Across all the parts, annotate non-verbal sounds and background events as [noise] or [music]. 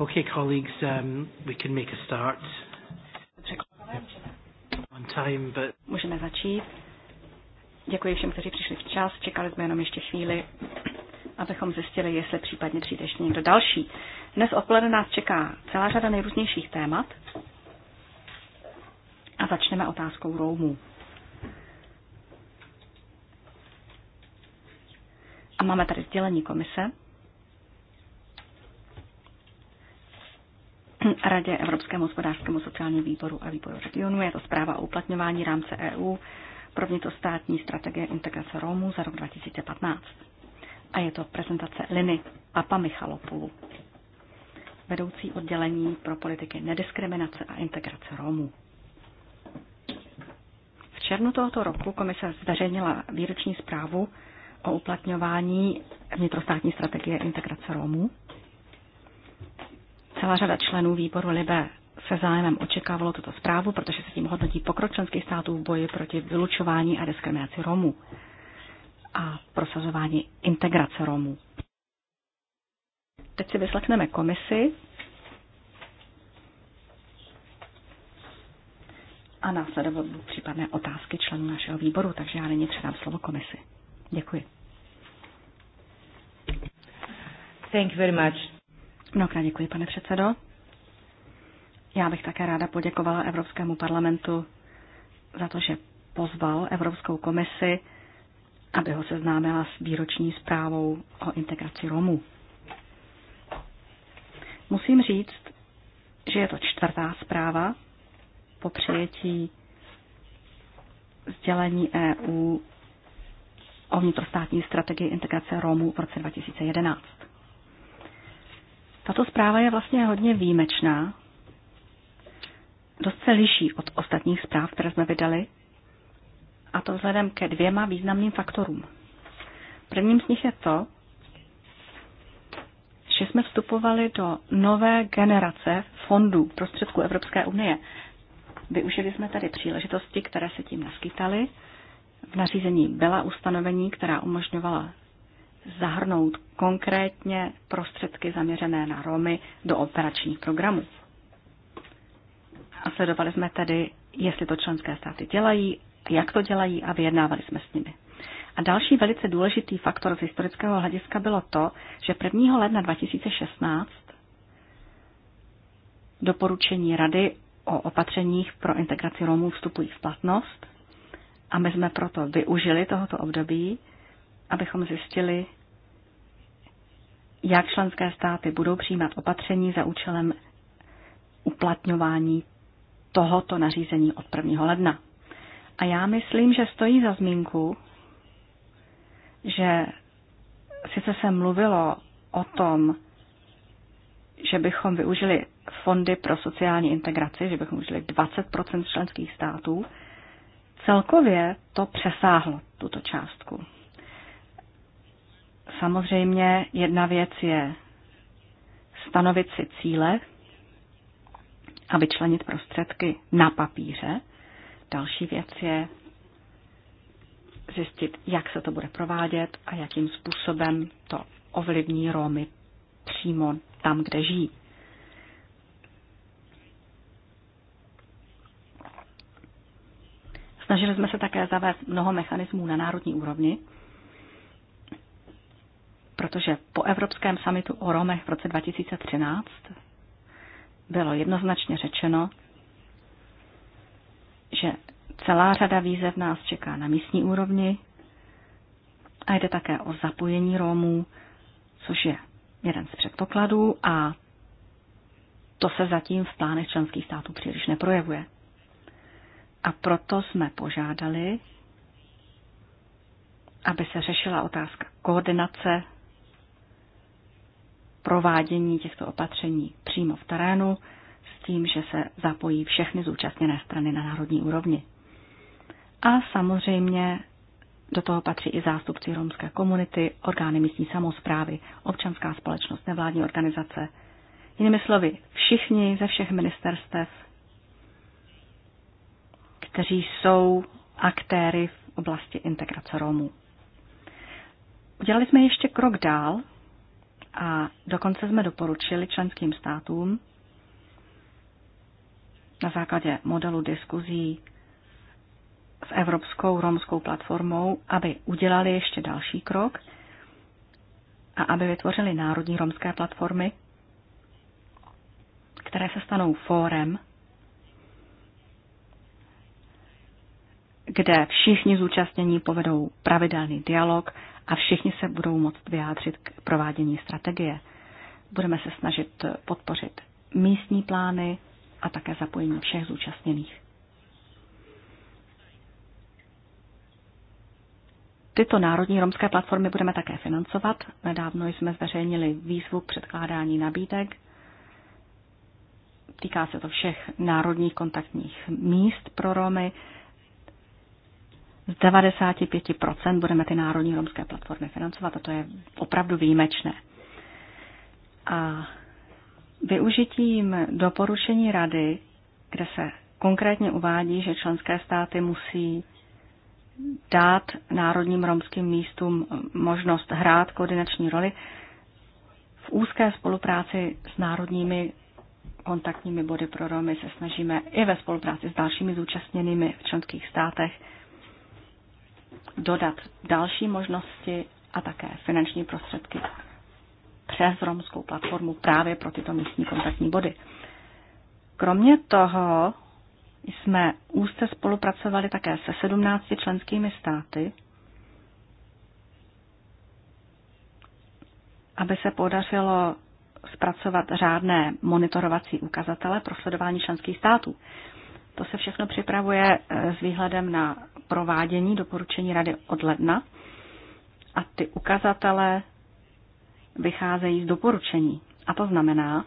Okay, colleagues, um, we can make a start. On time, but... Můžeme začít. Děkuji všem, kteří přišli včas. Čekali jsme jenom ještě chvíli, abychom zjistili, jestli případně přijde ještě někdo další. Dnes odpoledne nás čeká celá řada nejrůznějších témat a začneme otázkou Roumů. A máme tady sdělení komise. Radě Evropskému hospodářskému sociálnímu výboru a výboru regionu. Je to zpráva o uplatňování rámce EU pro vnitrostátní strategie integrace Romů za rok 2015. A je to prezentace Liny Papa Michalopulu, vedoucí oddělení pro politiky nediskriminace a integrace Romů. V červnu tohoto roku komise zveřejnila výroční zprávu o uplatňování vnitrostátní strategie integrace Romů Celá řada členů výboru Libe se zájmem očekávalo tuto zprávu, protože se tím hodnotí pokrok členských států v boji proti vylučování a diskriminaci Romů a prosazování integrace Romů. Teď si vyslechneme komisi a následovat případné otázky členů našeho výboru, takže já nyní předám slovo komisi. Děkuji. Thank you very much. Mnohokrát děkuji, pane předsedo. Já bych také ráda poděkovala Evropskému parlamentu za to, že pozval Evropskou komisi, aby ho seznámila s výroční zprávou o integraci Romů. Musím říct, že je to čtvrtá zpráva po přijetí sdělení EU o vnitrostátní strategii integrace Romů v roce 2011. Tato zpráva je vlastně hodně výjimečná. Dost se liší od ostatních zpráv, které jsme vydali, a to vzhledem ke dvěma významným faktorům. Prvním z nich je to, že jsme vstupovali do nové generace fondů prostředků Evropské unie. Využili jsme tady příležitosti, které se tím naskytaly. V nařízení byla ustanovení, která umožňovala zahrnout konkrétně prostředky zaměřené na Romy do operačních programů. A sledovali jsme tedy, jestli to členské státy dělají, jak to dělají a vyjednávali jsme s nimi. A další velice důležitý faktor z historického hlediska bylo to, že 1. ledna 2016 doporučení Rady o opatřeních pro integraci Romů vstupují v platnost a my jsme proto využili tohoto období abychom zjistili, jak členské státy budou přijímat opatření za účelem uplatňování tohoto nařízení od 1. ledna. A já myslím, že stojí za zmínku, že sice se mluvilo o tom, že bychom využili fondy pro sociální integraci, že bychom užili 20 členských států, celkově to přesáhlo tuto částku. Samozřejmě jedna věc je stanovit si cíle a vyčlenit prostředky na papíře. Další věc je zjistit, jak se to bude provádět a jakým způsobem to ovlivní Romy přímo tam, kde žijí. Snažili jsme se také zavést mnoho mechanismů na národní úrovni, protože po Evropském samitu o Romech v roce 2013 bylo jednoznačně řečeno, že celá řada výzev nás čeká na místní úrovni a jde také o zapojení Romů, což je jeden z předpokladů a to se zatím v plánech členských států příliš neprojevuje. A proto jsme požádali, aby se řešila otázka koordinace provádění těchto opatření přímo v terénu s tím, že se zapojí všechny zúčastněné strany na národní úrovni. A samozřejmě do toho patří i zástupci romské komunity, orgány místní samozprávy, občanská společnost, nevládní organizace. Jinými slovy, všichni ze všech ministerstev, kteří jsou aktéry v oblasti integrace Romů. Udělali jsme ještě krok dál a dokonce jsme doporučili členským státům na základě modelu diskuzí s Evropskou romskou platformou, aby udělali ještě další krok a aby vytvořili národní romské platformy, které se stanou fórem, kde všichni zúčastnění povedou pravidelný dialog a všichni se budou moct vyjádřit k provádění strategie. Budeme se snažit podpořit místní plány a také zapojení všech zúčastněných. Tyto národní romské platformy budeme také financovat. Nedávno jsme zveřejnili výzvu k předkládání nabídek. Týká se to všech národních kontaktních míst pro Romy z 95% budeme ty národní romské platformy financovat a to je opravdu výjimečné. A využitím doporučení rady, kde se konkrétně uvádí, že členské státy musí dát národním romským místům možnost hrát koordinační roli v úzké spolupráci s národními kontaktními body pro Romy se snažíme i ve spolupráci s dalšími zúčastněnými v členských státech dodat další možnosti a také finanční prostředky přes romskou platformu právě pro tyto místní kontaktní body. Kromě toho jsme úzce spolupracovali také se 17 členskými státy, aby se podařilo zpracovat řádné monitorovací ukazatele pro sledování členských států. To se všechno připravuje eh, s výhledem na provádění doporučení rady od ledna a ty ukazatele vycházejí z doporučení. A to znamená,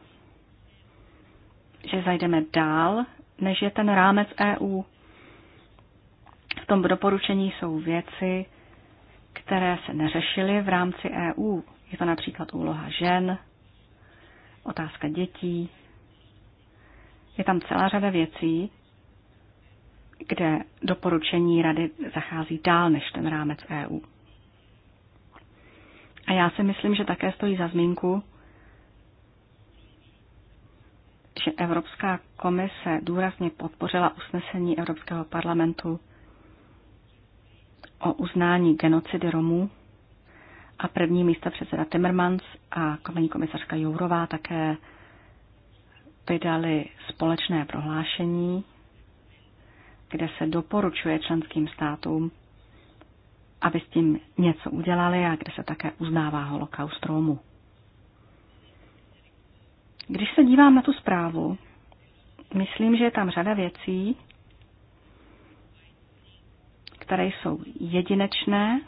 že zajdeme dál, než je ten rámec EU. V tom doporučení jsou věci, které se neřešily v rámci EU. Je to například úloha žen, otázka dětí. Je tam celá řada věcí, kde doporučení rady zachází dál než ten rámec EU. A já si myslím, že také stojí za zmínku, že Evropská komise důrazně podpořila usnesení Evropského parlamentu o uznání genocidy Romů a první místa předseda Timmermans a paní komisařka Jourová také vydali společné prohlášení kde se doporučuje členským státům, aby s tím něco udělali a kde se také uznává holokaust Romu. Když se dívám na tu zprávu, myslím, že je tam řada věcí, které jsou jedinečné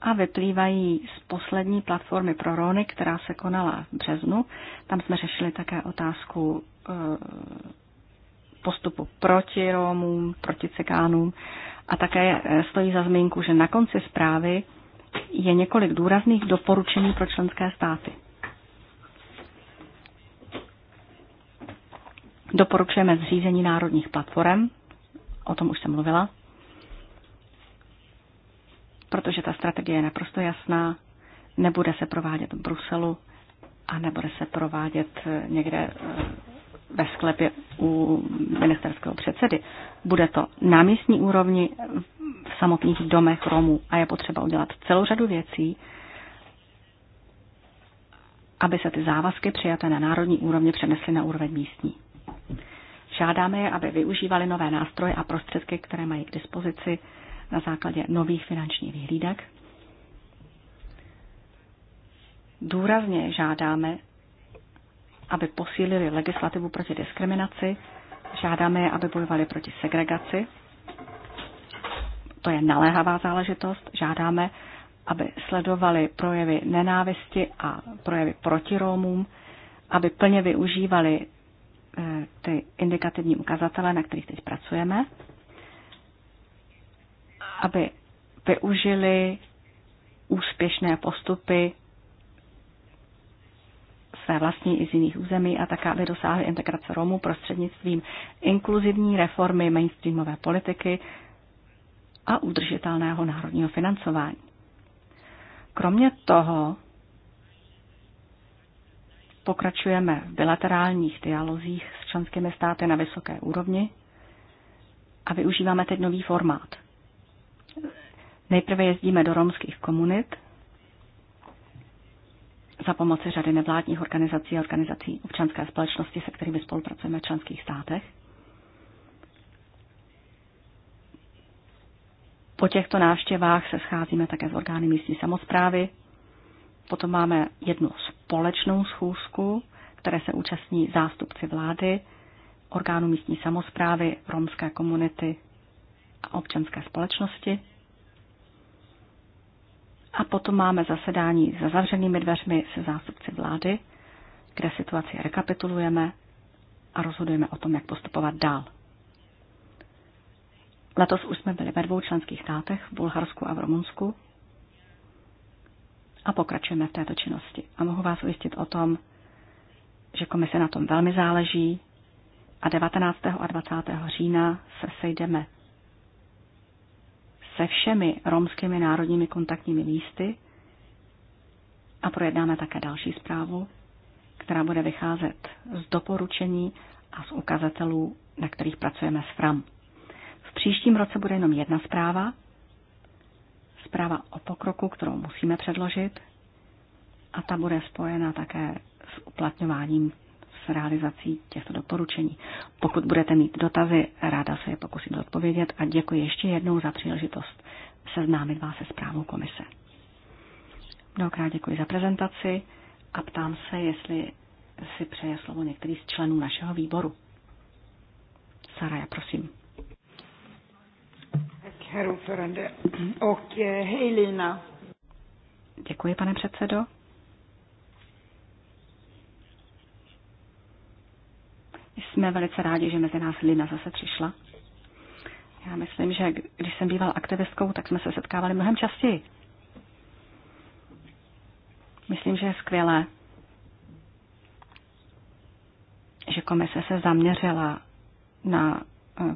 a vyplývají z poslední platformy pro Rony, která se konala v březnu. Tam jsme řešili také otázku eh, postupu proti Rómům, proti cekánům A také eh, stojí za zmínku, že na konci zprávy je několik důrazných doporučení pro členské státy. Doporučujeme zřízení národních platform, o tom už jsem mluvila, protože ta strategie je naprosto jasná, nebude se provádět v Bruselu a nebude se provádět eh, někde eh, ve sklepě u ministerského předsedy. Bude to na místní úrovni v samotných domech Romů a je potřeba udělat celou řadu věcí, aby se ty závazky přijaté na národní úrovni přenesly na úroveň místní. Žádáme je, aby využívali nové nástroje a prostředky, které mají k dispozici na základě nových finančních vyhlídek. Důrazně žádáme, aby posílili legislativu proti diskriminaci, žádáme je, aby bojovali proti segregaci, to je naléhavá záležitost, žádáme, aby sledovali projevy nenávisti a projevy proti Rómům, aby plně využívali eh, ty indikativní ukazatele, na kterých teď pracujeme, aby využili úspěšné postupy své vlastní i z jiných území a tak, aby dosáhly integrace Romů prostřednictvím inkluzivní reformy mainstreamové politiky a udržitelného národního financování. Kromě toho pokračujeme v bilaterálních dialozích s členskými státy na vysoké úrovni a využíváme teď nový formát. Nejprve jezdíme do romských komunit za pomoci řady nevládních organizací a organizací občanské společnosti, se kterými spolupracujeme v členských státech. Po těchto návštěvách se scházíme také s orgány místní samozprávy. Potom máme jednu společnou schůzku, které se účastní zástupci vlády, orgánů místní samozprávy, romské komunity a občanské společnosti. A potom máme zasedání za zavřenými dveřmi se zástupci vlády, kde situaci rekapitulujeme a rozhodujeme o tom, jak postupovat dál. Letos už jsme byli ve dvou členských státech, v Bulharsku a v Rumunsku, a pokračujeme v této činnosti. A mohu vás ujistit o tom, že komise na tom velmi záleží a 19. a 20. října se sejdeme se všemi romskými národními kontaktními místy a projednáme také další zprávu, která bude vycházet z doporučení a z ukazatelů, na kterých pracujeme s FRAM. V příštím roce bude jenom jedna zpráva, zpráva o pokroku, kterou musíme předložit, a ta bude spojena také s uplatňováním realizací těchto doporučení. Pokud budete mít dotazy, ráda se je pokusím odpovědět a děkuji ještě jednou za příležitost seznámit vás se zprávou komise. Mnohokrát děkuji za prezentaci a ptám se, jestli si přeje slovo některý z členů našeho výboru. já prosím. Herr ordförande och hej Lina. Děkuji, pane předsedo. Jsme velice rádi, že mezi nás Lina zase přišla. Já myslím, že když jsem býval aktivistkou, tak jsme se setkávali mnohem častěji. Myslím, že je skvělé, že komise se zaměřila na eh,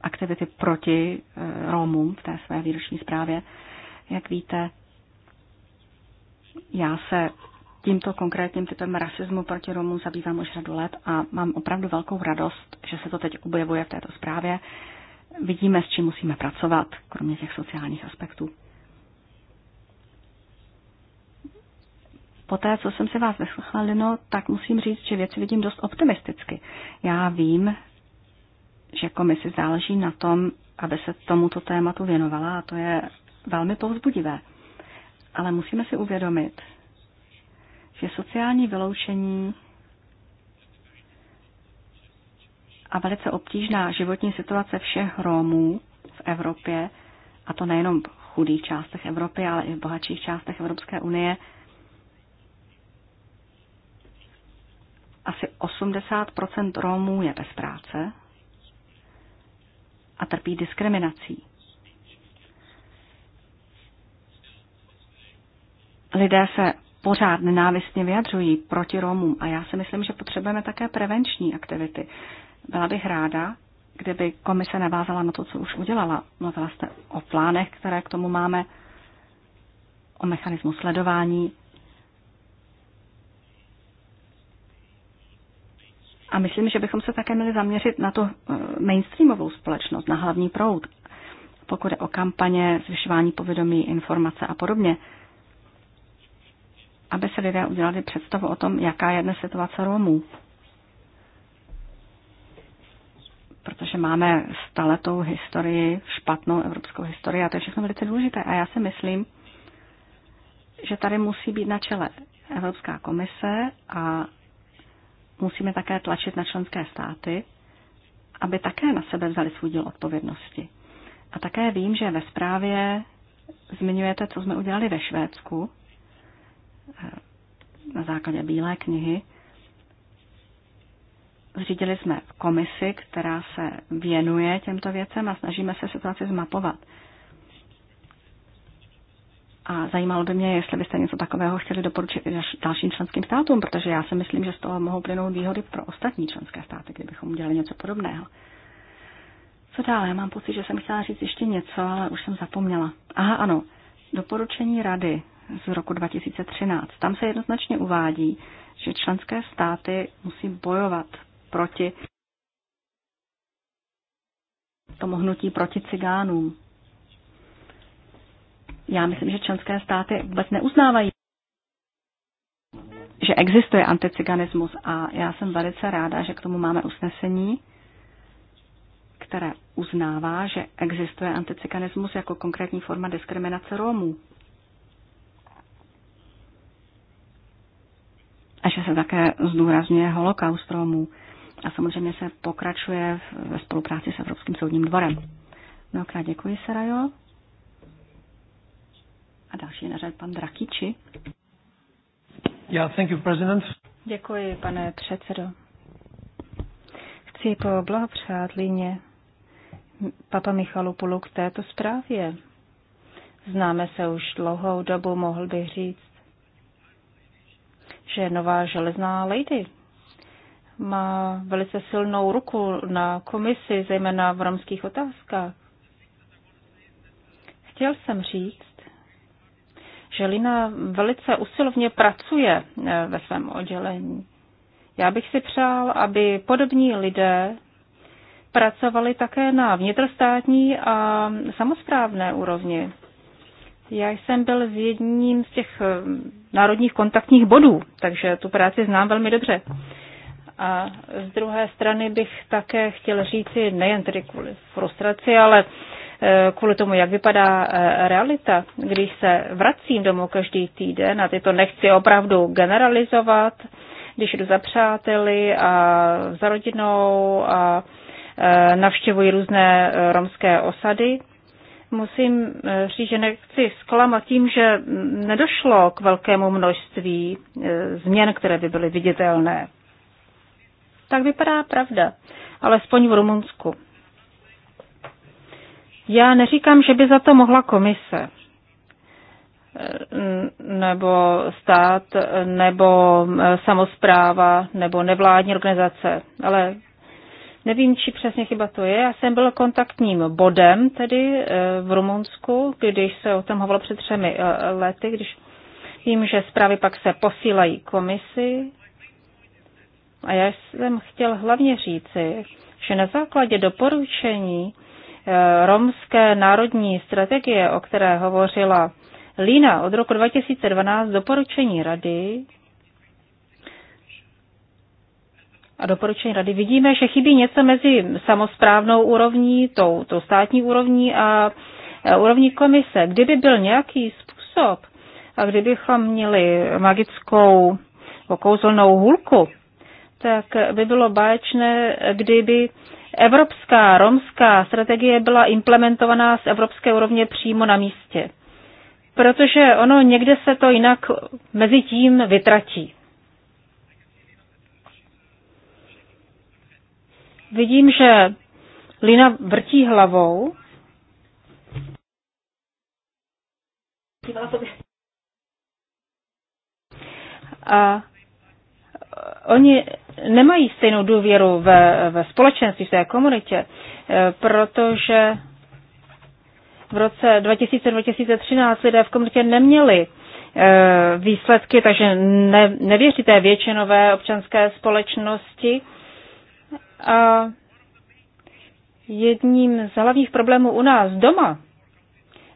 aktivity proti eh, Romům v té své výroční zprávě. Jak víte, já se tímto konkrétním typem rasismu proti Romům zabývám už řadu let a mám opravdu velkou radost, že se to teď objevuje v této zprávě. Vidíme, s čím musíme pracovat, kromě těch sociálních aspektů. Poté, co jsem se vás vyslechla, Lino, tak musím říct, že věci vidím dost optimisticky. Já vím, že komisi záleží na tom, aby se tomuto tématu věnovala a to je velmi povzbudivé. Ale musíme si uvědomit, že sociální vyloučení a velice obtížná životní situace všech romů v Evropě, a to nejenom v chudých částech Evropy, ale i v bohatších částech Evropské unie, asi 80 romů je bez práce a trpí diskriminací. Lidé se pořád nenávistně vyjadřují proti Romům. A já si myslím, že potřebujeme také prevenční aktivity. Byla bych ráda, kdyby komise navázala na to, co už udělala. Mluvila jste o plánech, které k tomu máme, o mechanismu sledování. A myslím, že bychom se také měli zaměřit na tu eh, mainstreamovou společnost, na hlavní proud, pokud je o kampaně, zvyšování povědomí, informace a podobně aby se lidé udělali představu o tom, jaká je dnes situace Romů. Protože máme staletou historii, špatnou evropskou historii a to je všechno velice důležité. A já si myslím, že tady musí být na čele Evropská komise a musíme také tlačit na členské státy, aby také na sebe vzali svůj díl odpovědnosti. A také vím, že ve zprávě zmiňujete, co jsme udělali ve Švédsku, Eh, na základě Bílé knihy. Zřídili jsme komisi, která se věnuje těmto věcem a snažíme se situaci zmapovat. A zajímalo by mě, jestli byste něco takového chtěli doporučit dalším členským státům, protože já si myslím, že z toho mohou plynout výhody pro ostatní členské státy, kdybychom udělali něco podobného. Co dále? Já mám pocit, že jsem chtěla říct ještě něco, ale už jsem zapomněla. Aha, ano. Doporučení rady z roku 2013. Tam se jednoznačně uvádí, že členské státy musí bojovat proti tomu hnutí proti cigánům. Já myslím, že členské státy vůbec neuznávají, že existuje anticiganismus a já jsem velice ráda, že k tomu máme usnesení, které uznává, že existuje anticiganismus jako konkrétní forma diskriminace Romů. a že se také zdůrazňuje holokaust Romů. A samozřejmě se pokračuje ve spolupráci s Evropským soudním dvorem. Mnohokrát děkuji, Sarajo. A další na řadě pan Drakiči. Yeah, thank you, President. Děkuji, pane předsedo. Chci poblahopřát Líně Papa Michalu Pulu k této zprávě. Známe se už dlouhou dobu, mohl bych říct že nová železná lady má velice silnou ruku na komisi, zejména v romských otázkách. Chtěl jsem říct, že Lina velice usilovně pracuje eh, ve svém oddělení. Já bych si přál, aby podobní lidé pracovali také na vnitrostátní a samozprávné úrovni. Já jsem byl v jedním z těch eh, národních kontaktních bodů, takže tu práci znám velmi dobře. A z druhé strany bych také chtěl říci, nejen tedy kvůli frustraci, ale eh, kvůli tomu, jak vypadá eh, realita, když se vracím domů každý týden, a ty to nechci opravdu generalizovat, když jdu za přáteli a za rodinou a navštěvuji různé romské osady, musím eh, říct, že nechci zklamat tím, že nedošlo k velkému množství eh, změn, které by byly viditelné. Tak vypadá pravda, alespoň v Rumunsku. Já neříkám, že by za to mohla komise eh, nebo stát, nebo samozpráva, nebo nevládní organizace, ale Nevím, či přesně chyba to je. Já jsem byl kontaktním bodem tedy eh, v Rumunsku, když se o tom hovorilo před třemi eh, lety, když vím, že zprávy pak se posílají komisi. A já jsem chtěl hlavně říci, že na základě doporučení eh, romské národní strategie, o které hovořila Lína od roku 2012, doporučení rady a doporučení rady, vidíme, že chybí něco mezi samozprávnou úrovní, tou, tou státní úrovní a e, úrovní komise. Kdyby byl nějaký způsob, a kdybychom měli magickou kouzelnou hůlku, tak by bylo báječné, kdyby evropská romská strategie byla implementovaná z evropské úrovně přímo na místě. Protože ono někde se to jinak mezi tím vytratí. Vidím, že Lina vrtí hlavou. A e, oni nemají stejnou důvěru ve, ve společenství, v té komunitě, e, protože v roce 2000-2013 lidé v komunitě neměli e, výsledky, takže ne, nevěří té většinové občanské společnosti a jedním z hlavních problémů u nás doma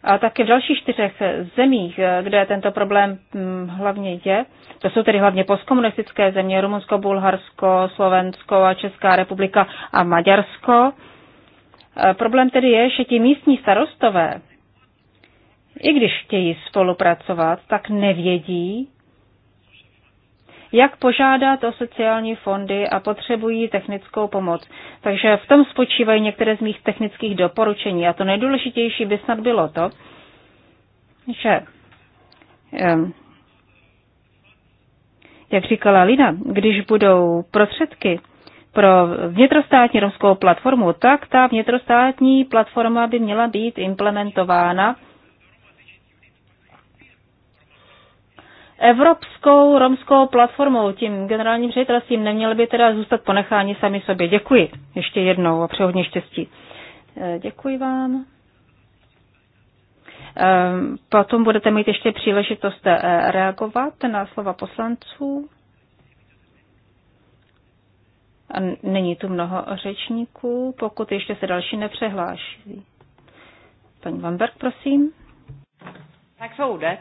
a také v dalších čtyřech zemích, kde tento problém hm, hlavně je, to jsou tedy hlavně postkomunistické země, Rumunsko, Bulharsko, Slovensko a Česká republika a Maďarsko. E, problém tedy je, že ti místní starostové, i když chtějí spolupracovat, tak nevědí, jak požádat o sociální fondy a potřebují technickou pomoc. Takže v tom spočívají některé z mých technických doporučení. A to nejdůležitější by snad bylo to, že jak říkala Lina, když budou prostředky pro vnitrostátní romskou platformu, tak ta vnitrostátní platforma by měla být implementována evropskou romskou platformou, tím generálním ředitelstvím, neměli by teda zůstat ponecháni sami sobě. Děkuji ještě jednou a přehodně štěstí. Eh, děkuji vám. Eh, potom budete mít ještě příležitost eh, reagovat na slova poslanců. A není tu mnoho řečníků, pokud ještě se další nepřehláší. Paní Vanberg, prosím. Tak jsou udec.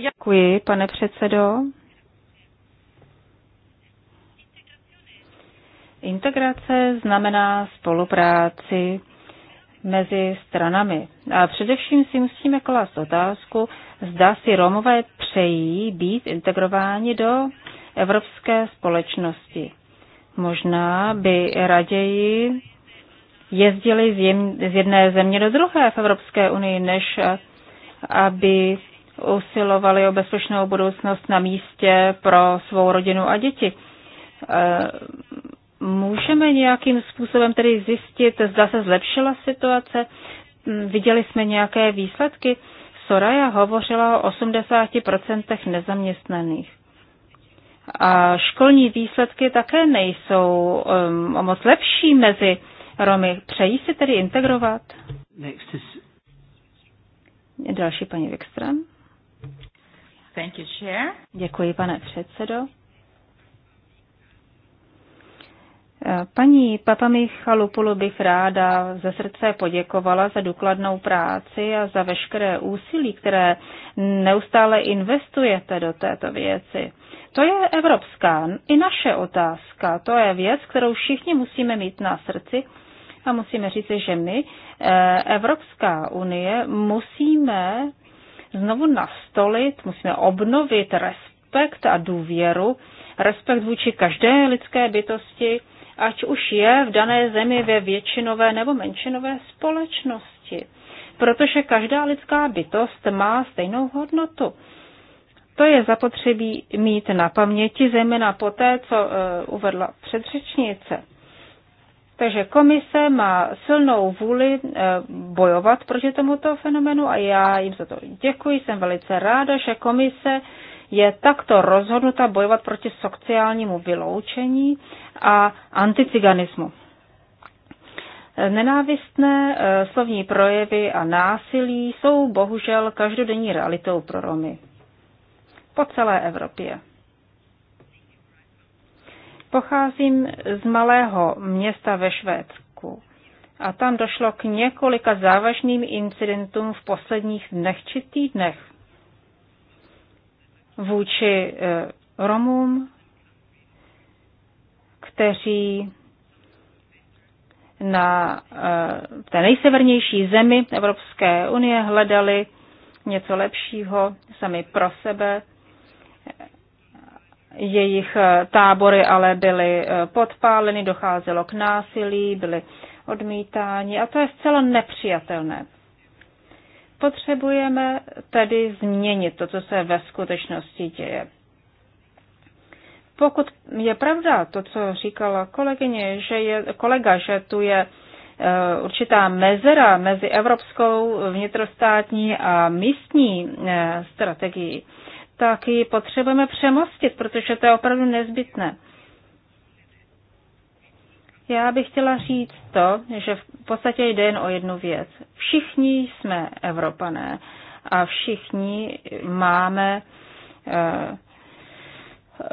Děkuji, pane předsedo. Integrace znamená spolupráci mezi stranami. A především si musíme klást otázku, zda si Romové přejí být integrováni do evropské společnosti. Možná by raději jezdili z jedné země do druhé v Evropské unii, než aby usilovali o bezpečnou budoucnost na místě pro svou rodinu a děti. E, můžeme nějakým způsobem tedy zjistit, zda se zlepšila situace? Viděli jsme nějaké výsledky? Soraya hovořila o 80% nezaměstnaných. A školní výsledky také nejsou um, o moc lepší mezi Romy. Přejí si tedy integrovat? Next is... Další paní Wikström. Thank you, Chair. Děkuji, pane předsedo. Eh, paní Papamichalupulu bych ráda ze srdce poděkovala za důkladnou práci a za veškeré úsilí, které neustále investujete do této věci. To je evropská i naše otázka. To je věc, kterou všichni musíme mít na srdci a musíme říct, že my, eh, Evropská unie, musíme znovu nastolit, musíme obnovit respekt a důvěru, respekt vůči každé lidské bytosti, ať už je v dané zemi ve většinové nebo menšinové společnosti. Protože každá lidská bytost má stejnou hodnotu. To je zapotřebí mít na paměti, zejména poté, co eh, uvedla předřečnice. Takže komise má silnou vůli eh, bojovat proti tomuto fenomenu a já jim za to děkuji. Jsem velice ráda, že komise je takto rozhodnuta bojovat proti sociálnímu vyloučení a anticiganismu. Eh, nenávistné eh, slovní projevy a násilí jsou bohužel každodenní realitou pro Romy. Po celé Evropě. Pocházím z malého města ve Švédsku a tam došlo k několika závažným incidentům v posledních dnech či týdnech vůči e, Romům, kteří na e, té nejsevernější zemi Evropské unie hledali něco lepšího sami pro sebe jejich eh, tábory ale byly eh, podpáleny, docházelo k násilí, byly odmítáni a to je zcela nepřijatelné. Potřebujeme tedy změnit to, co se ve skutečnosti děje. Pokud je pravda to, co říkala kolegyně, že je, kolega, že tu je eh, určitá mezera mezi evropskou vnitrostátní a místní strategií, tak ji potřebujeme přemostit, protože to je opravdu nezbytné. Já bych chtěla říct to, že v podstatě jde jen o jednu věc. Všichni jsme Evropané a všichni máme eh, eh,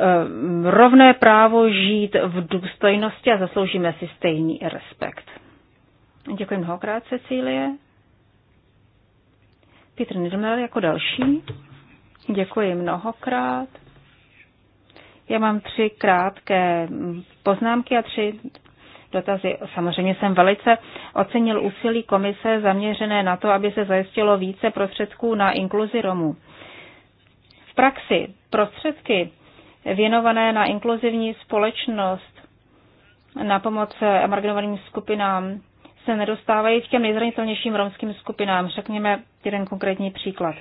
rovné právo žít v důstojnosti a zasloužíme si stejný respekt. Děkuji mnohokrát, Cecílie. Petr Nidmel jako další. Děkuji mnohokrát. Já mám tři krátké poznámky a tři dotazy. Samozřejmě jsem velice ocenil úsilí komise zaměřené na to, aby se zajistilo více prostředků na inkluzi Romů. V praxi prostředky věnované na inkluzivní společnost, na pomoc emarginovaným skupinám, se nedostávají k těm nejzranitelnějším romským skupinám. Řekněme jeden konkrétní příklad.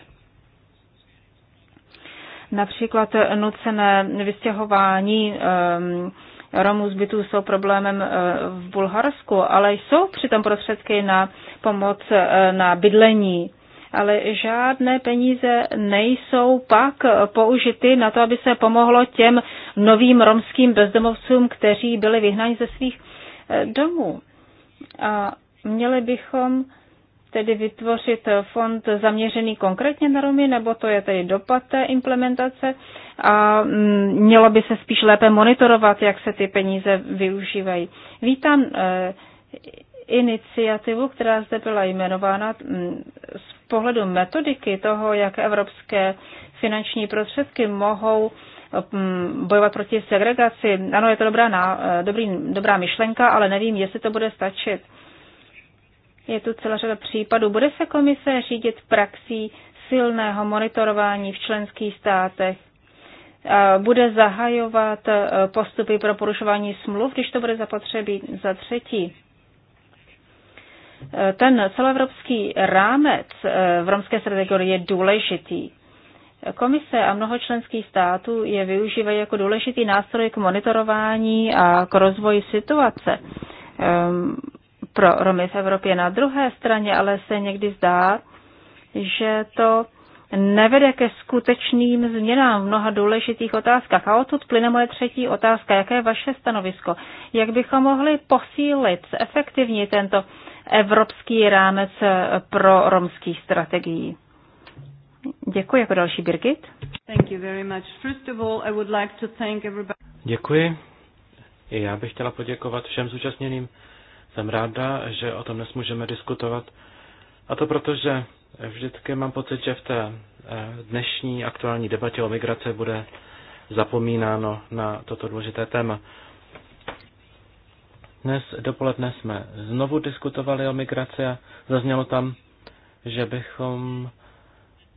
Například nucené vystěhování ehm, Romů z bytů jsou problémem eh, v Bulharsku, ale jsou přitom prostředky na pomoc eh, na bydlení. Ale žádné peníze nejsou pak použity na to, aby se pomohlo těm novým romským bezdomovcům, kteří byli vyhnáni ze svých eh, domů. A měli bychom tedy vytvořit fond zaměřený konkrétně na Romy, nebo to je tedy dopad té implementace a mm, mělo by se spíš lépe monitorovat, jak se ty peníze využívají. Vítám e, iniciativu, která zde byla jmenována mm, z pohledu metodiky toho, jak evropské finanční prostředky mohou mm, bojovat proti segregaci. Ano, je to dobrá, e, dobrý, dobrá myšlenka, ale nevím, jestli to bude stačit. Je tu celá řada případů. Bude se komise řídit praxí silného monitorování v členských státech? Bude zahajovat e, postupy pro porušování smluv, když to bude zapotřebí za třetí? E, ten celoevropský rámec e, v romské strategii je důležitý. Komise a mnoho členských států je využívají jako důležitý nástroj k monitorování a k rozvoji situace. Ehm, pro Romy v Evropě. Na druhé straně ale se někdy zdá, že to nevede ke skutečným změnám v mnoha důležitých otázkách. A odtud plyne moje třetí otázka. Jaké je vaše stanovisko? Jak bychom mohli posílit, efektivně tento evropský rámec pro romský strategií? Děkuji. Jako další Birgit. Děkuji. Já bych chtěla poděkovat všem zúčastněným jsem ráda, že o tom dnes můžeme diskutovat. A to proto, že vždycky mám pocit, že v té eh, dnešní aktuální debatě o migraci bude zapomínáno na toto důležité téma. Dnes dopoledne jsme znovu diskutovali o migraci a zaznělo tam, že bychom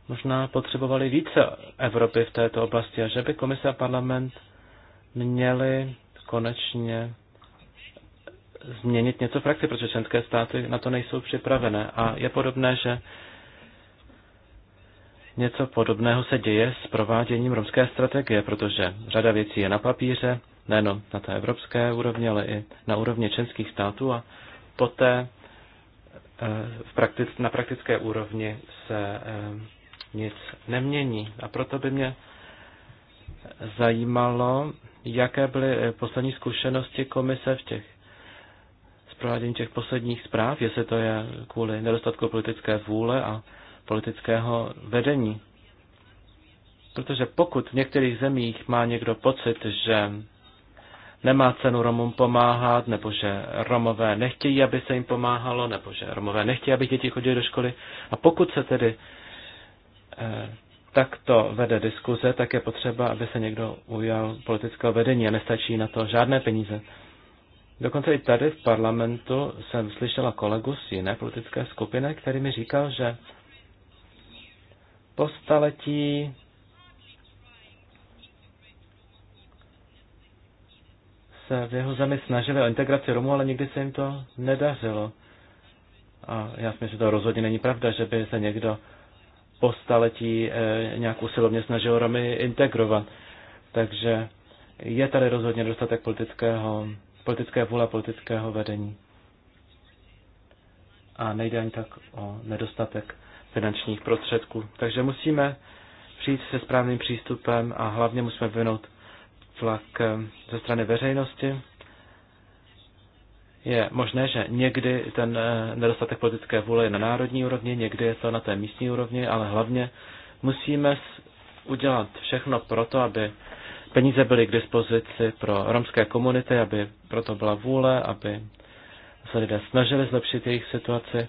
možná potřebovali více Evropy v této oblasti a že by komise a parlament měli konečně změnit něco v praxi, protože členské státy na to nejsou připravené. A je podobné, že něco podobného se děje s prováděním romské strategie, protože řada věcí je na papíře, nejenom na té evropské úrovni, ale i na úrovni členských států a poté eh, v praktic, na praktické úrovni se eh, nic nemění. A proto by mě zajímalo, jaké byly eh, poslední zkušenosti komise v těch provádění těch posledních zpráv, jestli to je kvůli nedostatku politické vůle a politického vedení. Protože pokud v některých zemích má někdo pocit, že nemá cenu Romům pomáhat, nebo že Romové nechtějí, aby se jim pomáhalo, nebo že Romové nechtějí, aby děti chodili do školy. A pokud se tedy eh, takto vede diskuze, tak je potřeba, aby se někdo ujal politického vedení a nestačí na to žádné peníze. Dokonce i tady v parlamentu jsem slyšela kolegu z jiné politické skupiny, který mi říkal, že po staletí se v jeho zemi snažili o integraci Romů, ale nikdy se jim to nedařilo. A já si myslím, že to rozhodně není pravda, že by se někdo po staletí eh, nějak usilovně snažil Romy integrovat. Takže je tady rozhodně dostatek politického politické vůle politického vedení. A nejde ani tak o nedostatek finančních prostředků. Takže musíme přijít se správným přístupem a hlavně musíme vynout tlak eh, ze strany veřejnosti. Je možné, že někdy ten eh, nedostatek politické vůle je na národní úrovni, někdy je to na té místní úrovni, ale hlavně musíme udělat všechno proto, aby peníze byly k dispozici pro romské komunity, aby proto byla vůle, aby se lidé snažili zlepšit jejich situaci.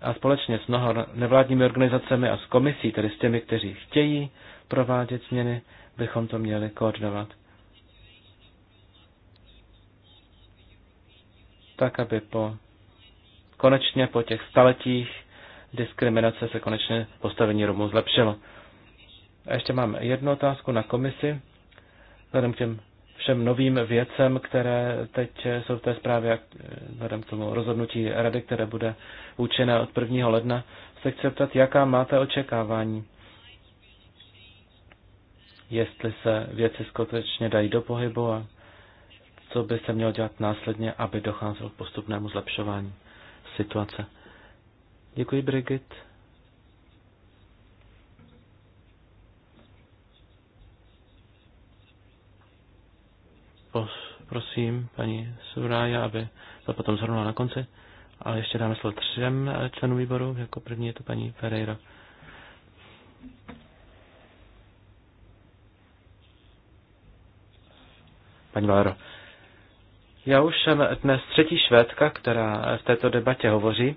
A společně s mnoha nevládními organizacemi a s komisí, tedy s těmi, kteří chtějí provádět změny, bychom to měli koordinovat. Tak, aby po, konečně po těch staletích diskriminace se konečně postavení Romů zlepšilo. A ještě mám jednu otázku na komisi vzhledem k těm všem novým věcem, které teď jsou v té zprávě, e, vzhledem k tomu rozhodnutí rady, které bude účinné od 1. ledna, se chci ptat, jaká máte očekávání? Jestli se věci skutečně dají do pohybu a co by se mělo dělat následně, aby docházelo k postupnému zlepšování situace. Děkuji, Brigitte. prosím paní Surája, aby to potom zhrnula na konci. Ale ještě dáme slovo třem eh, členům výboru. Jako první je to paní Ferreira. Paní Valero. Já už jsem dnes třetí švédka, která v této debatě hovoří.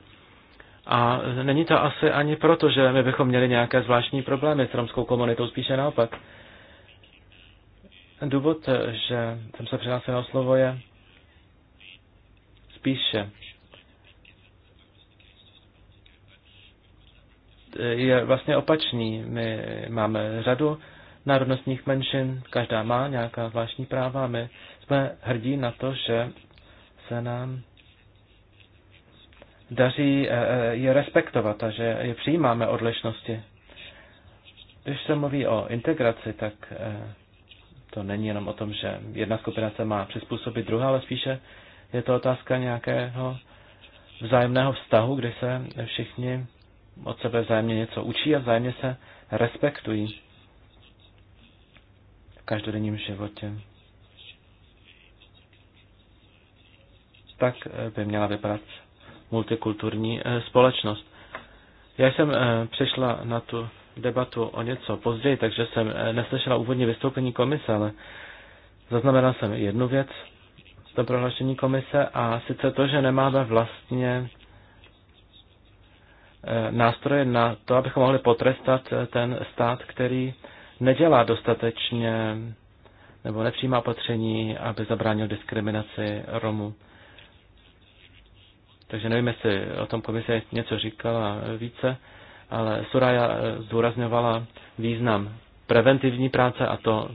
A není to asi ani proto, že my bychom měli nějaké zvláštní problémy s romskou komunitou, spíše naopak. Ten důvod, že jsem se přihlásil na slovo, je spíše je vlastně opačný. My máme řadu národnostních menšin, každá má nějaká zvláštní práva a my jsme hrdí na to, že se nám daří eh, eh, je respektovat a že je přijímáme odlišnosti. Když se mluví o integraci, tak eh, to není jenom o tom, že jedna skupina se má přizpůsobit druhá, ale spíše je to otázka nějakého vzájemného vztahu, kde se všichni od sebe vzájemně něco učí a vzájemně se respektují v každodenním životě. Tak by měla vypadat multikulturní eh, společnost. Já jsem eh, přišla na tu debatu o něco později, takže jsem eh, neslyšela úvodní vystoupení komise, ale zaznamenal jsem jednu věc z toho prohlášení komise a sice to, že nemáme vlastně eh, nástroje na to, abychom mohli potrestat eh, ten stát, který nedělá dostatečně nebo nepřijímá opatření, aby zabránil diskriminaci Romů. Takže nevím, jestli o tom komise něco říkala více ale Soraya eh, zdůrazňovala význam preventivní práce a to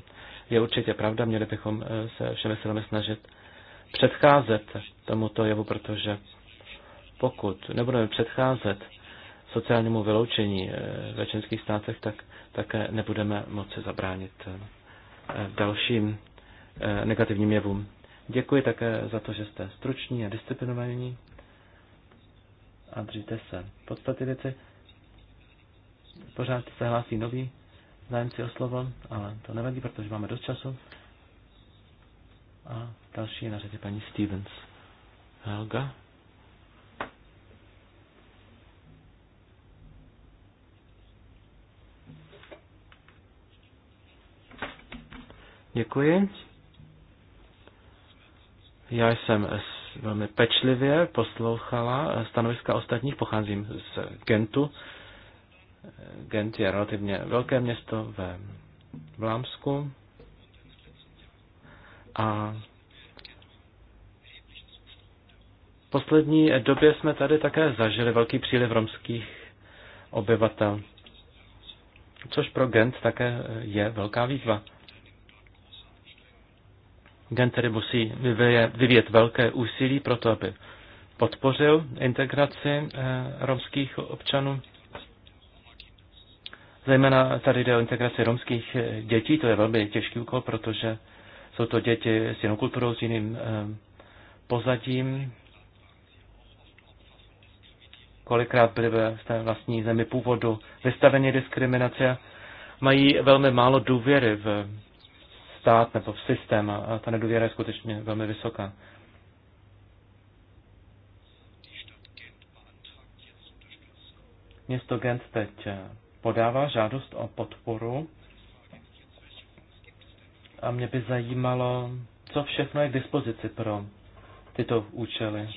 je určitě pravda. Měli bychom eh, se všemi silami snažit předcházet tomuto jevu, protože pokud nebudeme předcházet sociálnímu vyloučení eh, ve členských státech, tak také nebudeme moci zabránit dalším negativním jevům. Děkuji také za to, že jste struční a disciplinovaní a držíte se podstaty věci. Pořád se hlásí nový zájemci o slovo, ale to nevadí, protože máme dost času. A další je na řadě paní Stevens. Helga. Děkuji. Já jsem velmi pečlivě poslouchala stanoviska ostatních, pocházím z Gentu Gent je relativně velké město ve Vlámsku a v poslední době jsme tady také zažili velký příliv romských obyvatel, což pro Gent také je velká výzva. Gent tedy musí vyvíjet velké úsilí pro to, aby podpořil integraci eh, romských občanů Zejména tady jde o integraci romských eh, dětí, to je velmi těžký úkol, protože jsou to děti s jinou kulturou, s jiným eh, pozadím. Kolikrát byly ve své vlastní zemi původu vystaveni diskriminace, mají velmi málo důvěry v stát nebo v systém a ta nedůvěra je skutečně velmi vysoká. Město Gent teď eh, podává žádost o podporu. A mě by zajímalo, co všechno je k dispozici pro tyto účely.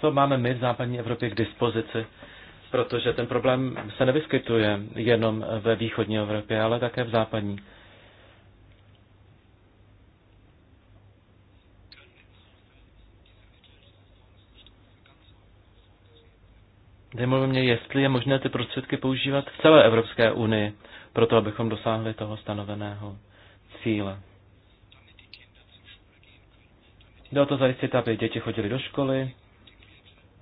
Co máme my v západní Evropě k dispozici? Protože ten problém se nevyskytuje jenom ve východní Evropě, ale také v západní. zajímalo mě, jestli je možné ty prostředky používat v celé Evropské unii, proto abychom dosáhli toho stanoveného cíle. Jde o to zajistit, aby děti chodili do školy,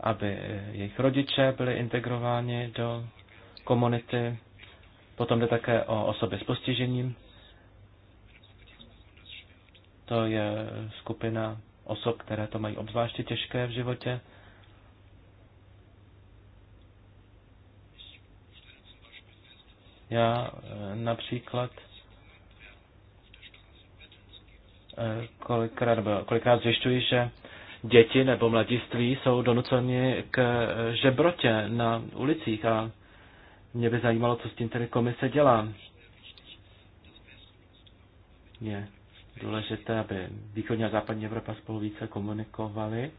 aby jejich rodiče byli integrováni do komunity. Potom jde také o osoby s postižením. To je skupina osob, které to mají obzvláště těžké v životě. Já eh, například eh, kolikrát, kolikrát zjišťuji, že děti nebo mladiství jsou donuceni k eh, žebrotě na ulicích a mě by zajímalo, co s tím tedy komise dělá. Je důležité, aby východní a západní Evropa spolu více komunikovaly.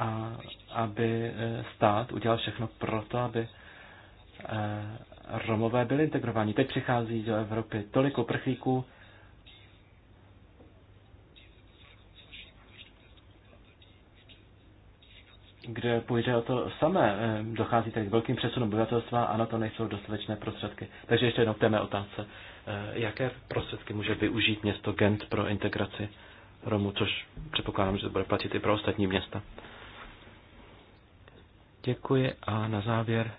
a aby eh, stát udělal všechno pro to, aby eh, Romové byli integrováni. Teď přichází do Evropy tolik uprchlíků, kde půjde o to samé. Eh, dochází tady k velkým přesunům obyvatelstva a na to nejsou dostatečné prostředky. Takže ještě jednou k té mé otázce. Jaké prostředky může využít město Gent pro integraci Romů, což předpokládám, že to bude platit i pro ostatní města? Děkuji a na závěr,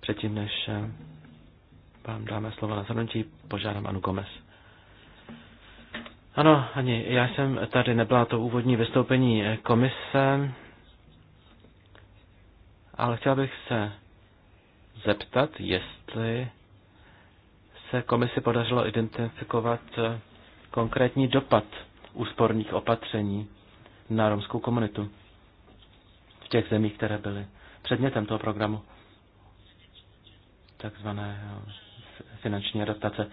předtím než eh, vám dáme slovo na zhrnutí, požádám Anu Gomez. Ano, Ani, já jsem tady nebyla to úvodní vystoupení eh, komise, ale chtěla bych se zeptat, jestli se komisi podařilo identifikovat eh, konkrétní dopad úsporných opatření na romskou komunitu těch zemích, které byly předmětem toho programu, takzvané eh, finanční adaptace.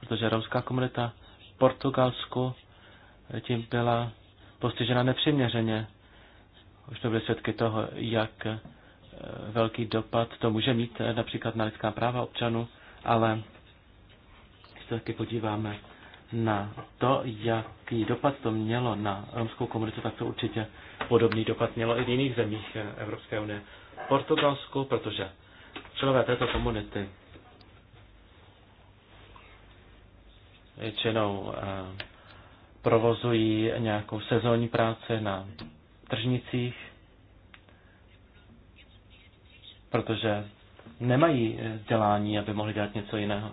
Protože romská komunita v Portugalsku eh, tím byla postižena nepřiměřeně. Už to byly svědky toho, jak eh, velký dopad to může mít například na lidská práva občanů, ale když se taky podíváme na to, jaký dopad to mělo na romskou komunitu, tak to určitě podobný dopad mělo i v jiných zemích eh, Evropské unie. Portugalsku, protože členové této komunity většinou eh, provozují nějakou sezónní práci na tržnicích, protože nemají eh, vzdělání, aby mohli dělat něco jiného.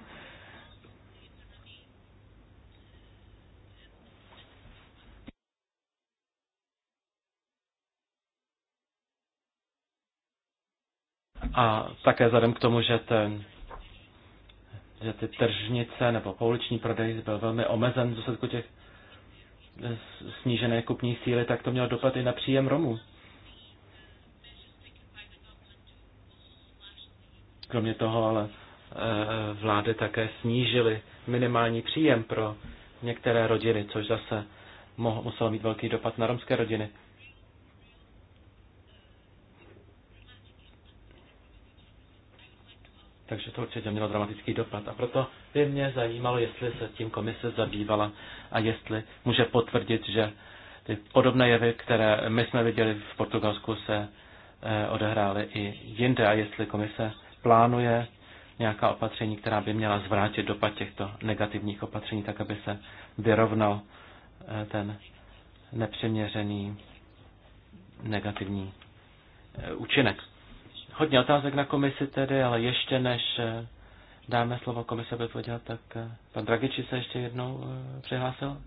A také vzhledem k tomu, že, ten, že ty tržnice nebo pouliční prodej byl velmi omezen v důsledku těch snížené kupní síly, tak to mělo dopad i na příjem Romů. Kromě toho ale e, e, vlády také snížily minimální příjem pro některé rodiny, což zase muselo mít velký dopad na romské rodiny. Takže to určitě mělo dramatický dopad. A proto by mě zajímalo, jestli se tím komise zabývala a jestli může potvrdit, že ty podobné jevy, které my jsme viděli v Portugalsku, se eh, odehrály i jinde a jestli komise plánuje nějaká opatření, která by měla zvrátit dopad těchto negativních opatření, tak aby se vyrovnal eh, ten nepřiměřený negativní eh, účinek. Hodně otázek na komisi tedy, ale ještě než eh, dáme slovo komise, aby odpověděla, tak eh, pan Dragiči se ještě jednou eh, přihlásil,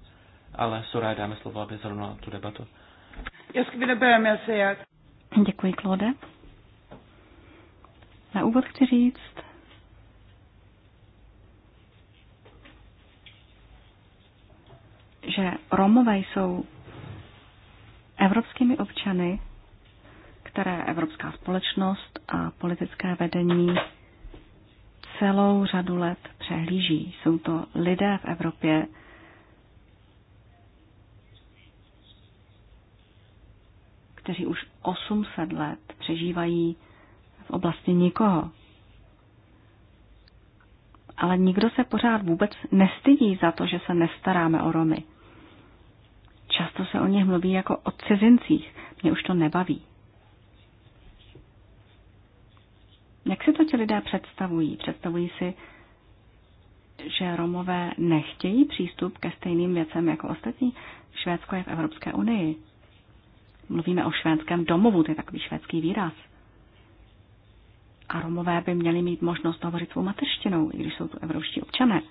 ale Suraj dáme slovo, aby zrovna tu debatu. Děkuji, Klode. Na úvod chci říct, že Romové jsou evropskými občany, které evropská společnost a politické vedení celou řadu let přehlíží. Jsou to lidé v Evropě, kteří už 800 let přežívají v oblasti nikoho. Ale nikdo se pořád vůbec nestydí za to, že se nestaráme o Romy. Často se o nich mluví jako o cizincích. Mě už to nebaví. Jak si to ti lidé představují? Představují si, že Romové nechtějí přístup ke stejným věcem jako ostatní? Švédsko je v Evropské unii. Mluvíme o švédském domovu, to je takový švédský výraz. A Romové by měli mít možnost hovořit svou mateřštinou, i když jsou tu evropští občané.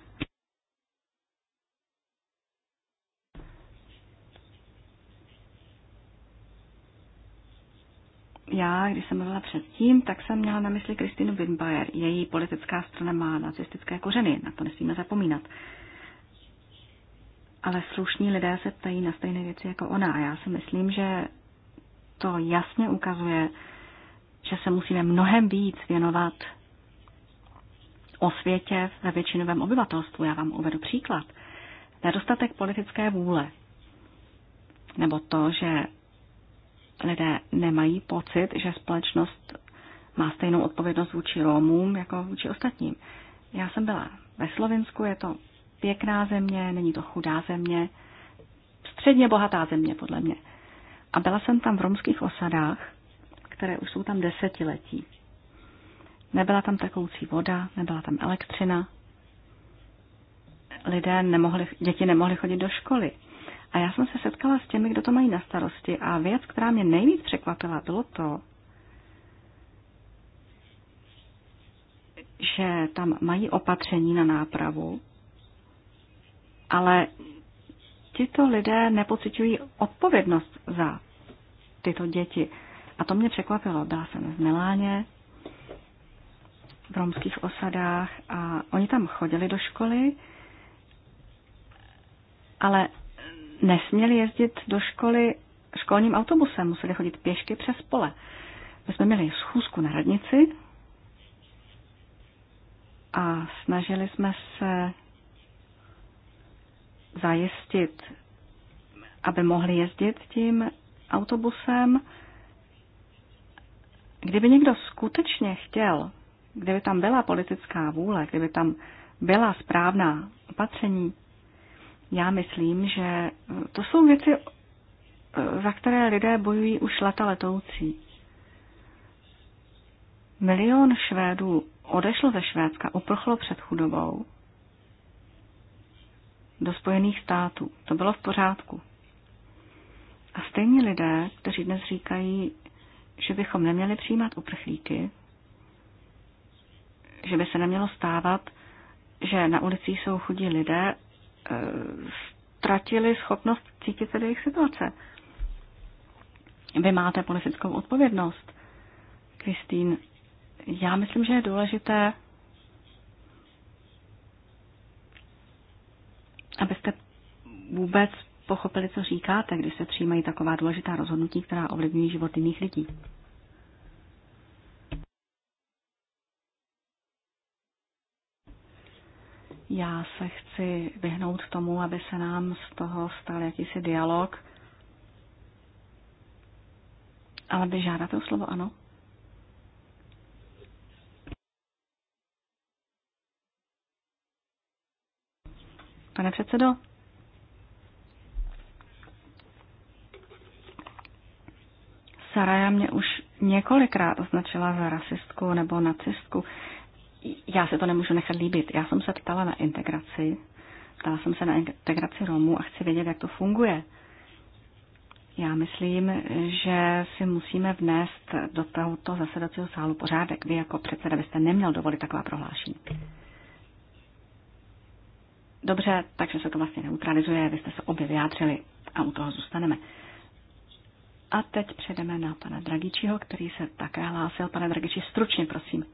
Já, když jsem mluvila předtím, tak jsem měla na mysli Kristinu Winbayer. Její politická strana má nacistické kořeny, na to nesmíme zapomínat. Ale slušní lidé se ptají na stejné věci jako ona a já si myslím, že to jasně ukazuje, že se musíme mnohem víc věnovat o světě ve většinovém obyvatelstvu. Já vám uvedu příklad. Nedostatek politické vůle. Nebo to, že lidé nemají pocit, že společnost má stejnou odpovědnost vůči Romům jako vůči ostatním. Já jsem byla ve slovensku je to pěkná země, není to chudá země, středně bohatá země podle mě. A byla jsem tam v romských osadách, které už jsou tam desetiletí. Nebyla tam takoucí voda, nebyla tam elektřina. Lidé nemohli, děti nemohly chodit do školy. A já jsem se setkala s těmi, kdo to mají na starosti a věc, která mě nejvíc překvapila, bylo to, že tam mají opatření na nápravu, ale tito lidé nepocitují odpovědnost za tyto děti. A to mě překvapilo. Byla jsem v Miláně, v romských osadách a oni tam chodili do školy, ale nesměli jezdit do školy školním autobusem, museli chodit pěšky přes pole. My jsme měli schůzku na radnici a snažili jsme se zajistit, aby mohli jezdit tím autobusem. Kdyby někdo skutečně chtěl, kdyby tam byla politická vůle, kdyby tam byla správná opatření, já myslím, že eh, to jsou věci, eh, za které lidé bojují už leta letoucí. Milion Švédů odešlo ze Švédska, uprchlo před chudobou do Spojených států. To bylo v pořádku. A stejně lidé, kteří dnes říkají, že bychom neměli přijímat uprchlíky, že by se nemělo stávat, že na ulicích jsou chudí lidé ztratili schopnost cítit se do jejich situace. Vy máte politickou odpovědnost. Kristýn, já myslím, že je důležité, abyste vůbec pochopili, co říkáte, když se přijímají taková důležitá rozhodnutí, která ovlivňují život jiných lidí. Já se chci vyhnout tomu, aby se nám z toho stal jakýsi dialog. Ale vy žádáte o slovo ano? Pane předsedo? Saraja mě už několikrát označila za rasistku nebo nacistku já se to nemůžu nechat líbit. Já jsem se ptala na integraci, ptala jsem se na integraci Romů a chci vědět, jak to funguje. Já myslím, že si musíme vnést do tohoto zasedacího sálu pořádek. Vy jako předseda byste neměl dovolit taková prohlášení. Dobře, takže se to vlastně neutralizuje, vy jste se obě vyjádřili a u toho zůstaneme. A teď přejdeme na pana Dragičího, který se také hlásil. Pane Dragiči, stručně prosím.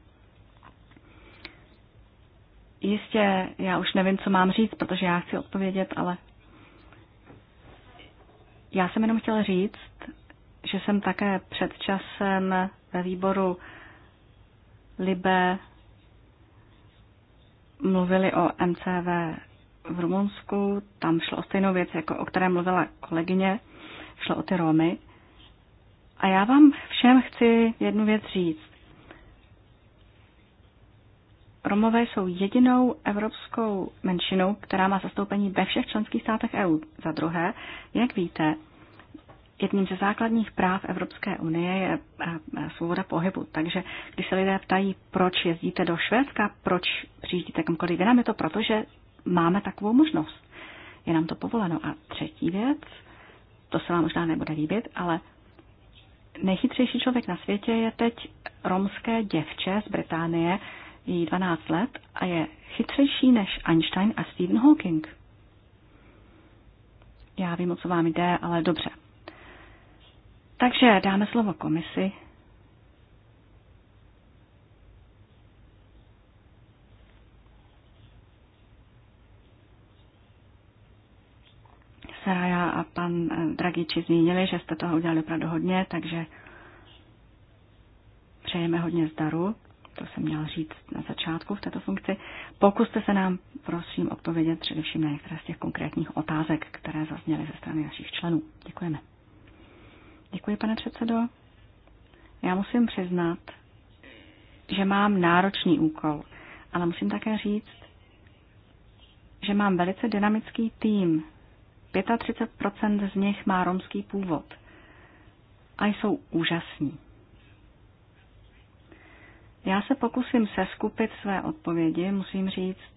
Jistě, já už nevím, co mám říct, protože já chci odpovědět, ale já jsem jenom chtěla říct, že jsem také před časem ve výboru Libe mluvili o MCV v Rumunsku, tam šlo o stejnou věc, jako o které mluvila kolegyně, šlo o ty Romy. A já vám všem chci jednu věc říct. Romové jsou jedinou evropskou menšinou, která má zastoupení ve všech členských státech EU. Za druhé, jak víte, jedním ze základních práv Evropské unie je eh, eh, svoboda pohybu. Takže když se lidé ptají, proč jezdíte do Švédska, proč přijíždíte kamkoliv jinam, je to proto, že máme takovou možnost. Je nám to povoleno. A třetí věc, to se vám možná nebude líbit, ale nejchytřejší člověk na světě je teď romské děvče z Británie, je jí 12 let a je chytřejší než Einstein a Stephen Hawking. Já vím, o co vám jde, ale dobře. Takže dáme slovo komisi. Saraja a pan eh, Dragiči zmínili, že jste toho udělali opravdu hodně, takže přejeme hodně zdaru to jsem měl říct na začátku v této funkci. Pokuste se nám prosím odpovědět především na některé z těch konkrétních otázek, které zazněly ze strany našich členů. Děkujeme. Děkuji, pane předsedo. Já musím přiznat, že mám náročný úkol, ale musím také říct, že mám velice dynamický tým. 35% z nich má romský původ a jsou úžasní. Já se pokusím seskupit své odpovědi. Musím říct,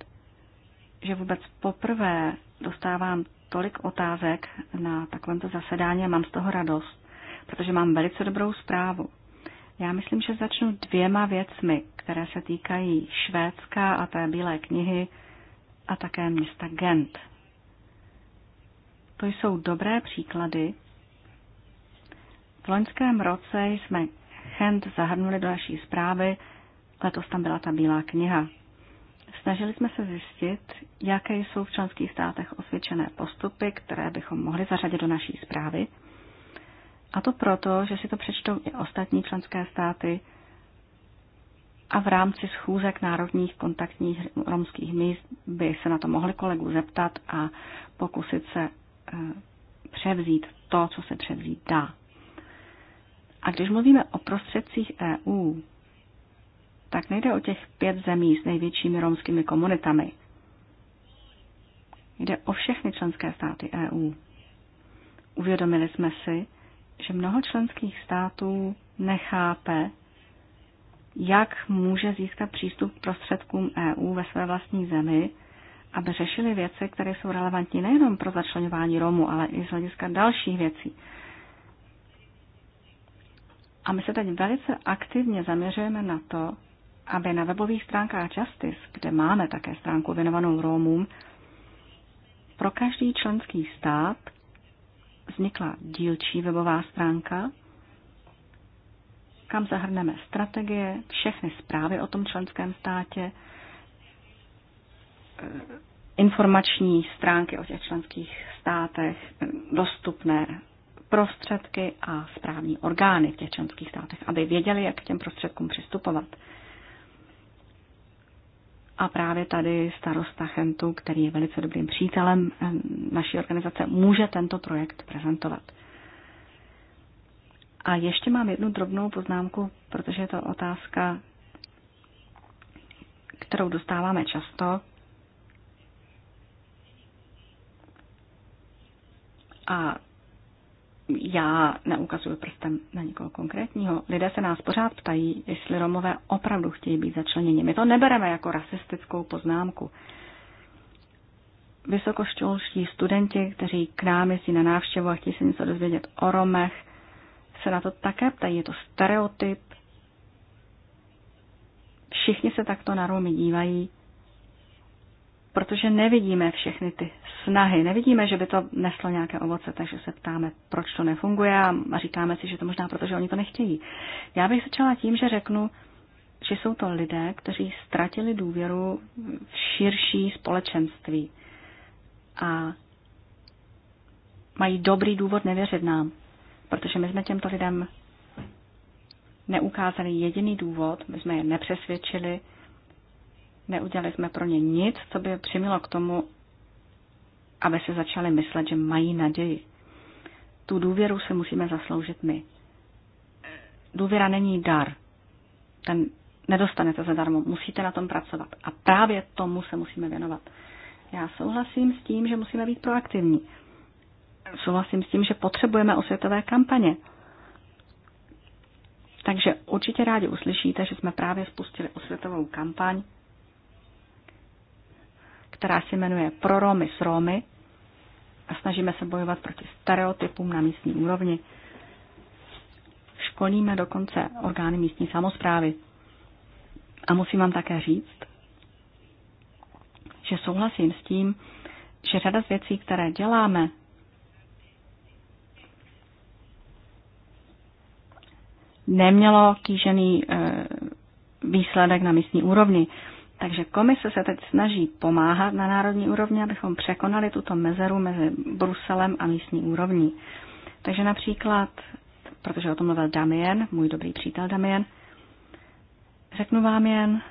že vůbec poprvé dostávám tolik otázek na takovémto zasedání a mám z toho radost, protože mám velice dobrou zprávu. Já myslím, že začnu dvěma věcmi, které se týkají Švédska a té bílé knihy a také města Gent. To jsou dobré příklady. V loňském roce jsme Gent zahrnuli do naší zprávy Letos tam byla ta bílá kniha. Snažili jsme se zjistit, jaké jsou v členských státech osvědčené postupy, které bychom mohli zařadit do naší zprávy. A to proto, že si to přečtou i ostatní členské státy a v rámci schůzek národních kontaktních romských míst by se na to mohli kolegů zeptat a pokusit se eh, převzít to, co se převzít dá. A když mluvíme o prostředcích EU, tak nejde o těch pět zemí s největšími romskými komunitami. Jde o všechny členské státy EU. Uvědomili jsme si, že mnoho členských států nechápe, jak může získat přístup k prostředkům EU ve své vlastní zemi, aby řešili věci, které jsou relevantní nejenom pro začlenování Romů, ale i z hlediska dalších věcí. A my se teď velice aktivně zaměřujeme na to, aby na webových stránkách Justice, kde máme také stránku věnovanou Rómům, pro každý členský stát vznikla dílčí webová stránka, kam zahrneme strategie, všechny zprávy o tom členském státě, eh, informační stránky o těch členských státech, dostupné prostředky a správní orgány v těch členských státech, aby věděli, jak k těm prostředkům přistupovat. A právě tady starosta Chentu, který je velice dobrým přítelem eh, naší organizace, může tento projekt prezentovat. A ještě mám jednu drobnou poznámku, protože je to otázka, kterou dostáváme často. A já neukazuju prstem na někoho konkrétního. Lidé se nás pořád ptají, jestli Romové opravdu chtějí být začleněni. My to nebereme jako rasistickou poznámku. Vysokoškolští studenti, kteří k nám jezdí na návštěvu a chtějí se něco dozvědět o Romech, se na to také ptají. Je to stereotyp. Všichni se takto na Romy dívají protože nevidíme všechny ty snahy, nevidíme, že by to neslo nějaké ovoce, takže se ptáme, proč to nefunguje a říkáme si, že to možná proto, že oni to nechtějí. Já bych začala tím, že řeknu, že jsou to lidé, kteří ztratili důvěru v širší společenství a mají dobrý důvod nevěřit nám, protože my jsme těmto lidem neukázali jediný důvod, my jsme je nepřesvědčili, Neudělali jsme pro ně nic, co by je přimělo k tomu, aby se začali myslet, že mají naději. Tu důvěru se musíme zasloužit my. Důvěra není dar. Ten nedostanete zadarmo, musíte na tom pracovat. A právě tomu se musíme věnovat. Já souhlasím s tím, že musíme být proaktivní. Souhlasím s tím, že potřebujeme osvětové kampaně. Takže určitě rádi uslyšíte, že jsme právě spustili osvětovou kampaň která se jmenuje Pro Romy s Romy a snažíme se bojovat proti stereotypům na místní úrovni. Školíme dokonce orgány místní samozprávy. A musím vám také říct, že souhlasím s tím, že řada z věcí, které děláme, nemělo kýžený eh, výsledek na místní úrovni. Takže komise se teď snaží pomáhat na národní úrovni, abychom překonali tuto mezeru mezi Bruselem a místní úrovní. Takže například, protože o tom mluvil Damien, můj dobrý přítel Damien, řeknu vám jen,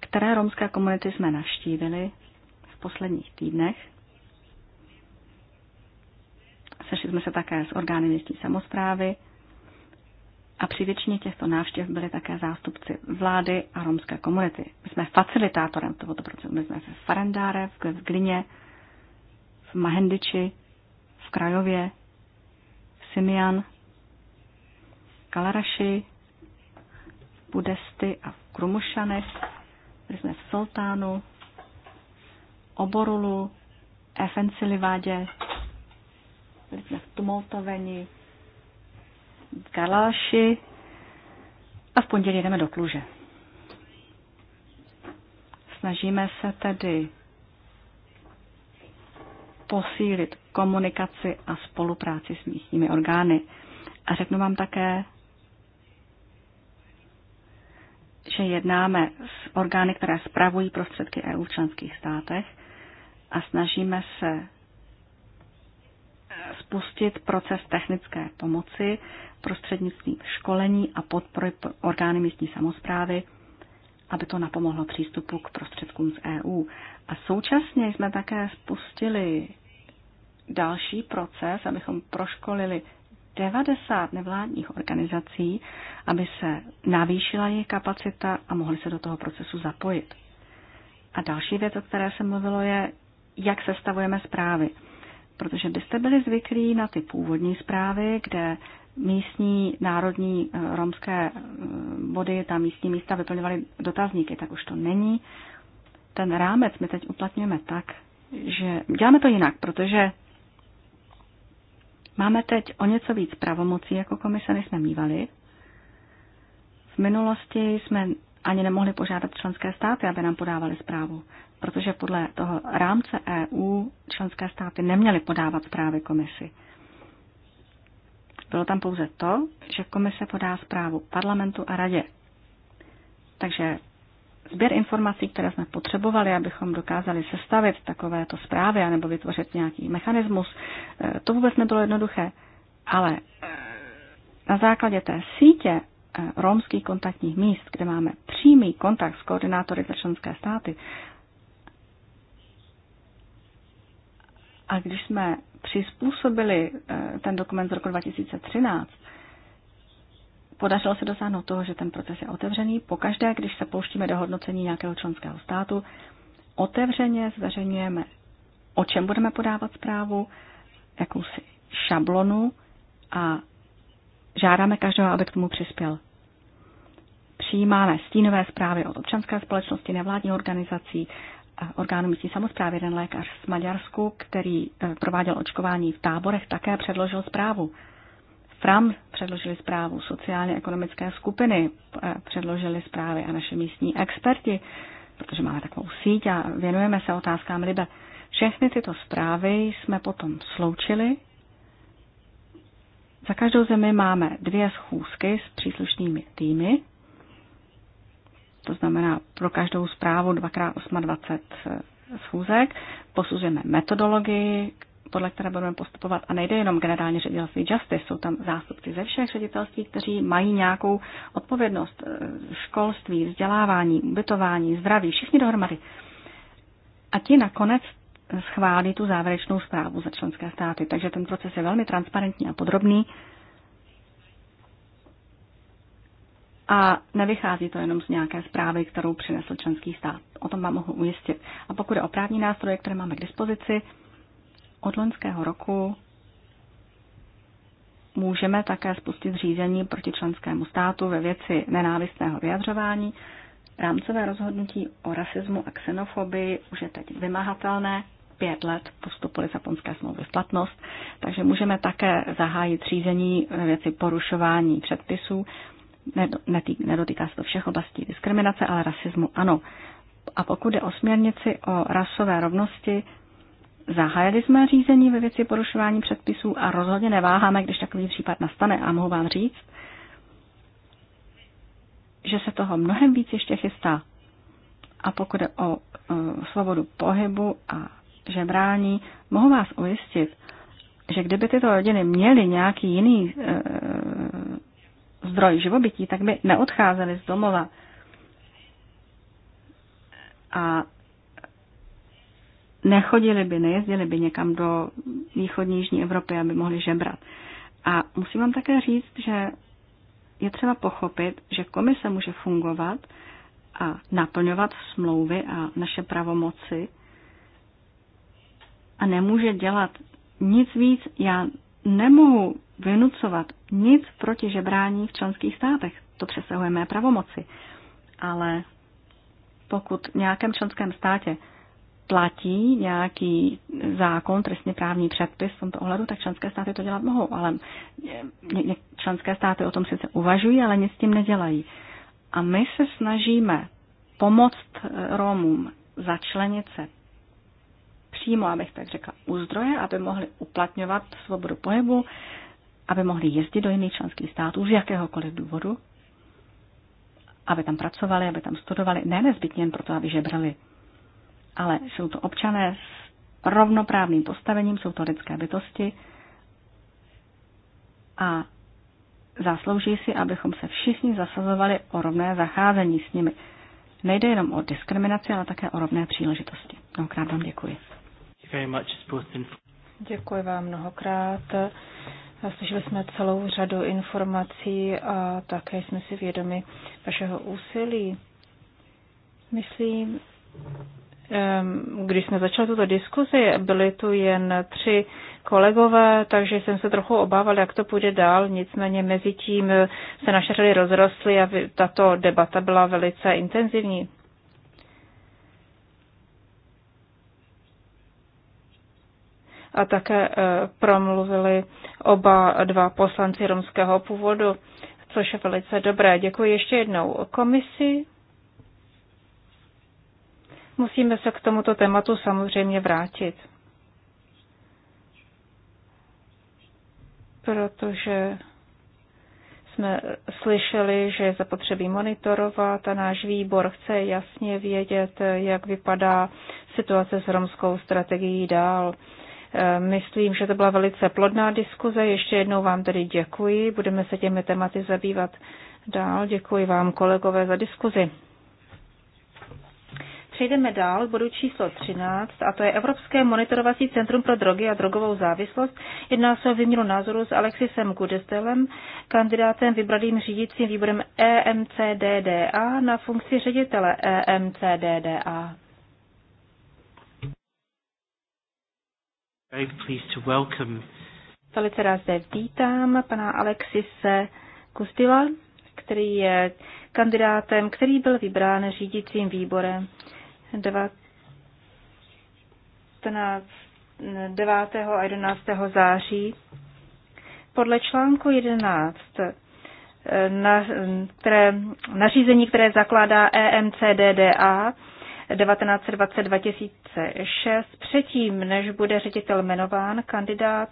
které romské komunity jsme navštívili v posledních týdnech. Sešli jsme se také s orgány místní samozprávy, a při většině těchto návštěv byly také zástupci vlády a romské komunity. My jsme facilitátorem tohoto procesu. My jsme v Farendáre, v Glině, v Mahendiči, v Krajově, v Simian, v Kalaraši, v Budesty a v Krumušanech. Byli jsme v Sultánu, Oborulu, Efensilivádě, byli jsme v Tumoltoveni, Galáši a v pondělí jdeme do Kluže. Snažíme se tedy posílit komunikaci a spolupráci s místními orgány. A řeknu vám také, že jednáme s orgány, které spravují prostředky EU v členských státech a snažíme se spustit proces technické pomoci prostřednictvím školení a podpory orgány místní samozprávy, aby to napomohlo přístupu k prostředkům z EU. A současně jsme také spustili další proces, abychom proškolili 90 nevládních organizací, aby se navýšila jejich kapacita a mohli se do toho procesu zapojit. A další věc, o které se mluvilo, je, jak sestavujeme zprávy protože byste byli zvyklí na ty původní zprávy, kde místní národní eh, romské eh, body, ta místní místa vyplňovaly dotazníky, tak už to není. Ten rámec my teď uplatňujeme tak, že děláme to jinak, protože máme teď o něco víc pravomocí jako komise, než jsme mývali. V minulosti jsme ani nemohli požádat členské státy, aby nám podávali zprávu, protože podle toho rámce EU členské státy neměly podávat zprávy komisi. Bylo tam pouze to, že komise podá zprávu parlamentu a radě. Takže sběr informací, které jsme potřebovali, abychom dokázali sestavit takovéto zprávy anebo vytvořit nějaký mechanismus, eh, to vůbec nebylo jednoduché. Ale eh, na základě té sítě Eh, romských kontaktních míst, kde máme přímý kontakt s koordinátory za členské státy, a když jsme přizpůsobili eh, ten dokument z roku 2013, podařilo se dosáhnout toho, že ten proces je otevřený. Pokaždé, když se pouštíme do hodnocení nějakého členského státu, otevřeně zveřejňujeme, o čem budeme podávat zprávu, jakousi šablonu a žádáme každého, aby k tomu přispěl přijímáme stínové zprávy od občanské společnosti, nevládní organizací, orgánu místní samozprávy. Jeden lékař z Maďarsku, který eh, prováděl očkování v táborech, také předložil zprávu. FRAM předložili zprávu, sociálně ekonomické skupiny eh, předložili zprávy a naše místní experti, protože máme takovou síť a věnujeme se otázkám libe. Všechny tyto zprávy jsme potom sloučili. Za každou zemi máme dvě schůzky s příslušnými týmy to znamená pro každou zprávu 2x28 eh, schůzek, posuzujeme metodologii, podle které budeme postupovat. A nejde jenom generálně ředitelství Justice, jsou tam zástupci ze všech ředitelství, kteří mají nějakou odpovědnost eh, školství, vzdělávání, ubytování, zdraví, všichni dohromady. A ti nakonec schválí tu závěrečnou zprávu za členské státy. Takže ten proces je velmi transparentní a podrobný A nevychází to jenom z nějaké zprávy, kterou přinesl členský stát. O tom vám mohu ujistit. A pokud je o právní nástroje, které máme k dispozici, od loňského roku můžeme také spustit řízení proti členskému státu ve věci nenávistného vyjadřování. Rámcové rozhodnutí o rasismu a xenofobii už je teď vymahatelné pět let po vstupu Lisabonské smlouvy v platnost, takže můžeme také zahájit řízení ve věci porušování předpisů nedotýká se to všech oblastí diskriminace, ale rasismu ano. A pokud je o směrnici o rasové rovnosti, zahájili jsme řízení ve věci porušování předpisů a rozhodně neváháme, když takový případ nastane. A mohu vám říct, že se toho mnohem víc ještě chystá. A pokud je o e, svobodu pohybu a žebrání, mohu vás ujistit, že kdyby tyto rodiny měly nějaký jiný e, zdroj živobytí, tak by neodcházeli z domova. A nechodili by, nejezdili by někam do východní Jižní Evropy, aby mohli žebrat. A musím vám také říct, že je třeba pochopit, že komise může fungovat a naplňovat smlouvy a naše pravomoci a nemůže dělat nic víc. Já nemohu vynucovat nic proti žebrání v členských státech. To přesahuje mé pravomoci. Ale pokud v nějakém členském státě platí nějaký zákon, trestně právní předpis v tomto ohledu, tak členské státy to dělat mohou, ale členské státy o tom sice uvažují, ale nic s tím nedělají. A my se snažíme pomoct eh, Romům začlenit se přímo, abych tak řekla, u zdroje, aby mohli uplatňovat svobodu pohybu, aby mohli jezdit do jiných členských států z jakéhokoliv důvodu, aby tam pracovali, aby tam studovali, ne nezbytně jen proto, aby žebrali, ale jsou to občané s rovnoprávným postavením, jsou to lidské bytosti a zaslouží si, abychom se všichni zasazovali o rovné zacházení s nimi. Nejde jenom o diskriminaci, ale také o rovné příležitosti. Mnohokrát vám děkuji. Děkuji vám mnohokrát Slyšeli jsme celou řadu informací a také jsme si vědomi vašeho úsilí. Myslím, když jsme začali tuto diskuzi, byli tu jen tři kolegové, takže jsem se trochu obával, jak to půjde dál. Nicméně mezi tím se naše řady rozrostly a tato debata byla velice intenzivní. a také eh, promluvili oba dva poslanci romského původu, což je velice dobré. Děkuji ještě jednou komisi. Musíme se k tomuto tématu samozřejmě vrátit. Protože jsme slyšeli, že je zapotřebí monitorovat a náš výbor chce jasně vědět, jak vypadá situace s romskou strategií dál. Myslím, že to byla velice plodná diskuze. Ještě jednou vám tedy děkuji. Budeme se těmi tématy zabývat dál. Děkuji vám, kolegové, za diskuzi. Přejdeme dál k bodu číslo 13, a to je Evropské monitorovací centrum pro drogy a drogovou závislost. Jedná se o výměnu názoru s Alexisem Gudestelem, kandidátem vybraným řídícím výborem EMCDDA na funkci ředitele EMCDDA. Velice rád zde vítám pana Alexise Kustila, který je kandidátem, který byl vybrán řídícím výborem 19, 9. a 11. září. Podle článku 11 na, které, nařízení, které zakládá EMCDDA, 1920-2006. Předtím, než bude ředitel jmenován, kandidát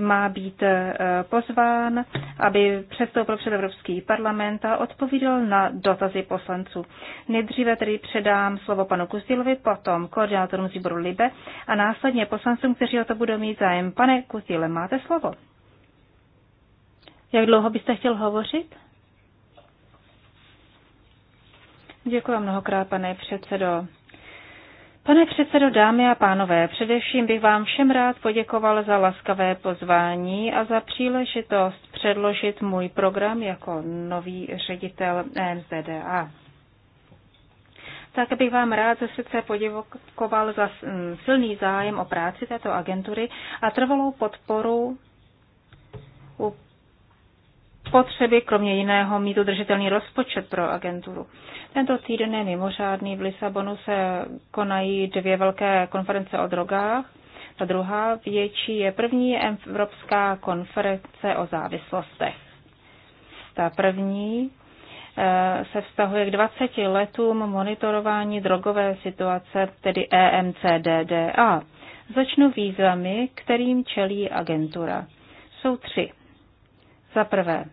má být eh, pozván, aby přestoupil před Evropský parlament a odpovídal na dotazy poslanců. Nejdříve tedy předám slovo panu Kustilovi, potom koordinátorům z výboru Libe a následně poslancům, kteří o to budou mít zájem. Pane Kustile, máte slovo. Jak dlouho byste chtěl hovořit? Děkuji mnohokrát, pane předsedo. Pane předsedo, dámy a pánové, především bych vám všem rád poděkoval za laskavé pozvání a za příležitost předložit můj program jako nový ředitel e NZDA. Tak bych vám rád ze srdce poděkoval za silný zájem o práci této agentury a trvalou podporu u potřeby, kromě jiného, mít udržitelný rozpočet pro agenturu. Tento týden je mimořádný. V Lisabonu se konají dvě velké konference o drogách. Ta druhá větší je první Evropská konference o závislostech. Ta první eh, se vztahuje k 20 letům monitorování drogové situace, tedy EMCDDA. Začnu výzvami, kterým čelí agentura. Jsou tři. Za prvé,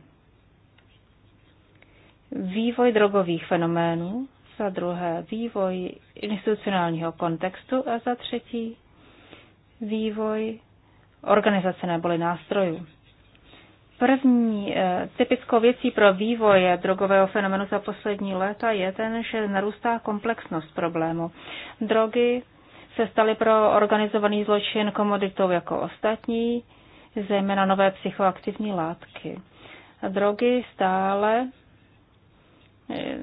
vývoj drogových fenoménů, za druhé, vývoj institucionálního kontextu a za třetí, vývoj organizace neboli nástrojů. První eh, typickou věcí pro vývoj drogového fenoménu za poslední léta je ten, že narůstá komplexnost problému. Drogy se staly pro organizovaný zločin komoditou jako ostatní zejména nové psychoaktivní látky. A drogy stále eh,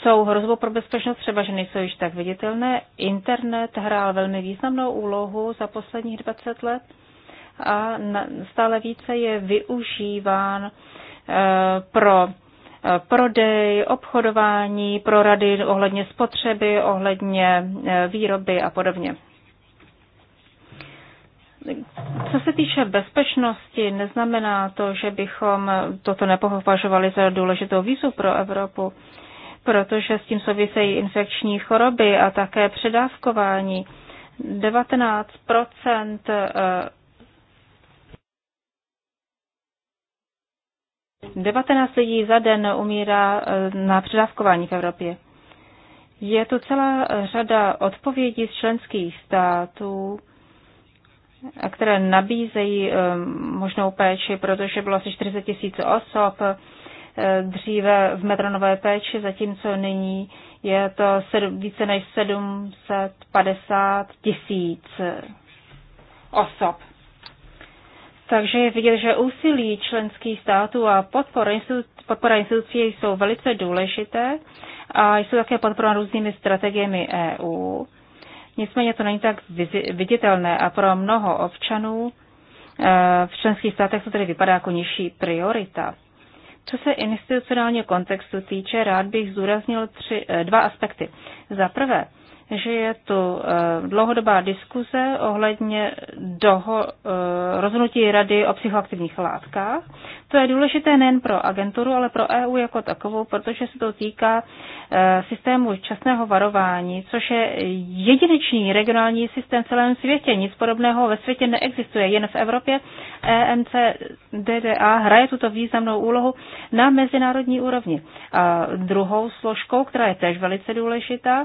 jsou hrozbou pro bezpečnost, třeba že nejsou již tak viditelné. Internet hrál velmi významnou úlohu za posledních 20 let a stále více je využíván eh, pro eh, prodej, obchodování, pro rady ohledně spotřeby, ohledně výroby a podobně. Co se týče bezpečnosti, neznamená to, že bychom toto nepohovažovali za důležitou výzvu pro Evropu, protože s tím souvisejí infekční choroby a také předávkování. 19 19 eh, lidí za den umírá eh, na předávkování v Evropě. Je tu celá řada odpovědí z členských států, a které nabízejí eh, možnou péči, protože bylo asi 40 tisíc osob eh, dříve v metronové péči, zatímco nyní je to více než 750 tisíc eh, osob. Takže je vidět, že úsilí členských států a podpora, institu, podpora institucí jsou velice důležité a jsou také podporovány různými strategiemi EU. Nicméně to není tak viditelné a pro mnoho občanů eh, v členských státech to tedy vypadá jako nižší priorita. Co se institucionálního kontextu týče, rád bych zdůraznil tři, eh, dva aspekty. Za prvé, že je tu eh, dlouhodobá diskuze ohledně doho, eh, rozhodnutí Rady o psychoaktivních látkách. To je důležité nejen pro agenturu, ale pro EU jako takovou, protože se to týká eh, systému časného varování, což je jedinečný regionální systém v celém světě. Nic podobného ve světě neexistuje. Jen v Evropě EMC DDA hraje tuto významnou úlohu na mezinárodní úrovni. A druhou složkou, která je tež velice důležitá,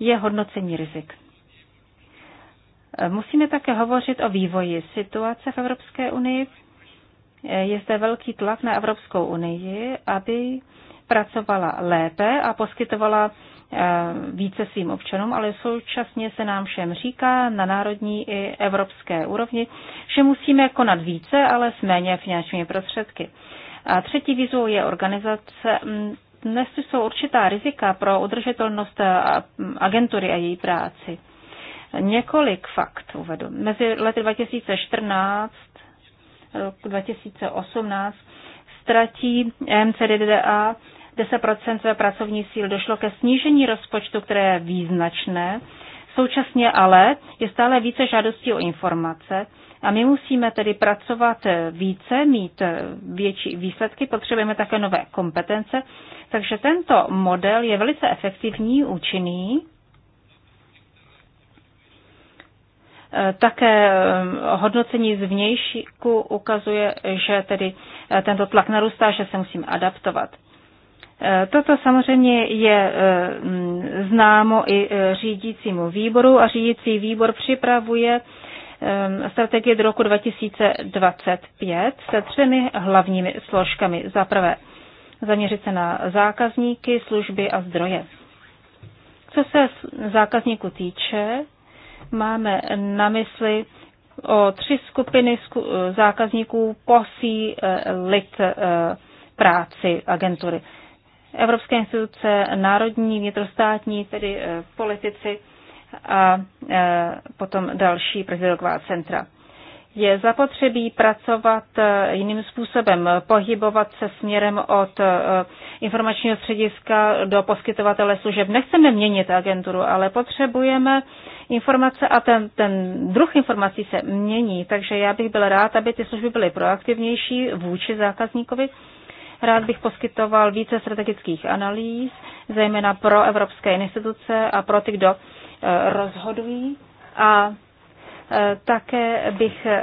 je hodnocení rizik. Musíme také hovořit o vývoji situace v Evropské unii. Je zde velký tlak na Evropskou unii, aby pracovala lépe a poskytovala eh, více svým občanům, ale současně se nám všem říká na národní i evropské úrovni, že musíme konat více, ale s méně finančními prostředky. A třetí výzvou je organizace mm, dnes jsou určitá rizika pro udržitelnost eh, agentury a její práci. Několik fakt uvedu. Mezi lety 2014 a 2018 ztratí MCDDA 10 své pracovní síly. Došlo ke snížení rozpočtu, které je význačné. Současně ale je stále více žádostí o informace a my musíme tedy pracovat více, mít větší výsledky, potřebujeme také nové kompetence. Takže tento model je velice efektivní, účinný. Také eh, hodnocení zvnějšku ukazuje, že tedy eh, tento tlak narůstá, že se musíme adaptovat. Eh, toto samozřejmě je známo i řídícímu výboru a řídící výbor připravuje Ehm, strategie do roku 2025 se třemi hlavními složkami. Za prvé, zaměřit se na zákazníky, služby a zdroje. Co se zákazníků týče, máme na mysli o tři skupiny zákazníků posí eh, lid eh, práci agentury. Evropské instituce, národní, vnitrostátní, tedy eh, politici a e, potom další prezidentová centra. Je zapotřebí pracovat e, jiným způsobem, pohybovat se směrem od e, informačního střediska do poskytovatele služeb. Nechceme měnit agenturu, ale potřebujeme informace a ten, ten druh informací se mění, takže já bych byl rád, aby ty služby byly proaktivnější vůči zákazníkovi. Rád bych poskytoval více strategických analýz, zejména pro evropské instituce a pro ty, kdo rozhodují. A e, také bych e,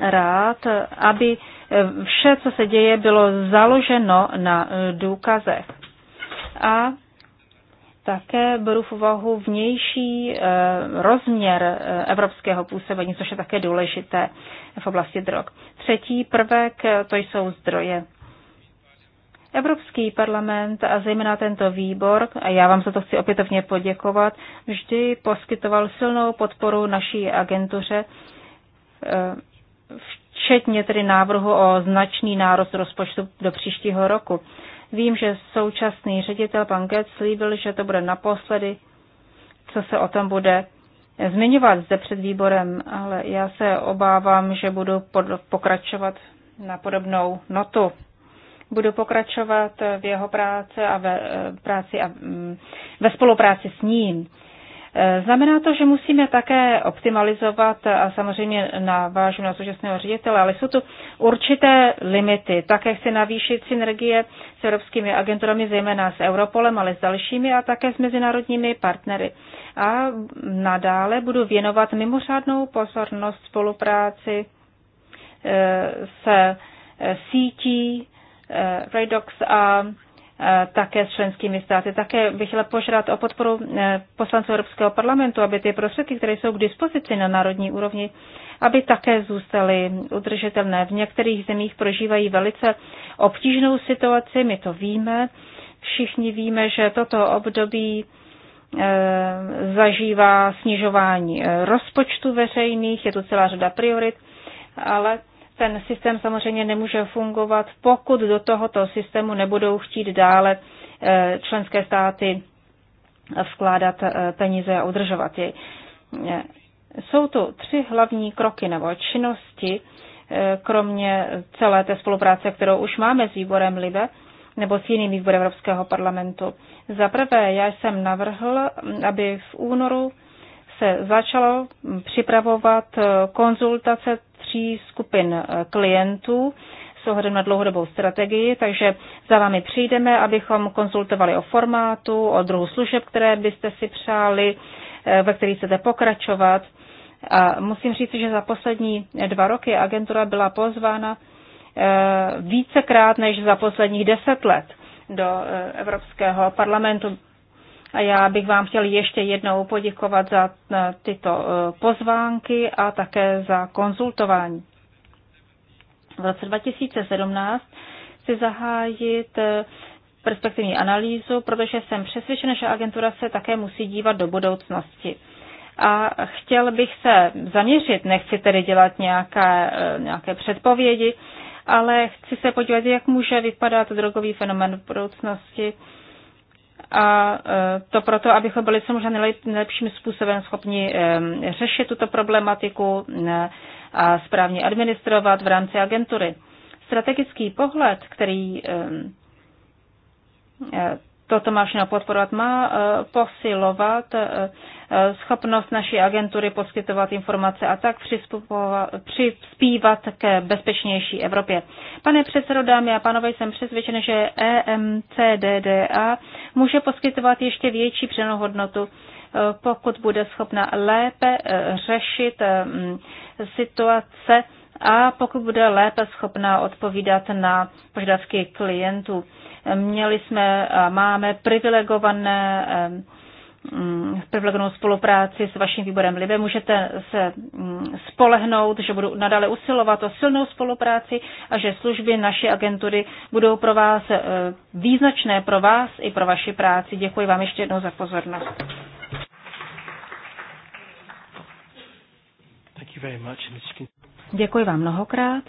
rád, aby vše, co se děje, bylo založeno na důkazech. A také beru v úvahu vnější e, rozměr evropského působení, což je také důležité v oblasti drog. Třetí prvek, to jsou zdroje. Evropský parlament a zejména tento výbor, a já vám za to chci opětovně poděkovat, vždy poskytoval silnou podporu naší agentuře, eh, včetně tedy návrhu o značný nárost rozpočtu do příštího roku. Vím, že současný ředitel pan Get slíbil, že to bude naposledy, co se o tom bude zmiňovat zde před výborem, ale já se obávám, že budu pokračovat na podobnou notu. Budu pokračovat v jeho eh, práci a ve, práci a, ve spolupráci s ním. Eh, znamená to, že musíme také optimalizovat a samozřejmě navážu na současného ředitele, ale jsou tu určité limity. Také chci navýšit synergie s evropskými agenturami, zejména s Europolem, ale s dalšími a také s mezinárodními partnery. A nadále budu věnovat mimořádnou pozornost spolupráci eh, se sítí Eh, Redox a eh, také s členskými státy. Také bych chtěla požádat o podporu eh, poslanců Evropského parlamentu, aby ty prostředky, které jsou k dispozici na národní úrovni, aby také zůstaly udržitelné. V některých zemích prožívají velice obtížnou situaci, my to víme. Všichni víme, že toto období zažívá snižování rozpočtu veřejných, je tu celá řada priorit, ale ten systém samozřejmě nemůže fungovat, pokud do tohoto systému nebudou chtít dále eh, členské státy vkládat eh, peníze a udržovat je. Eh, jsou tu tři hlavní kroky nebo činnosti, kromě celé té spolupráce, kterou už máme s výborem LIBE nebo s jiným výborem Evropského parlamentu. Za prvé, já jsem navrhl, mm, aby v únoru se začalo připravovat eh, konzultace tří skupin eh, klientů s ohledem na dlouhodobou strategii, takže za vámi přijdeme, abychom konzultovali o formátu, o druhu služeb, které byste si přáli, eh, ve kterých chcete pokračovat. A musím říct, že za poslední dva roky agentura byla pozvána vícekrát než za posledních deset let do Evropského parlamentu. A já bych vám chtěl ještě jednou poděkovat za eh, tyto eh, pozvánky a také za konzultování. V roce 2017 si zahájit eh, perspektivní analýzu, protože jsem přesvědčena, že agentura se také musí dívat do budoucnosti. A chtěl bych se zaměřit, nechci tedy dělat nějaké, nějaké předpovědi, ale chci se podívat, jak může vypadat drogový fenomen v budoucnosti, a e, to proto, abychom byli co možná nejlepším způsobem schopni e, řešit tuto problematiku e, a správně administrovat v rámci agentury. Strategický pohled, který toto má všechno podporovat, má eh, posilovat eh, eh, schopnost naší agentury poskytovat informace a tak přispívat ke bezpečnější Evropě. Pane předsedo, dámy a pánové, jsem přesvědčen, že EMCDDA může poskytovat ještě větší přenohodnotu, pokud bude schopna lépe řešit situace a pokud bude lépe schopna odpovídat na požadavky klientů. Měli jsme a máme privilegované mm, privilegovanou spolupráci s vaším výborem Libe. Můžete se mm, spolehnout, že budu nadále usilovat o silnou spolupráci a že služby naší agentury budou pro vás e, význačné pro vás i pro vaši práci. Děkuji vám ještě jednou za pozornost. Děkuji vám mnohokrát.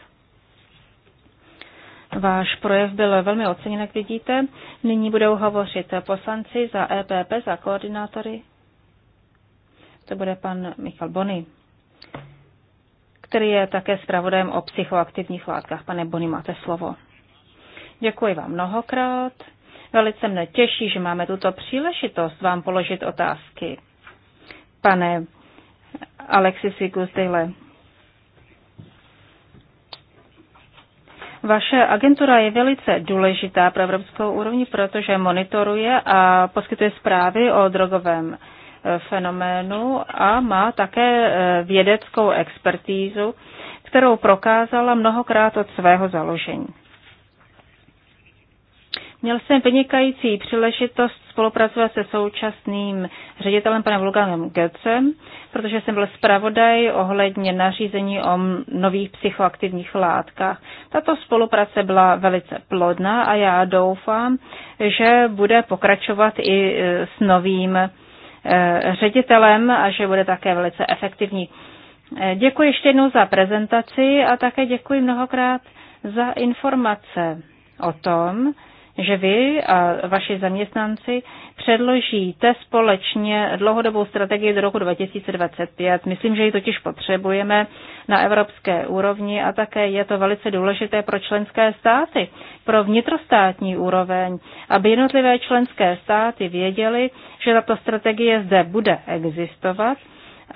Váš projev byl velmi oceněn, jak vidíte. Nyní budou hovořit poslanci za EPP, za koordinátory. To bude pan Michal Bony, který je také zpravodajem o psychoaktivních látkách. Pane Bony, máte slovo. Děkuji vám mnohokrát. Velice mne těší, že máme tuto příležitost vám položit otázky. Pane Alexis Guzdejle, Vaše agentura je velice důležitá pro evropskou úrovni, protože monitoruje a poskytuje zprávy o drogovém e, fenoménu a má také e, vědeckou expertízu, kterou prokázala mnohokrát od svého založení. Měl jsem vynikající příležitost spolupracovat se současným ředitelem panem Vulganem Goetzem, protože jsem byl zpravodaj ohledně nařízení o nových psychoaktivních látkách. Tato spolupráce byla velice plodná a já doufám, že bude pokračovat i e, s novým e, ředitelem a že bude také velice efektivní. E, děkuji ještě jednou za prezentaci a také děkuji mnohokrát za informace o tom, že vy a vaši zaměstnanci předložíte společně dlouhodobou strategii do roku 2025. Myslím, že ji totiž potřebujeme na evropské úrovni a také je to velice důležité pro členské státy, pro vnitrostátní úroveň, aby jednotlivé členské státy věděly, že tato strategie zde bude existovat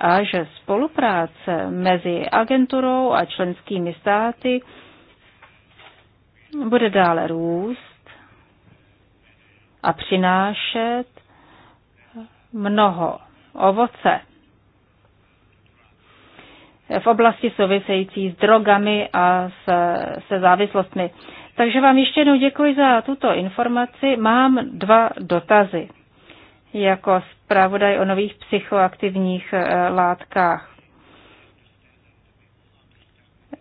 a že spolupráce mezi agenturou a členskými státy bude dále růst a přinášet mnoho ovoce. V oblasti související s drogami a se, se závislostmi. Takže vám ještě jednou děkuji za tuto informaci. Mám dva dotazy jako zpravodaj o nových psychoaktivních eh, látkách.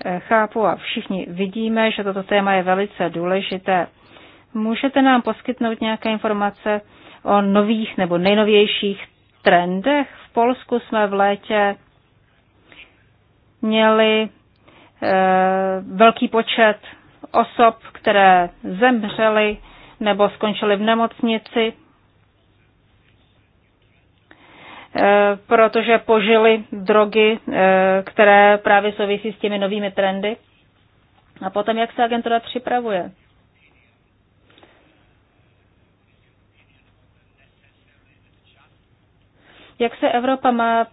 Eh, chápu a všichni vidíme, že toto téma je velice důležité. Můžete nám poskytnout nějaké informace o nových nebo nejnovějších trendech? V Polsku jsme v létě měli eh, velký počet osob, které zemřely nebo skončily v nemocnici, eh, protože požili drogy, eh, které právě souvisí s těmi novými trendy. A potom, jak se agentura připravuje? Jak se Evropa má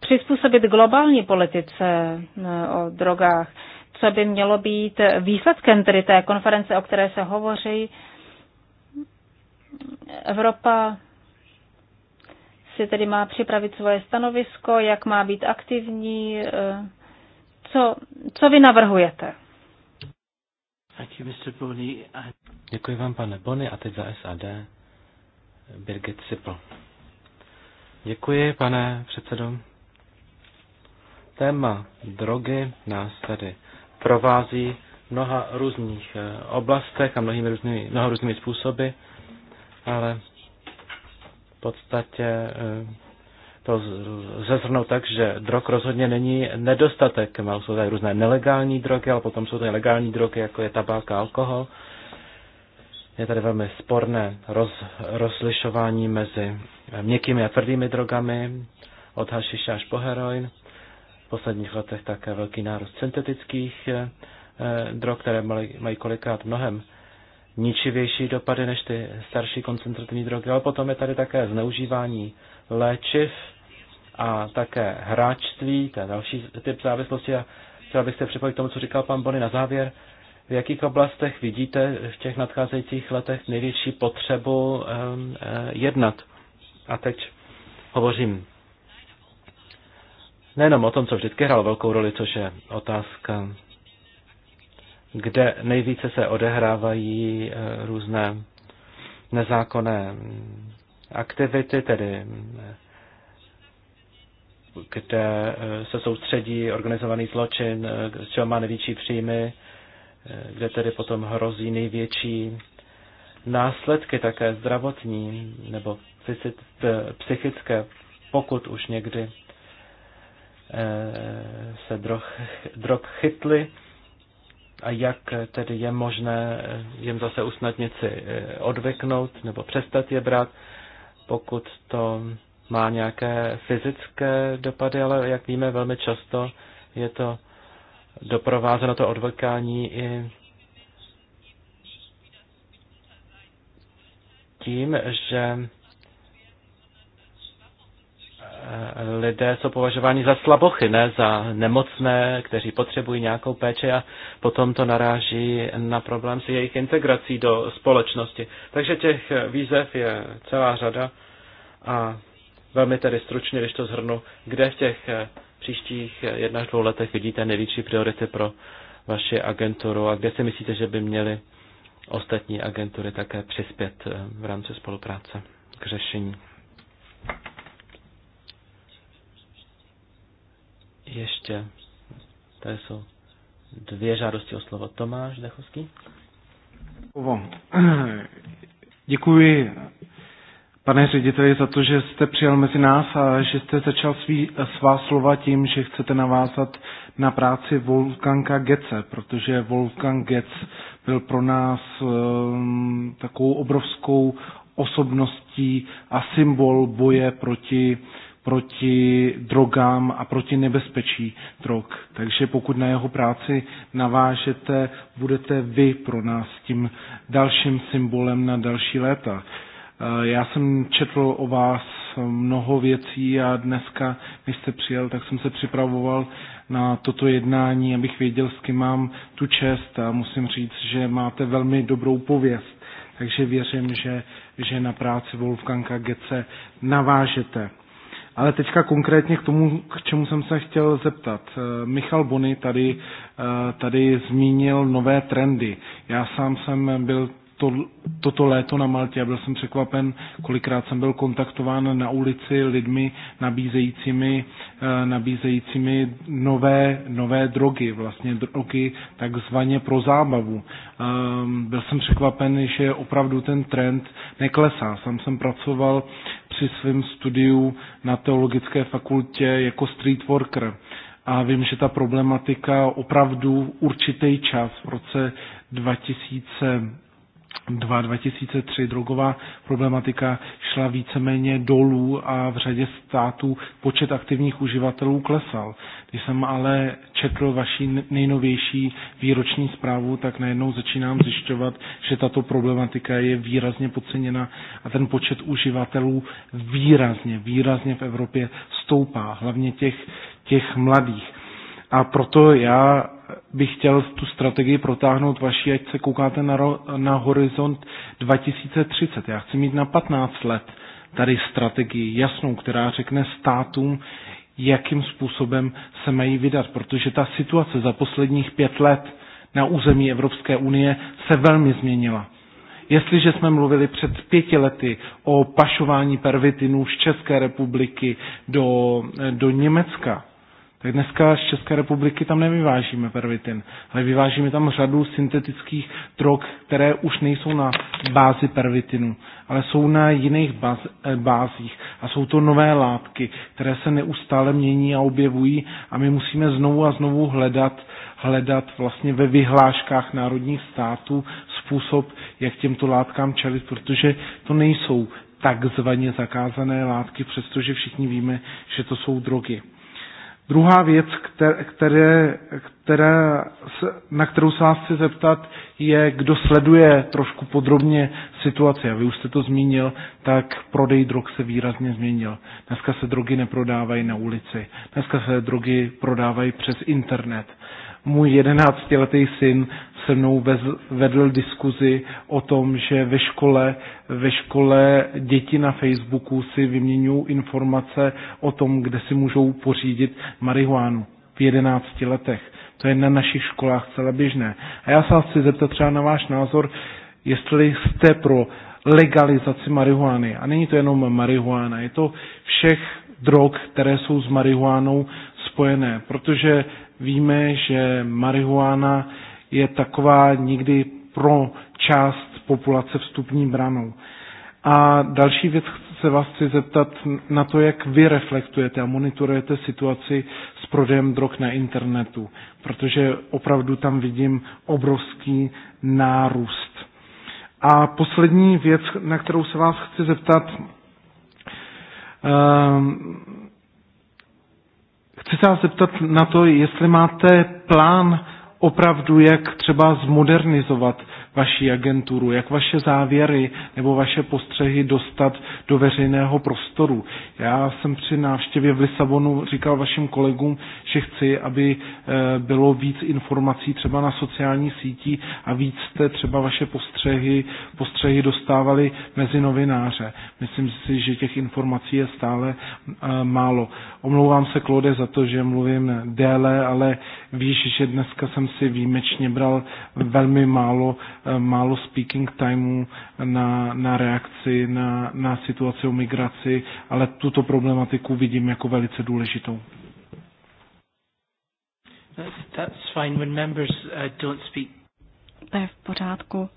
přizpůsobit globální politice eh, o drogách? Co by mělo být výsledkem tedy té konference, o které se hovoří? Evropa si tedy má připravit svoje stanovisko, jak má být aktivní, eh, co, co vy navrhujete? Děkuji vám, pane Bony, a teď za SAD Birgit Sipl. Děkuji, pane předsedo. Téma drogy nás tady provází v mnoha různých eh, oblastech a mnohými různými, mnoha různými způsoby, ale v podstatě eh, to zezrnou tak, že drog rozhodně není nedostatek. Jsou tady různé nelegální drogy, ale potom jsou tady legální drogy, jako je tabák a alkohol je tady velmi sporné roz, rozlišování mezi eh, měkkými a tvrdými drogami, od hašiša až po heroin. V posledních letech také velký nárůst syntetických eh, eh drog, které mají, mají kolikrát mnohem ničivější dopady než ty starší koncentrativní drogy, ale potom je tady také zneužívání léčiv a také hráčství, to je další typ závislosti a chtěl bych se připojit k tomu, co říkal pan Bony na závěr. Eh, v jakých oblastech vidíte v těch nadcházejících letech největší potřebu eh, jednat. A teď hovořím nejenom o tom, co vždycky hrál velkou roli, což je otázka, kde nejvíce se odehrávají eh, různé nezákonné mm, aktivity, tedy mm, kde eh, se soustředí organizovaný zločin, z čeho má největší příjmy, kde tedy potom hrozí největší následky také zdravotní nebo psychické, pokud už někdy eh, se drog, drog chytli a jak tedy je možné jim zase usnadnit si eh, odvyknout nebo přestat je brát, pokud to má nějaké fyzické dopady, ale jak víme, velmi často je to doprovázeno to odvlkání i tím, že eh, lidé jsou považováni za slabochy, ne za nemocné, kteří potřebují nějakou péči a potom to naráží na problém s jejich integrací do společnosti. Takže těch výzev je celá řada a velmi tedy stručně, když to zhrnu, kde v těch eh, příštích eh, jedna až dvou letech vidíte největší priority pro vaši agenturu a kde si myslíte, že by měly ostatní agentury také přispět eh, v rámci spolupráce k řešení. Ještě tady jsou dvě žádosti o slovo. Tomáš Dechovský. Děkuji pane řediteli, za to, že jste přijal mezi nás a že jste začal svý, svá slova tím, že chcete navázat na práci Volkanka Gece, protože Volkan Getz byl pro nás um, takovou obrovskou osobností a symbol boje proti proti drogám a proti nebezpečí drog. Takže pokud na jeho práci navážete, budete vy pro nás tím dalším symbolem na další léta. Eh, já jsem četl o vás mnoho věcí a dneska, když jste přijel, tak jsem se připravoval na toto jednání, abych věděl, s kým mám tu čest a musím říct, že máte velmi dobrou pověst. Takže věřím, že, že na práci Wolfganga Gece navážete. Ale teďka konkrétně k tomu, k čemu jsem se chtěl zeptat. Eh, Michal Bony tady, eh, tady zmínil nové trendy. Já sám jsem byl to, toto léto na Maltě. a byl jsem překvapen, kolikrát jsem byl kontaktován na ulici lidmi nabízejícími, eh, nabízejícími nové, nové drogy, vlastně drogy takzvaně pro zábavu. Ehm, byl jsem překvapen, že opravdu ten trend neklesá. Sám jsem pracoval při svém studiu na teologické fakultě jako street worker a vím, že ta problematika opravdu určitý čas v roce 2000 2003 drogová problematika šla víceméně dolů a v řadě států počet aktivních uživatelů klesal. Když jsem ale četl vaši nejnovější výroční zprávu, tak najednou začínám zjišťovat, že tato problematika je výrazně podceněna a ten počet uživatelů výrazně, výrazně v Evropě stoupá, hlavně těch, těch mladých. A proto já bych chtěl tu strategii protáhnout vaší, ať se koukáte na, ro, na horizont 2030. Já chci mít na 15 let tady strategii jasnou, která řekne státům, jakým způsobem se mají vydat, protože ta situace za posledních pět let na území Evropské unie se velmi změnila. Jestliže jsme mluvili před pěti lety o pašování pervitinů z České republiky do, do Německa, tak dneska z České republiky tam nevyvážíme pervitin, ale vyvážíme tam řadu syntetických drog, které už nejsou na bázi pervitinu, ale jsou na jiných baz, eh, bázích a jsou to nové látky, které se neustále mění a objevují a my musíme znovu a znovu hledat, hledat vlastně ve vyhláškách národních států způsob, jak těmto látkám čelit, protože to nejsou takzvaně zakázané látky, přestože všichni víme, že to jsou drogy. Druhá věc, které, které, na kterou se vás chci zeptat, je, kdo sleduje trošku podrobně situaci. A vy už jste to zmínil, tak prodej drog se výrazně změnil. Dneska se drogy neprodávají na ulici, dneska se drogy prodávají přes internet můj jedenáctiletý syn se mnou vez, vedl diskuzi o tom, že ve škole, ve škole děti na Facebooku si vyměňují informace o tom, kde si můžou pořídit marihuánu v jedenácti letech. To je na našich školách celé běžné. A já se vás chci zeptat třeba na váš názor, jestli jste pro legalizaci marihuány. A není to jenom marihuána, je to všech drog, které jsou s marihuánou spojené, protože Víme, že marihuana je taková nikdy pro část populace vstupní branou. A další věc se vás chci zeptat na to, jak vy reflektujete a monitorujete situaci s prodejem drog na internetu, protože opravdu tam vidím obrovský nárůst. A poslední věc, na kterou se vás chci zeptat, ehm, Chci se vás zeptat na to, jestli máte plán opravdu, jak třeba zmodernizovat vaší agenturu, jak vaše závěry nebo vaše postřehy dostat do veřejného prostoru. Já jsem při návštěvě v Lisabonu říkal vašim kolegům, že chci, aby eh, bylo víc informací třeba na sociální síti a víc jste třeba vaše postřehy, postřehy dostávali mezi novináře. Myslím si, že těch informací je stále eh, málo. Omlouvám se, Klode, za to, že mluvím déle, ale víš, že dneska jsem si výjimečně bral velmi málo Eh, málo speaking timeu na, na reakci na, na situaci o migraci, ale tuto problematiku vidím jako velice důležitou. That's, fine when members uh, don't speak. To je v pořádku.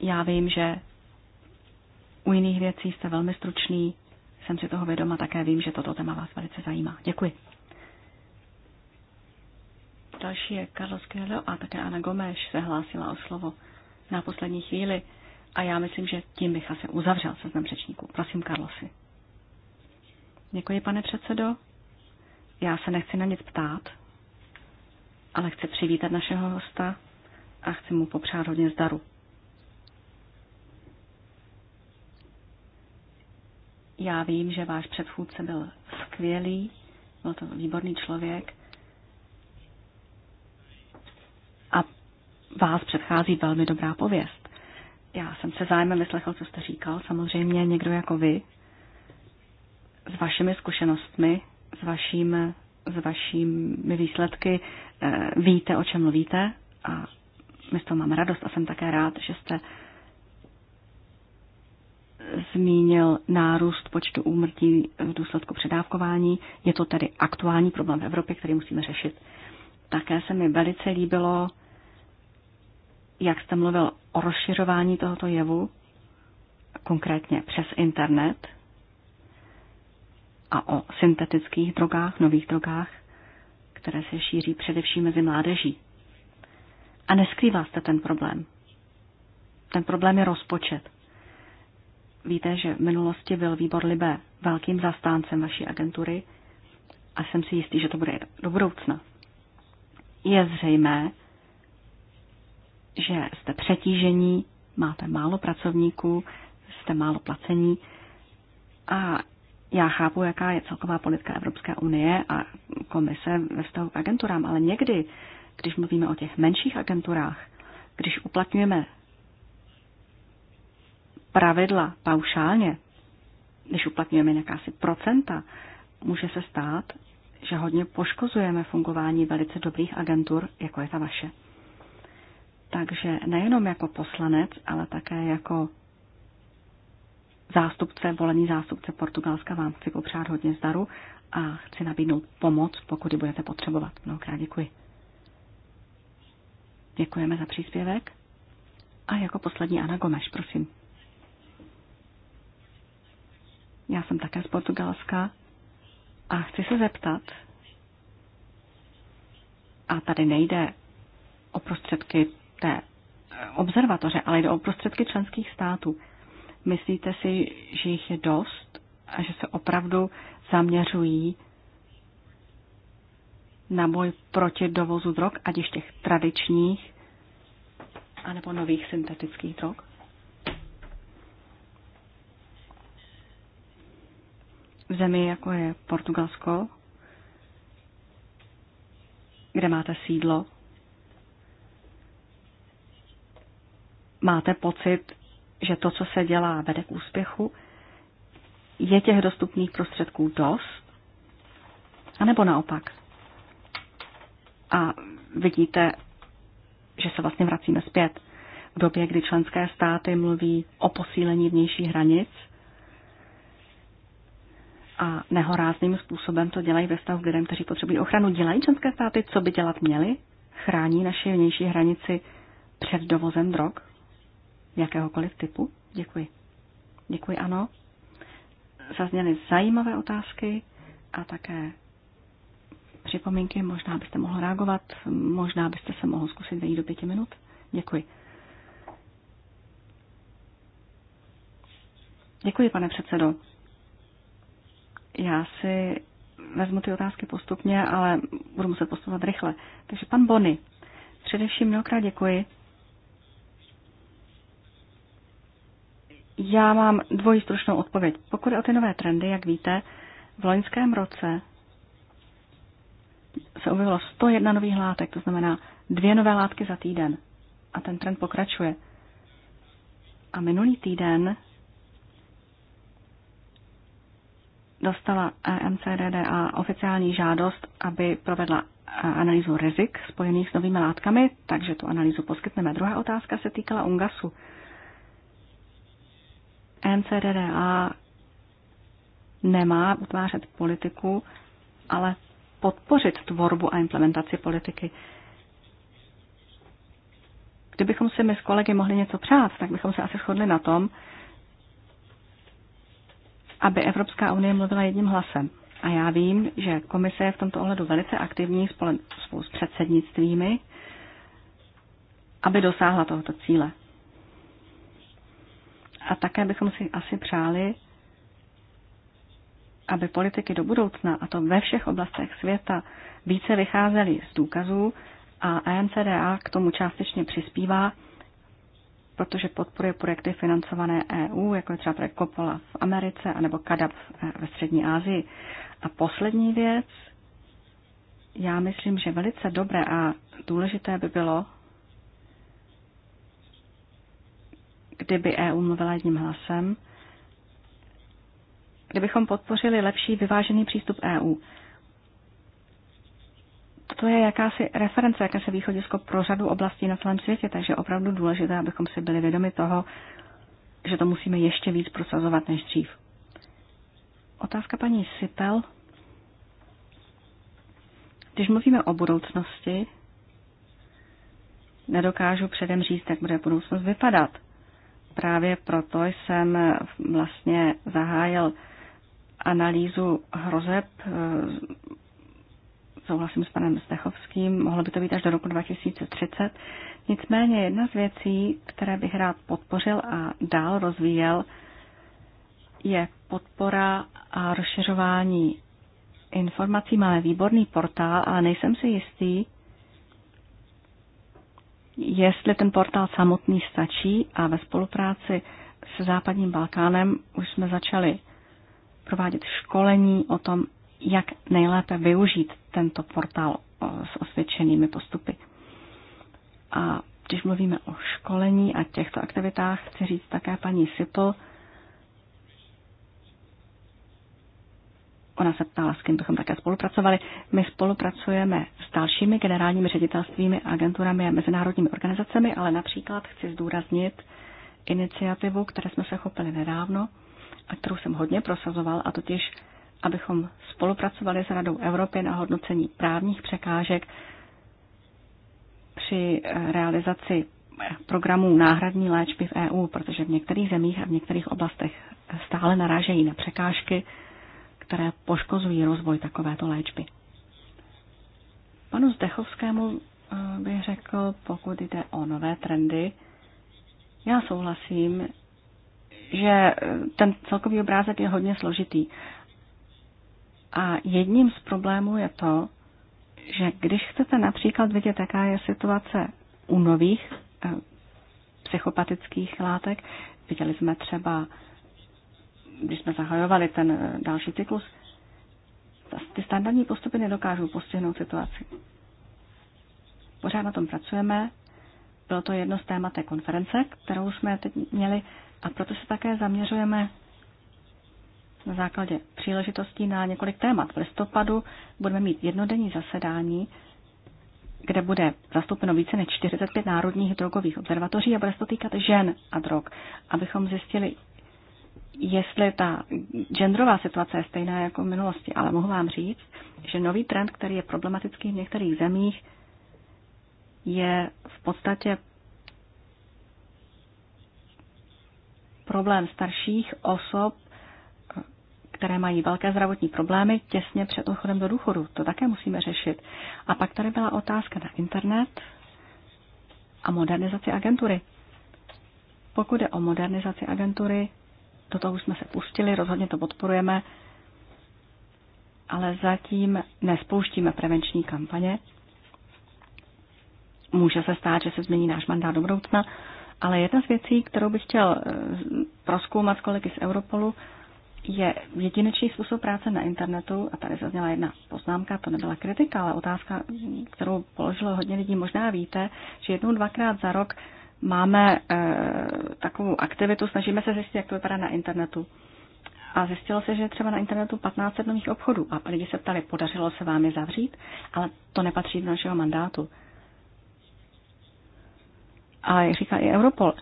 Já vím, že u jiných věcí jste velmi stručný, jsem si toho vědoma, také vím, že toto téma vás velice zajímá. Děkuji. Další je Carlos Coelho a také Ana Gomes se hlásila o slovo na poslední chvíli. A já myslím, že tím bych asi uzavřel seznam řečníků. Prosím, Carlosi. Děkuji, pane předsedo. Já se nechci na nic ptát, ale chci přivítat našeho hosta a chci mu popřát hodně zdaru. Já vím, že váš předchůdce byl skvělý, byl to výborný člověk vás předchází velmi dobrá pověst. Já jsem se zájmem vyslechl, co jste říkal. Samozřejmě někdo jako vy, s vašimi zkušenostmi, s, vaším, s vašimi výsledky, eh, víte, o čem mluvíte a my z toho máme radost a jsem také rád, že jste zmínil nárůst počtu úmrtí v důsledku předávkování. Je to tedy aktuální problém v Evropě, který musíme řešit. Také se mi velice líbilo, jak jste mluvil o rozšiřování tohoto jevu, konkrétně přes internet a o syntetických drogách, nových drogách, které se šíří především mezi mládeží. A neskrývá jste ten problém. Ten problém je rozpočet. Víte, že v minulosti byl výbor Libe velkým zastáncem vaší agentury a jsem si jistý, že to bude do budoucna. Je zřejmé, že jste přetížení, máte málo pracovníků, jste málo placení a já chápu, jaká je celková politika Evropské unie a komise ve vztahu k agenturám, ale někdy, když mluvíme o těch menších agenturách, když uplatňujeme pravidla paušálně, když uplatňujeme jakási procenta, může se stát, že hodně poškozujeme fungování velice dobrých agentur, jako je ta vaše. Takže nejenom jako poslanec, ale také jako zástupce, volený zástupce Portugalska vám chci popřát hodně zdaru a chci nabídnout pomoc, pokud ji budete potřebovat. Mnohokrát děkuji. Děkujeme za příspěvek. A jako poslední Ana Gomeš, prosím. Já jsem také z Portugalska a chci se zeptat, a tady nejde o prostředky té observatoře, ale jde o prostředky členských států. Myslíte si, že jich je dost a že se opravdu zaměřují na boj proti dovozu drog, ať již těch tradičních, anebo nových syntetických drog? V zemi, jako je Portugalsko, kde máte sídlo, máte pocit, že to, co se dělá, vede k úspěchu? Je těch dostupných prostředků dost? A nebo naopak? A vidíte, že se vlastně vracíme zpět. V době, kdy členské státy mluví o posílení vnějších hranic a nehorázným způsobem to dělají ve vztahu k lidem, kteří potřebují ochranu, dělají členské státy, co by dělat měly? Chrání naše vnější hranici před dovozem drog? jakéhokoliv typu? Děkuji. Děkuji, ano. Zazněly zajímavé otázky a také připomínky. Možná byste mohl reagovat, možná byste se mohl zkusit vejít do pěti minut. Děkuji. Děkuji, pane předsedo. Já si vezmu ty otázky postupně, ale budu muset postupovat rychle. Takže pan Bony, především mnohokrát děkuji Já mám dvojí stručnou odpověď. Pokud o ty nové trendy, jak víte, v loňském roce se objevilo 101 nových látek, to znamená dvě nové látky za týden. A ten trend pokračuje. A minulý týden dostala e MCDDA oficiální žádost, aby provedla e, analýzu rizik spojených s novými látkami, takže tu analýzu poskytneme. Druhá otázka se týkala UNGASu. NCDDA nemá utvářet politiku, ale podpořit tvorbu a implementaci politiky. Kdybychom si my s kolegy mohli něco přát, tak bychom se asi shodli na tom, aby Evropská unie mluvila jedním hlasem. A já vím, že komise je v tomto ohledu velice aktivní spolu s předsednictvími, aby dosáhla tohoto cíle. A také bychom si asi přáli, aby politiky do budoucna, a to ve všech oblastech světa, více vycházely z důkazů a EMCDA k tomu částečně přispívá, protože podporuje projekty financované EU, jako je třeba projekt Coppola v Americe anebo CADAP eh, ve Střední Asii. A poslední věc, já myslím, že velice dobré a důležité by bylo, kdyby EU mluvila jedním hlasem, kdybychom podpořili lepší vyvážený přístup EU. To je jakási reference, jakési východisko pro řadu oblastí na celém světě, takže opravdu důležité, abychom si byli vědomi toho, že to musíme ještě víc prosazovat než dřív. Otázka paní Sipel. Když mluvíme o budoucnosti, nedokážu předem říct, jak bude budoucnost vypadat právě proto jsem vlastně zahájil analýzu hrozeb. Eh, souhlasím s panem Stechovským, mohlo by to být až do roku 2030. Nicméně jedna z věcí, které bych rád podpořil a dál rozvíjel, je podpora a rozšiřování informací. Máme výborný portál, ale nejsem si jistý, jestli ten portál samotný stačí a ve spolupráci se Západním Balkánem už jsme začali provádět školení o tom, jak nejlépe využít tento portál eh, s osvědčenými postupy. A když mluvíme o školení a těchto aktivitách, chci říct také paní Sipl, Ona se ptala, s kým bychom také spolupracovali. My spolupracujeme s dalšími generálními ředitelstvími, agenturami a mezinárodními organizacemi, ale například chci zdůraznit iniciativu, které jsme se chopili nedávno a kterou jsem hodně prosazoval, a totiž, abychom spolupracovali s Radou Evropy na hodnocení právních překážek při eh, realizaci eh, programů náhradní léčby v EU, protože v některých zemích a v některých oblastech stále narážejí na překážky, které poškozují rozvoj takovéto léčby. Panu Zdechovskému eh, bych řekl, pokud jde o nové trendy, já souhlasím, že eh, ten celkový obrázek je hodně složitý. A jedním z problémů je to, že když chcete například vidět, jaká je situace u nových eh, psychopatických látek, viděli jsme třeba když jsme zahajovali ten eh, další cyklus, ty standardní postupy nedokážou postihnout situaci. Pořád na tom pracujeme. Bylo to jedno z témat té konference, kterou jsme teď měli a proto se také zaměřujeme na základě příležitostí na několik témat. V listopadu budeme mít jednodenní zasedání, kde bude zastoupeno více než 45 národních drogových observatoří a bude se to týkat žen a drog, abychom zjistili, jestli ta genderová situace je stejná jako v minulosti, ale mohu vám říct, že nový trend, který je problematický v některých zemích, je v podstatě problém starších osob, které mají velké zdravotní problémy těsně před odchodem do důchodu. To také musíme řešit. A pak tady byla otázka na internet a modernizaci agentury. Pokud je o modernizaci agentury, do toho už jsme se pustili, rozhodně to podporujeme, ale zatím nespouštíme prevenční kampaně. Může se stát, že se změní náš mandát do budoucna, ale jedna z věcí, kterou bych chtěl eh, proskoumat s kolegy z Europolu, je jedinečný způsob práce na internetu, a tady zazněla jedna poznámka, to nebyla kritika, ale otázka, kterou položilo hodně lidí. Možná víte, že jednou, dvakrát za rok máme eh, takovou aktivitu, snažíme se zjistit, jak to vypadá na internetu. A zjistilo se, že je třeba na internetu 15 nových obchodů. A lidi se ptali, podařilo se vám je zavřít, ale to nepatří do našeho mandátu. A jak říká i Europol,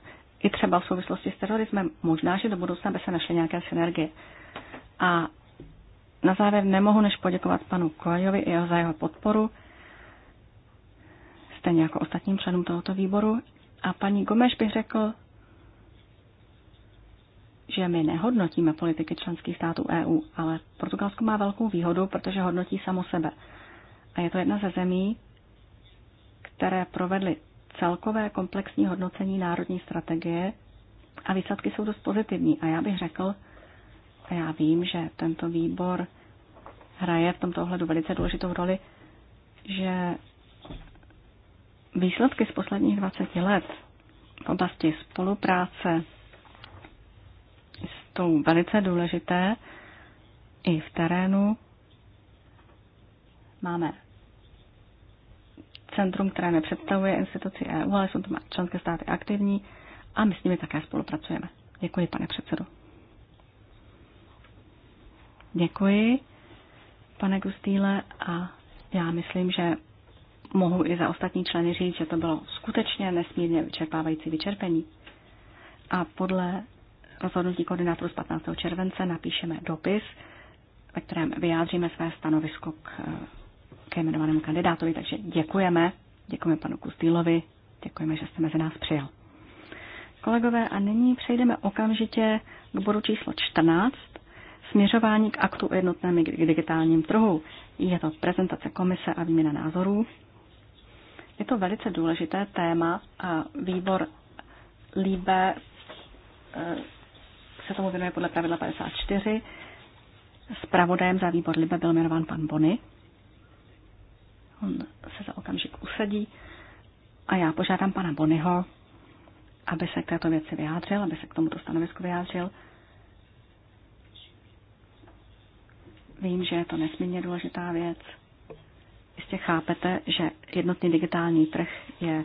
i třeba v souvislosti s terorismem, možná, že do budoucna by se našly nějaké synergie. A na závěr nemohu než poděkovat panu Kojovi i za jeho podporu, stejně jako ostatním členům tohoto výboru a paní Gomeš bych řekl, že my nehodnotíme politiky členských států EU, ale Portugalsko má velkou výhodu, protože hodnotí samo sebe. A je to jedna ze zemí, které provedly celkové komplexní hodnocení národní strategie a výsledky jsou dost pozitivní. A já bych řekl, a já vím, že tento výbor hraje v tomto ohledu velice důležitou roli, že výsledky z posledních 20 let v oblasti spolupráce jsou velice důležité i v terénu. Máme centrum, které nepředstavuje instituci EU, ale jsou tam členské státy aktivní a my s nimi také spolupracujeme. Děkuji, pane předsedo. Děkuji, pane Gustýle, a já myslím, že mohu i za ostatní členy říct, že to bylo skutečně nesmírně vyčerpávající vyčerpení. A podle rozhodnutí koordinátoru z 15. července napíšeme dopis, ve kterém vyjádříme své stanovisko k, k jmenovanému kandidátovi. Takže děkujeme, děkujeme panu Kustýlovi, děkujeme, že jste mezi nás přijel. Kolegové, a nyní přejdeme okamžitě k bodu číslo 14, směřování k aktu o jednotném digitálním trhu. Je to prezentace komise a výměna názorů. Je to velice důležité téma a výbor Líbe eh, se tomu věnuje podle pravidla 54. Spravodajem za výbor Libe byl jmenován pan Bony. On se za okamžik usadí a já požádám pana Bonyho, aby se k této věci vyjádřil, aby se k tomuto stanovisku vyjádřil. Vím, že je to nesmírně důležitá věc jistě chápete, že jednotný digitální trh je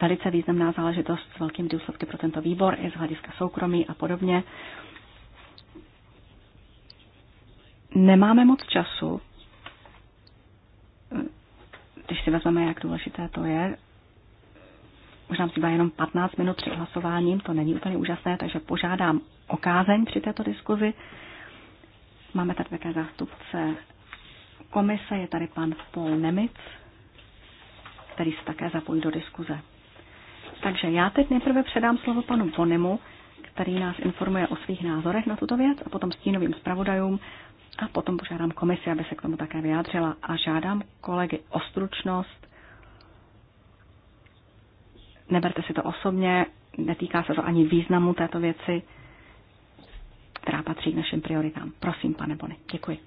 velice významná záležitost s velkým důsledky pro tento výbor i z hlediska soukromí a podobně. Nemáme moc času, když si vezmeme, jak důležité to je, už nám zbývá jenom 15 minut před hlasováním, to není úplně úžasné, takže požádám o kázeň při této diskuzi. Máme tady také zástupce komise je tady pan Paul Nemic, který se také zapojí do diskuze. Takže já teď nejprve předám slovo panu Bonimu, který nás informuje o svých názorech na tuto věc a potom stínovým zpravodajům a potom požádám komisi, aby se k tomu také vyjádřila a žádám kolegy o stručnost. Neberte si to osobně, netýká se to ani významu této věci, která patří k našim prioritám. Prosím, pane Bony, děkuji.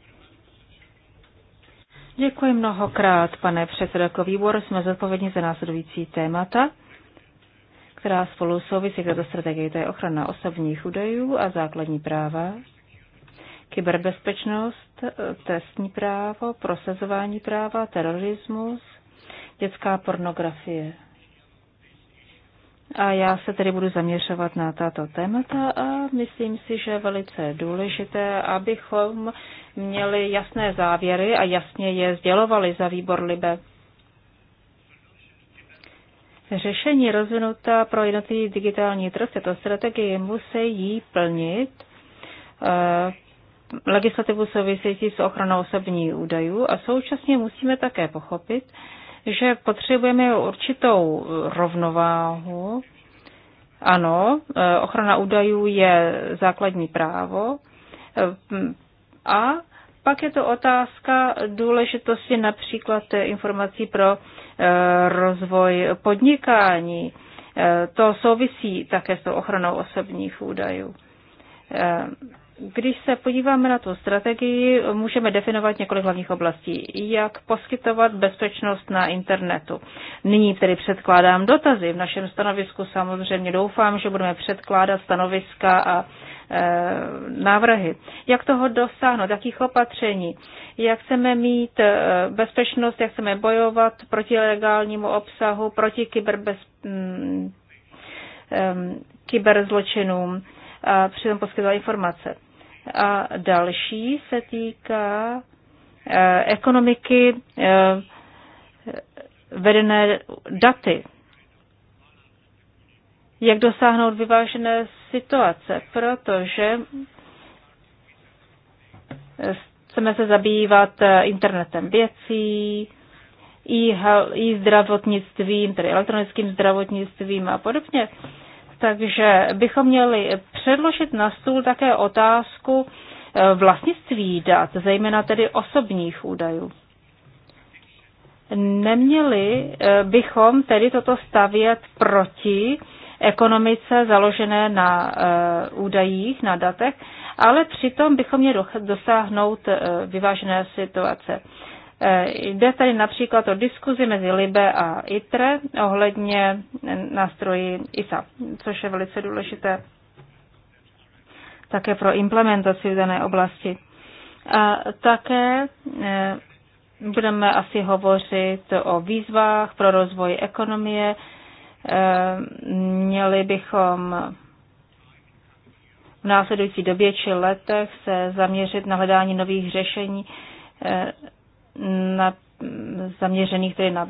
Děkuji mnohokrát, pane předsedo. Jako výbor jsme zodpovědní za následující témata, která spolu souvisí k této strategii. To je ochrana osobních údajů a základní práva, kyberbezpečnost, trestní právo, prosazování práva, terorismus, dětská pornografie. A já se tedy budu zaměřovat na tato témata a myslím si, že je velice důležité, abychom měli jasné závěry a jasně je sdělovali za výbor Libe. Řešení rozvinutá pro jednotlivý digitální trh této strategie musí plnit eh, legislativu související s ochranou osobních údajů a současně musíme také pochopit, že potřebujeme určitou rovnováhu. Ano, e, ochrana údajů je základní právo e, a pak je to otázka důležitosti například informací pro e, rozvoj podnikání. To souvisí také s tou ochranou osobních údajů. Když se podíváme na tu strategii, můžeme definovat několik hlavních oblastí. Jak poskytovat bezpečnost na internetu? Nyní tedy předkládám dotazy. V našem stanovisku samozřejmě doufám, že budeme předkládat stanoviska a e, návrhy. Jak toho dosáhnout? Jakých opatření? Jak chceme mít e, bezpečnost? Jak chceme bojovat proti legálnímu obsahu, proti kyberbez, m, mm, e, kyberzločinům? a přitom poskytovat informace. A další se týká eh, ekonomiky eh, vedené daty. Jak dosáhnout vyvážené situace, protože chceme se zabývat eh, internetem věcí, i zdravotnictvím, tedy elektronickým zdravotnictvím a podobně. Takže bychom měli předložit na stůl také otázku eh, vlastnictví dat, zejména tedy osobních údajů. Neměli eh, bychom tedy toto stavět proti ekonomice založené na eh, údajích, na datech, ale přitom bychom měli dosáhnout vyvážené situace. E, jde tady například o diskuzi mezi Libe a ITRE ohledně nástroji ISA, což je velice důležité také pro implementaci v dané oblasti. A také e, budeme asi hovořit o výzvách pro rozvoj ekonomie. E, měli bychom v následující době či letech se zaměřit na hledání nových řešení na, zaměřených tedy na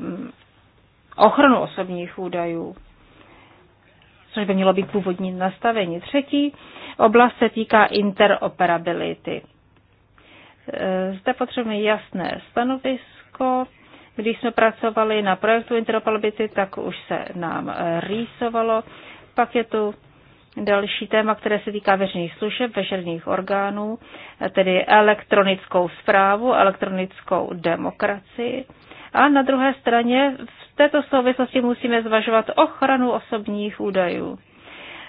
ochranu osobních údajů, což by mělo být původní nastavení. Třetí oblast se týká interoperability. Zde potřebujeme jasné stanovisko. Když jsme pracovali na projektu interoperability, tak už se nám rýsovalo. Pak je tu Další téma, které se týká veřejných služeb, veřejných orgánů, tedy elektronickou zprávu, elektronickou demokracii. A na druhé straně v této souvislosti musíme zvažovat ochranu osobních údajů.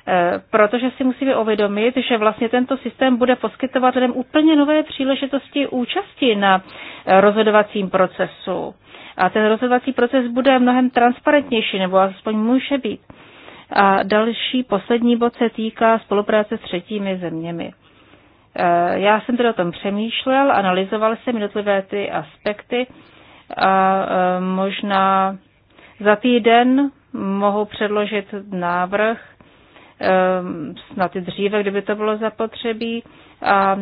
E, protože si musíme uvědomit, že vlastně tento systém bude poskytovat lidem úplně nové příležitosti účasti na e, rozhodovacím procesu. A ten rozhodovací proces bude mnohem transparentnější, nebo aspoň může být. A další poslední bod se týká spolupráce s třetími zeměmi. E, já jsem tedy o tom přemýšlel, analyzoval jsem jednotlivé ty aspekty a e, možná za týden mohu předložit návrh, e, snad i dříve, kdyby to bylo zapotřebí, a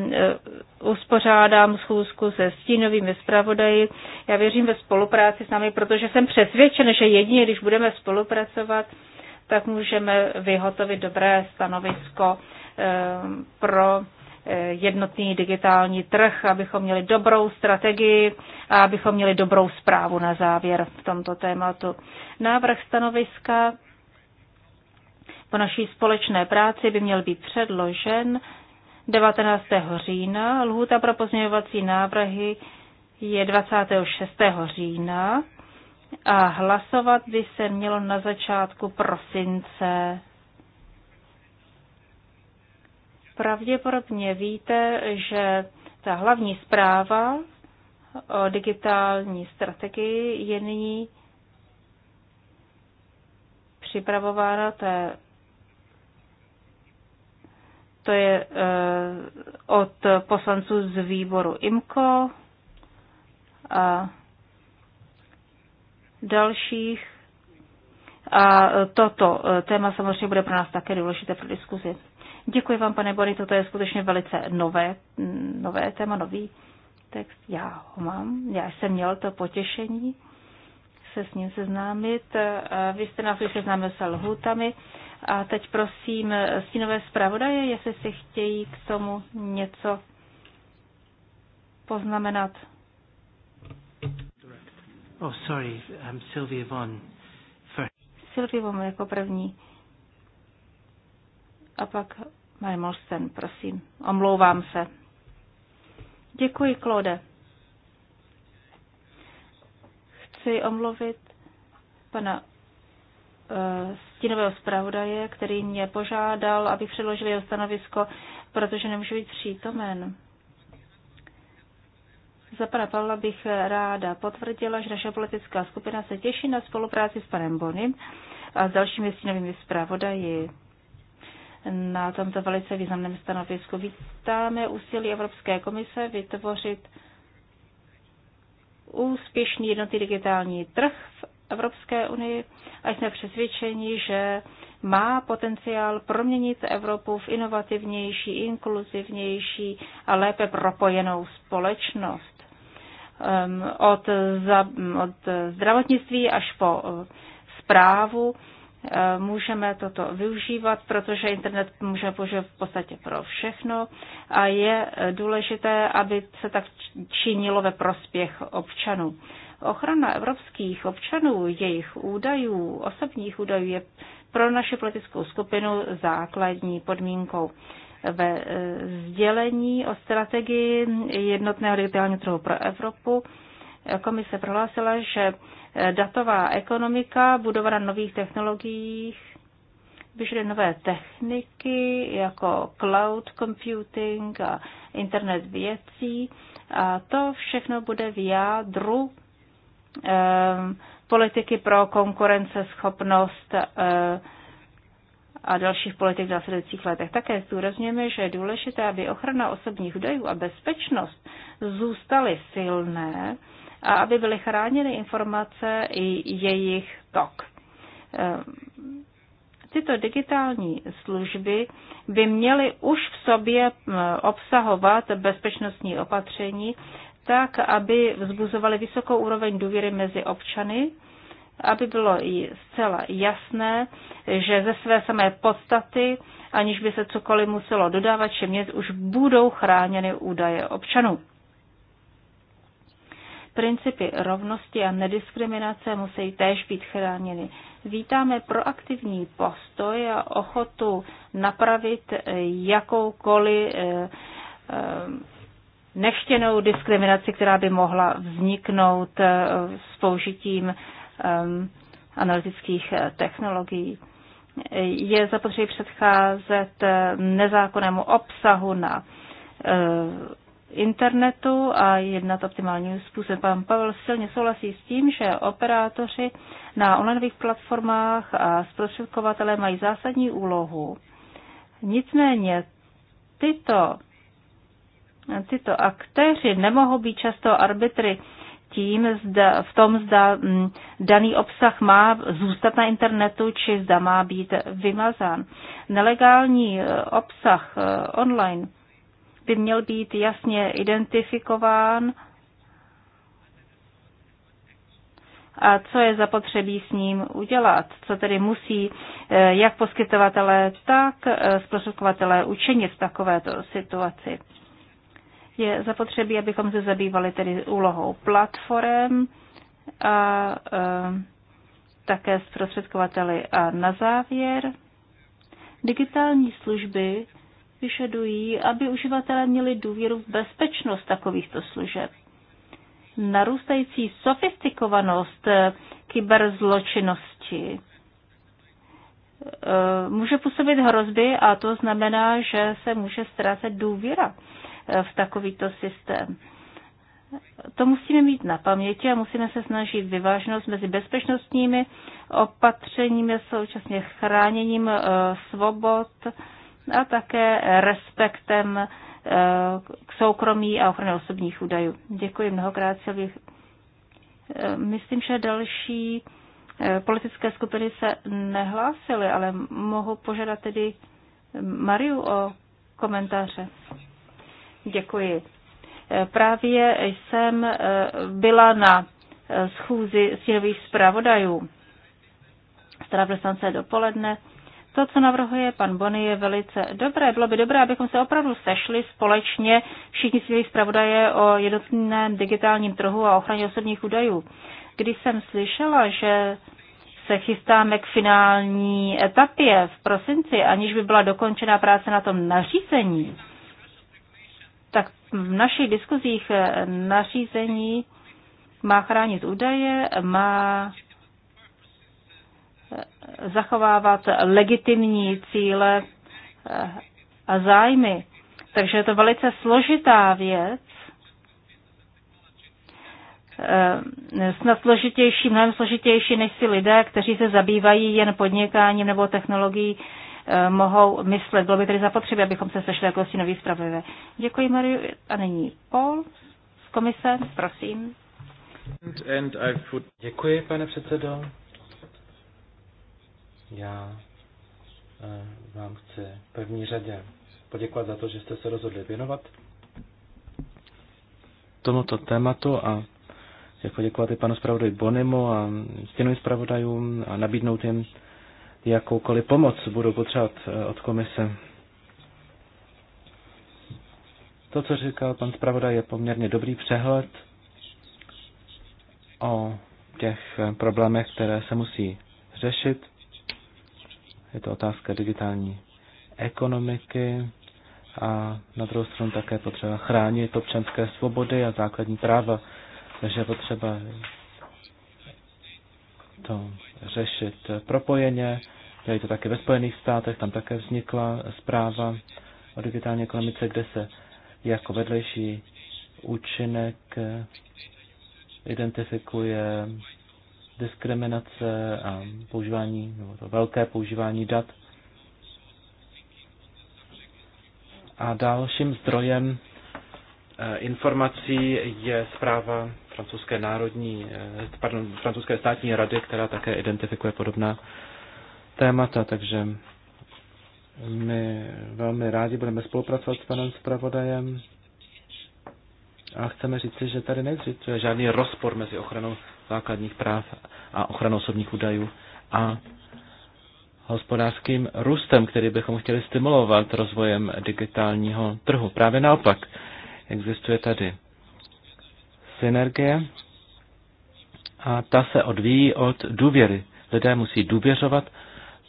uspořádám schůzku se stínovými zpravodaji. Já věřím ve spolupráci s námi, protože jsem přesvědčen, že jedině, když budeme spolupracovat, tak můžeme vyhotovit dobré stanovisko eh, pro eh, jednotný digitální trh, abychom měli dobrou strategii a abychom měli dobrou zprávu na závěr v tomto tématu. Návrh stanoviska po naší společné práci by měl být předložen 19. října. Lhůta pro pozměňovací návrhy je 26. října a hlasovat by se mělo na začátku prosince. Pravděpodobně víte, že ta hlavní zpráva o digitální strategii je nyní připravována. To je, to je eh, od poslanců z výboru IMCO. A dalších. A e, toto e, téma samozřejmě bude pro nás také důležité pro diskuzi. Děkuji vám, pane Bory, toto je skutečně velice nové, nové téma, nový text. Já ho mám, já jsem měl to potěšení se s ním seznámit. E, vy jste nás už seznámil se lhutami. A teď prosím stínové zpravodaje, jestli si chtějí k tomu něco poznamenat. Oh, sorry, I'm Sylvia Vaughan. First. Sylvia Vaughan jako první. A pak Mary Morsten, prosím. Omlouvám se. Děkuji, Claude. Chci omluvit pana eh, stínového zpravodaje, který mě požádal, aby předložil jeho stanovisko, protože nemůžu být přítomen. Za Pavla bych ráda potvrdila, že naše politická skupina se těší na spolupráci s panem Bonim a s dalšími stínovými zpravodaji. Na tomto velice významném stanovisku vítáme úsilí Evropské komise vytvořit úspěšný jednotný digitální trh v Evropské unii a jsme přesvědčeni, že má potenciál proměnit Evropu v inovativnější, inkluzivnější a lépe propojenou společnost. Um, od, za, od zdravotnictví až po zprávu uh, uh, můžeme toto využívat, protože internet můžeme použít v podstatě pro všechno a je důležité, aby se tak činilo ve prospěch občanů. Ochrana evropských občanů, jejich údajů, osobních údajů je pro naši politickou skupinu základní podmínkou ve e, sdělení o strategii jednotného digitálního trhu pro Evropu komise prohlásila, že e, datová ekonomika budovaná nových technologiích vyšly nové techniky jako cloud computing a internet věcí. A to všechno bude v jádru eh, politiky pro konkurenceschopnost eh, a dalších politik v následujících letech. Také zdůrazněme, že je důležité, aby ochrana osobních údajů a bezpečnost zůstaly silné a aby byly chráněny informace i jejich tok. Ehm, tyto digitální služby by měly už v sobě obsahovat bezpečnostní opatření, tak, aby vzbuzovaly vysokou úroveň důvěry mezi občany aby bylo zcela jasné, že ze své samé podstaty, aniž by se cokoliv muselo dodávat či měst, už budou chráněny údaje občanů. Principy rovnosti a nediskriminace musí též být chráněny. Vítáme proaktivní postoj a ochotu napravit jakoukoliv eh, eh, nechtěnou diskriminaci, která by mohla vzniknout eh, s použitím Um, analytických eh, technologií. Je zapotřebí předcházet eh, nezákonnému obsahu na eh, internetu a jednat optimálním způsobem. Pan Pavel silně souhlasí s tím, že operátoři na onlineových platformách a zprostředkovatele mají zásadní úlohu. Nicméně tyto, tyto aktéři nemohou být často arbitry tím, zda, v tom, zda mm, daný obsah má zůstat na internetu, či zda má být vymazán. Nelegální e, obsah e, online by měl být jasně identifikován a co je zapotřebí s ním udělat, co tedy musí e, jak poskytovatelé, tak zprostředkovatelé učinit v takovéto situaci je zapotřebí, abychom se zabývali tedy úlohou platform a také zprostředkovateli. A na závěr, digitální služby vyžadují, aby uživatelé měli důvěru v bezpečnost takovýchto služeb. Narůstající sofistikovanost e, kyberzločinnosti e, může působit hrozby a to znamená, že se může ztrácet důvěra v takovýto systém. To musíme mít na paměti a musíme se snažit vyvážnost mezi bezpečnostními opatřeními současně chráněním eh, svobod a také respektem eh, k soukromí a ochraně osobních údajů. Děkuji mnohokrát, Silvi. Eh, myslím, že další politické skupiny se nehlásily, ale mohu požádat tedy Mariu o komentáře. Děkuji. Eh, právě jsem eh, byla na eh, schůzi sněhových zpravodajů strávil dopoledne. To, co navrhuje pan Bony, je velice dobré. Bylo by dobré, abychom se opravdu sešli společně všichni svými zpravodaje o jednotném digitálním trhu a ochraně osobních údajů. Když jsem slyšela, že se chystáme k finální etapě v prosinci, aniž by byla dokončena práce na tom nařízení, v našich diskuzích eh, nařízení má chránit údaje, má eh, zachovávat legitimní cíle eh, a zájmy. Takže je to velice složitá věc, snad složitější, mnohem složitější než si lidé, kteří se zabývají jen podnikáním nebo technologií, mohou myslet. Bylo by tedy zapotřebí, abychom se sešli jako si noví Děkuji, Mariu. A nyní Paul z komise, prosím. Děkuji, pane předsedo. Já eh, vám chci v první řadě poděkovat za to, že jste se rozhodli věnovat tomuto tématu a jako poděkovat i panu zpravodaji Bonimu a stěnovým zpravodajům a nabídnout jim jakoukoliv pomoc budou potřebovat eh, od komise. To, co říkal pan zpravodaj, je poměrně dobrý přehled o těch eh, problémech, které se musí řešit. Je to otázka digitální ekonomiky a na druhou stranu také potřeba chránit občanské svobody a základní práva. Takže je potřeba to řešit propojeně Tady to také ve Spojených státech, tam také vznikla zpráva o digitální ekonomice, kde se jako vedlejší účinek identifikuje diskriminace a používání, nebo to velké používání dat. A dalším zdrojem eh, informací je zpráva francouzské národní, eh, pardon, francouzské státní rady, která také identifikuje podobná témata, takže my velmi rádi budeme spolupracovat s panem zpravodajem a chceme říct, že tady neexistuje žádný rozpor mezi ochranou základních práv a ochranou osobních údajů a hospodářským růstem, který bychom chtěli stimulovat rozvojem digitálního trhu. Právě naopak, existuje tady synergie a ta se odvíjí od důvěry. Lidé musí důvěřovat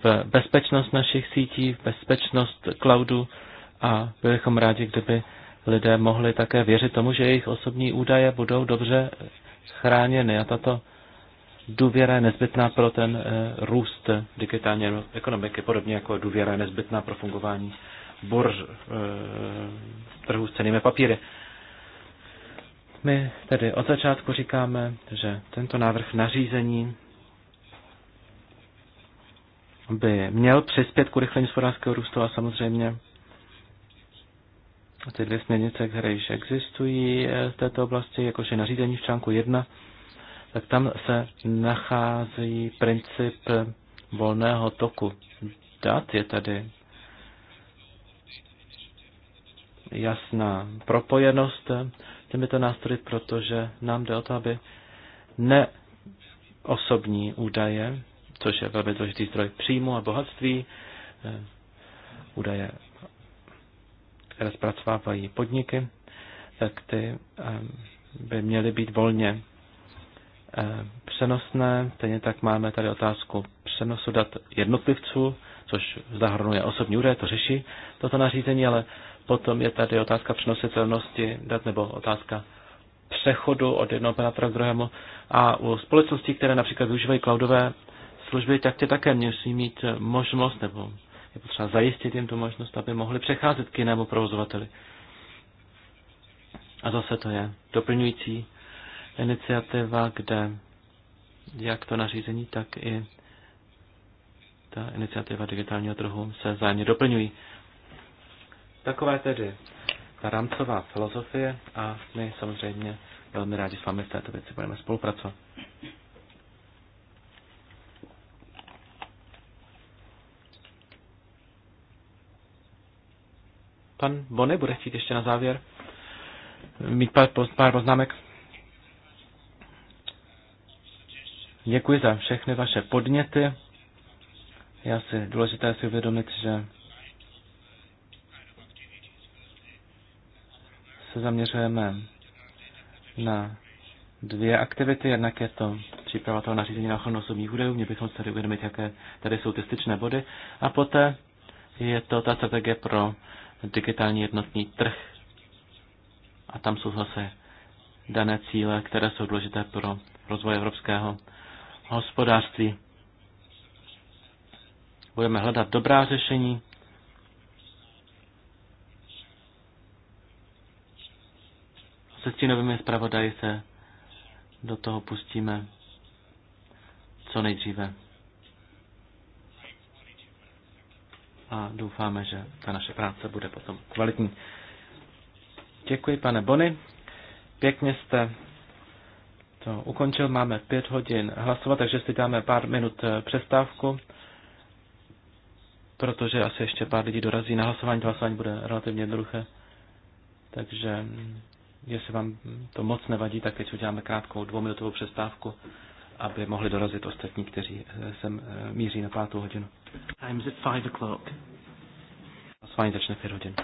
v bezpečnost našich sítí, v bezpečnost cloudu a byli bychom rádi, kdyby lidé mohli také věřit tomu, že jejich osobní údaje budou dobře chráněny a tato důvěra je nezbytná pro ten eh, růst digitální ekonomiky, podobně jako důvěra je nezbytná pro fungování bor eh, trhu s cenými papíry. My tedy od začátku říkáme, že tento návrh nařízení by měl přispět k urychlení hospodářského růstu a samozřejmě ty dvě směrnice, které již existují eh, v této oblasti, jakože je nařízení v článku 1, tak tam se nachází princip eh, volného toku dat. Je tady jasná propojenost eh, těmito nástroji, protože nám jde o to, aby neosobní údaje což je velmi důležitý zdroj příjmu a bohatství. Eh, údaje, které zpracovávají podniky, tak eh, ty eh, by měly být volně přenosné. Stejně tak máme tady otázku přenosu dat jednotlivců, což zahrnuje osobní údaje, to řeší toto nařízení, ale potom je tady otázka přenositelnosti dat nebo otázka přechodu od jednoho operátora k druhému. A u společností, které například využívají cloudové služby, tak ty také musí mít eh, možnost, nebo je potřeba zajistit jim tu možnost, aby mohli přecházet k jinému provozovateli. A zase to je doplňující iniciativa, kde jak to nařízení, tak i ta iniciativa digitálního trhu se vzájemně doplňují. Taková tedy ta rámcová filozofie a my samozřejmě velmi rádi s vámi v této věci budeme spolupracovat. Pan Bony bude chtít ještě na závěr mít pár, pár poznámek. Děkuji za všechny vaše podněty. Já si důležité si uvědomit, že se zaměřujeme na dvě aktivity. Jednak je to příprava toho nařízení na ochranu osobních údajů. mě bychom se tady uvědomit, jaké tady jsou ty styčné body. A poté je to ta strategie pro digitální jednotný trh. A tam jsou zase dané cíle, které jsou důležité pro rozvoj evropského hospodářství. Budeme hledat dobrá řešení. Se stínovými zpravodaji se do toho pustíme co nejdříve. a doufáme, že ta naše práce bude potom kvalitní. Děkuji, pane Bony. Pěkně jste to ukončil. Máme pět hodin hlasovat, takže si dáme pár minut eh, přestávku, protože asi ještě pár lidí dorazí na hlasování. To hlasování bude relativně jednoduché. Takže mm, jestli vám to moc nevadí, tak teď uděláme krátkou dvouminutovou přestávku aby mohli dorazit ostatní, kteří eh, sem eh, míří na pátou hodinu. Time's at five o'clock. Hlasování začne v pět hodin.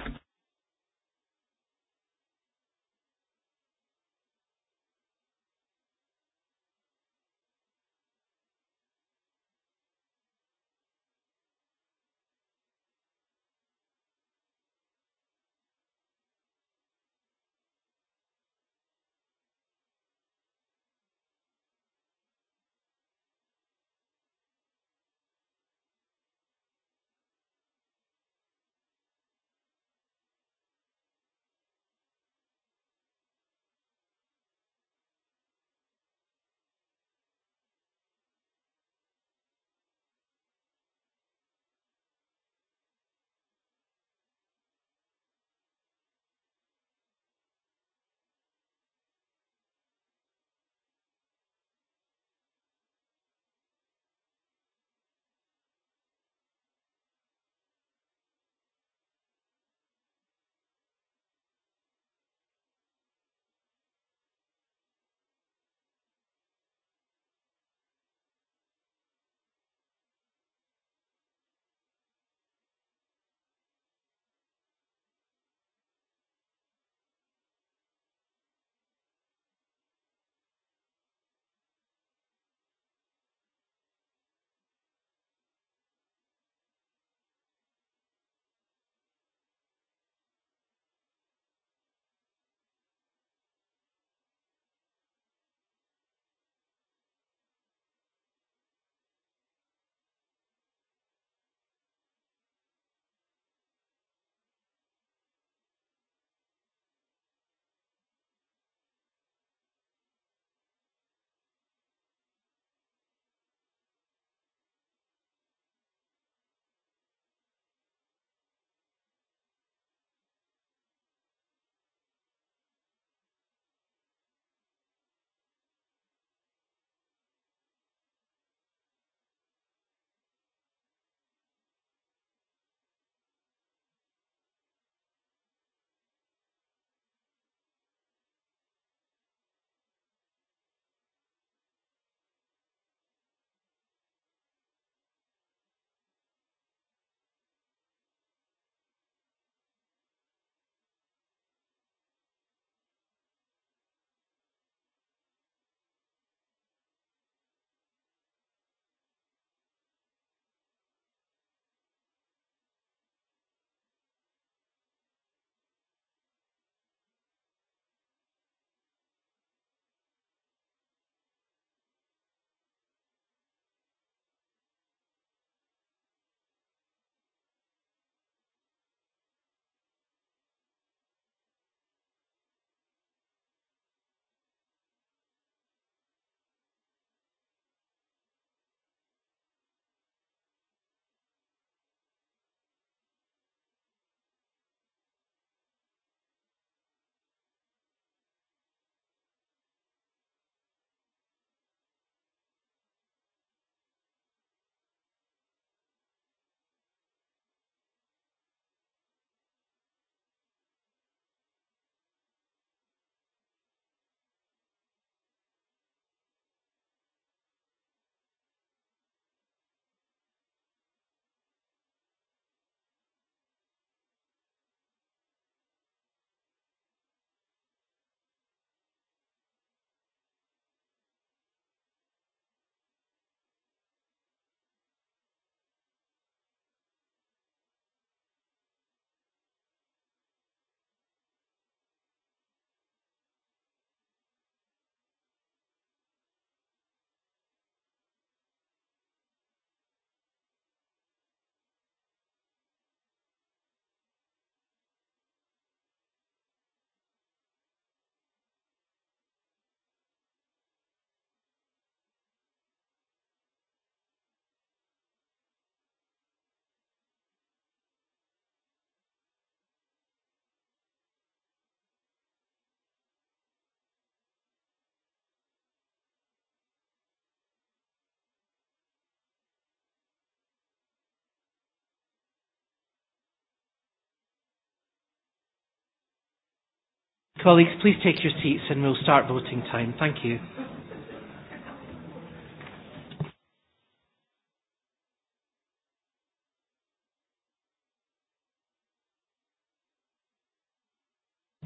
Colleagues, please take your seats and we'll start voting time. Thank you.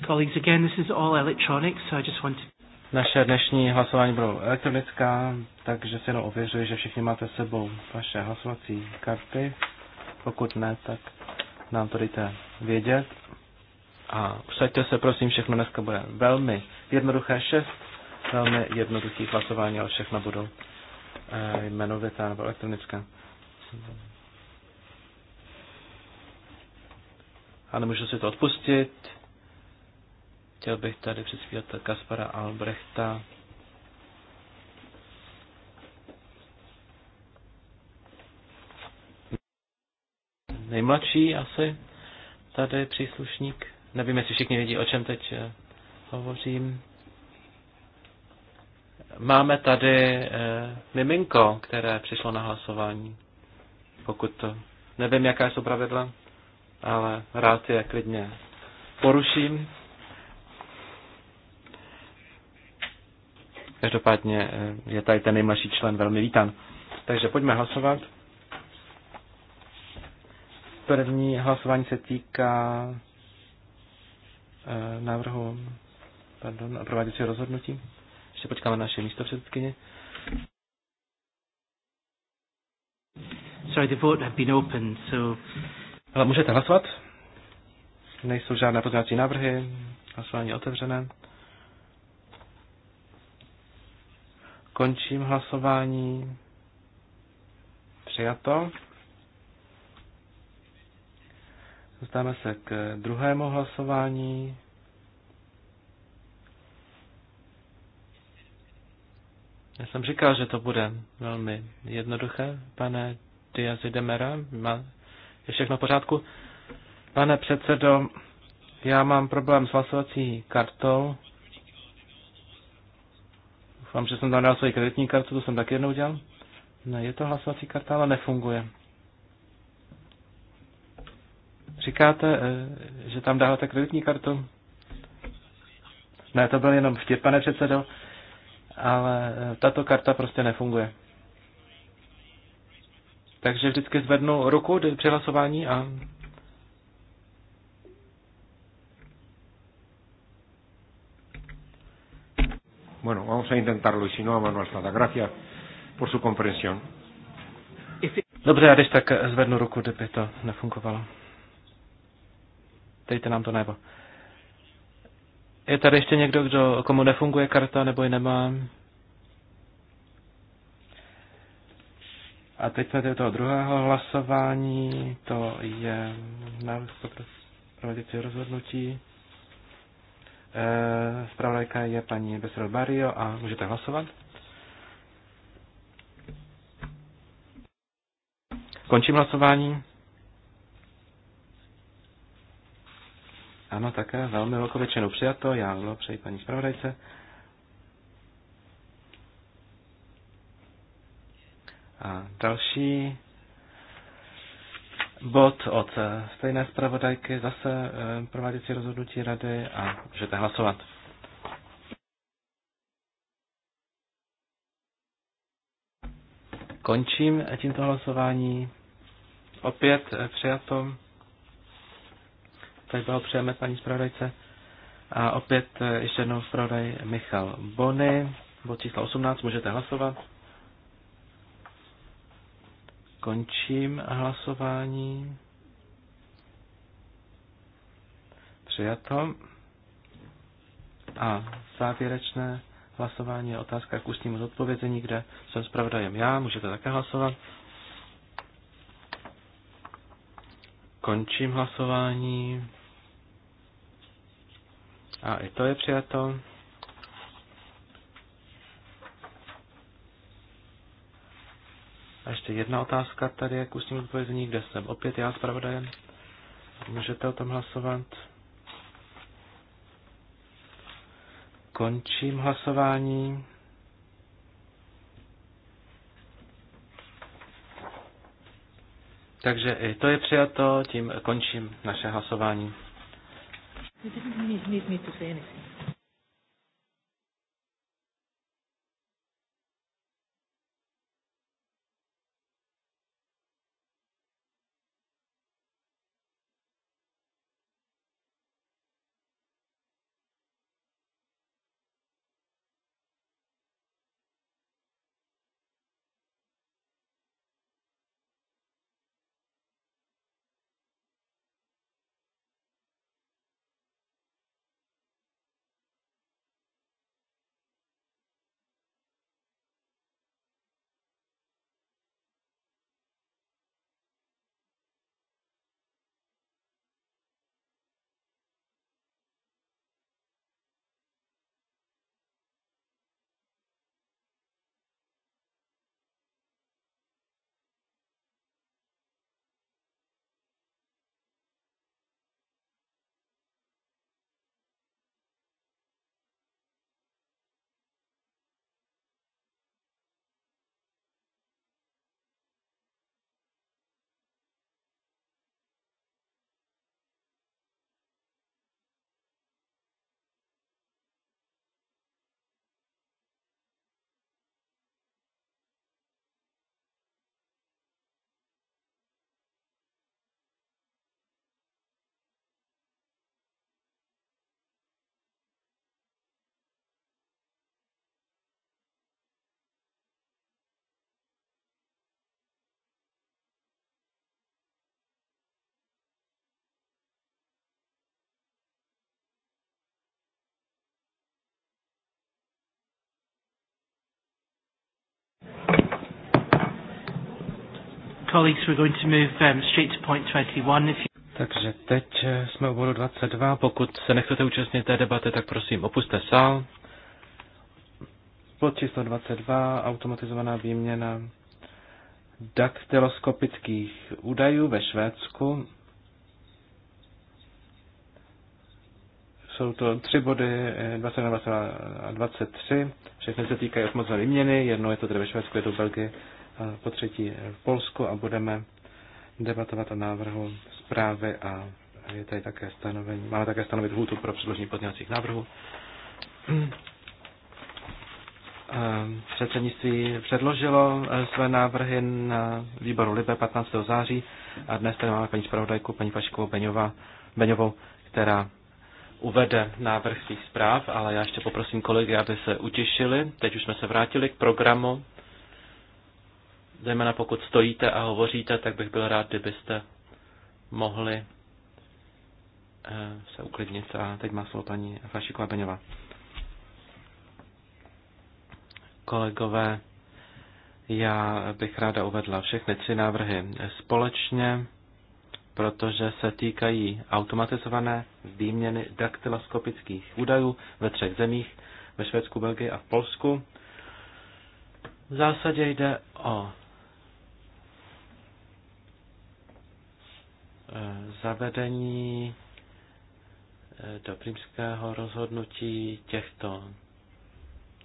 Colleagues, again, this is all electronic, so I just want to... Naše dnešní hlasování bylo elektronická, takže si jenom ověřuji, že všichni máte s sebou vaše hlasovací karty. Pokud ne, tak nám to dejte vědět. A usaďte se, prosím, všechno dneska bude velmi jednoduché, šest velmi jednoduchých hlasování, ale všechno budou eh, jmenovitá nebo elektronická. A nemůžu si to odpustit. Chtěl bych tady přispívat Kaspara Albrechta. Nejmladší asi tady příslušník. Nevím, jestli všichni vědí, o čem teď eh, hovořím. Máme tady eh, miminko, které přišlo na hlasování. Pokud to... Nevím, jaká jsou pravidla, ale rád je klidně poruším. Každopádně eh, je tady ten nejmladší člen velmi vítán. Takže pojďme hlasovat. První hlasování se týká Eh, návrhu pardon, prováděcího rozhodnutí. Ještě počkáme na naše místo předsedkyně. Sorry, the vote had been open, so... Ale můžete hlasovat. Nejsou žádné pozměňovací návrhy. Hlasování otevřené. Končím hlasování. Přijato. Dostáváme se k druhému hlasování. Já jsem říkal, že to bude velmi jednoduché, pane Diazy Demera. je všechno v pořádku? Pane předsedo, já mám problém s hlasovací kartou. Doufám, že jsem tam dal svoji kreditní kartu, to jsem tak jednou dělal. Ne, je to hlasovací karta, ale nefunguje. Říkáte, eh, že tam dáváte kreditní kartu? Ne, to byl jenom vtip, pane předsedo, ale eh, tato karta prostě nefunguje. Takže vždycky zvednu ruku při hlasování a Bueno, vamos a intentarlo y si no, a mano alzada. Gracias por su comprensión. Dobře, já když tak eh, zvednu ruku, kdyby to nefungovalo dejte nám to najevo. Je tady ještě někdo, kdo, komu nefunguje karta nebo ji nemá? A teď jsme tady toho druhého hlasování, to je návrh prováděcího rozhodnutí. Eh, zpravodajka je paní Besrod Barrio a můžete hlasovat. Končím hlasování. Ano, také velmi velkou většinou přijato. Já přeji paní zpravodajce. A další bod od eh, stejné zpravodajky, zase eh, prováděcí rozhodnutí rady a můžete hlasovat. Končím tímto hlasování. Opět eh, přijato bylo přejeme paní zpravodajce. A opět eh, ještě jednou zpravodaj Michal Bony, bod číslo 18, můžete hlasovat. Končím hlasování. Přijato. A závěrečné hlasování je otázka k ústnímu zodpovězení, kde jsem zpravodajem já, můžete také hlasovat. Končím hlasování. A i to je přijato. A ještě jedna otázka tady je k ústnímu odpovězení, kde jsem opět já zpravodajem. Můžete o tom hlasovat. Končím hlasování. Takže i to je přijato, tím končím naše hlasování. You didn't need, need me to say anything. Colleagues, we're going to move um, straight to point 21. If you... Takže teď eh, jsme u bodu 22. Pokud se nechcete účastnit té debaty, tak prosím opuste sál. Pod číslo 22. Automatizovaná výměna daktyloskopických údajů ve Švédsku. Jsou to tři body 22 eh, a 23. Všechny se týkají automatizované výměny. Jedno je to tedy ve Švédsku, je to v Belgii po třetí v Polsku a budeme debatovat o návrhu zprávy a je tady také stanovení, máme také stanovit hůtu pro předložení podněcích návrhů. Předsednictví předložilo eh, své návrhy na výboru Libe 15. září a dnes tady máme paní zpravodajku, paní Paškovou Beňová, Beňovou, která uvede návrh svých zpráv, ale já ještě poprosím kolegy, aby se utěšili. Teď už jsme se vrátili k programu Zejména pokud stojíte a hovoříte, tak bych byl rád, kdybyste mohli eh, se uklidnit. A teď má slovo paní Fašiková Beňová. Kolegové, já bych ráda uvedla všechny tři návrhy společně, protože se týkají automatizované výměny daktyloskopických údajů ve třech zemích, ve Švédsku, Belgii a v Polsku. V zásadě jde o Eh, zavedení eh, do prýmského rozhodnutí těchto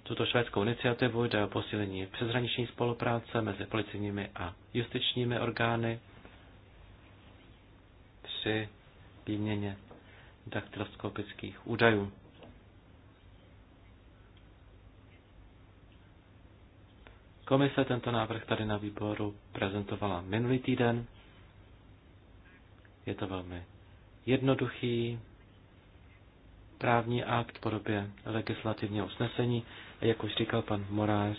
tuto švédskou iniciativu jde o posílení přeshraniční spolupráce mezi policijními a justičními orgány při výměně daktyloskopických údajů. Komise tento návrh tady na výboru prezentovala minulý týden. Je to velmi jednoduchý právní akt v podobě legislativního usnesení. A jak už říkal pan Moráš,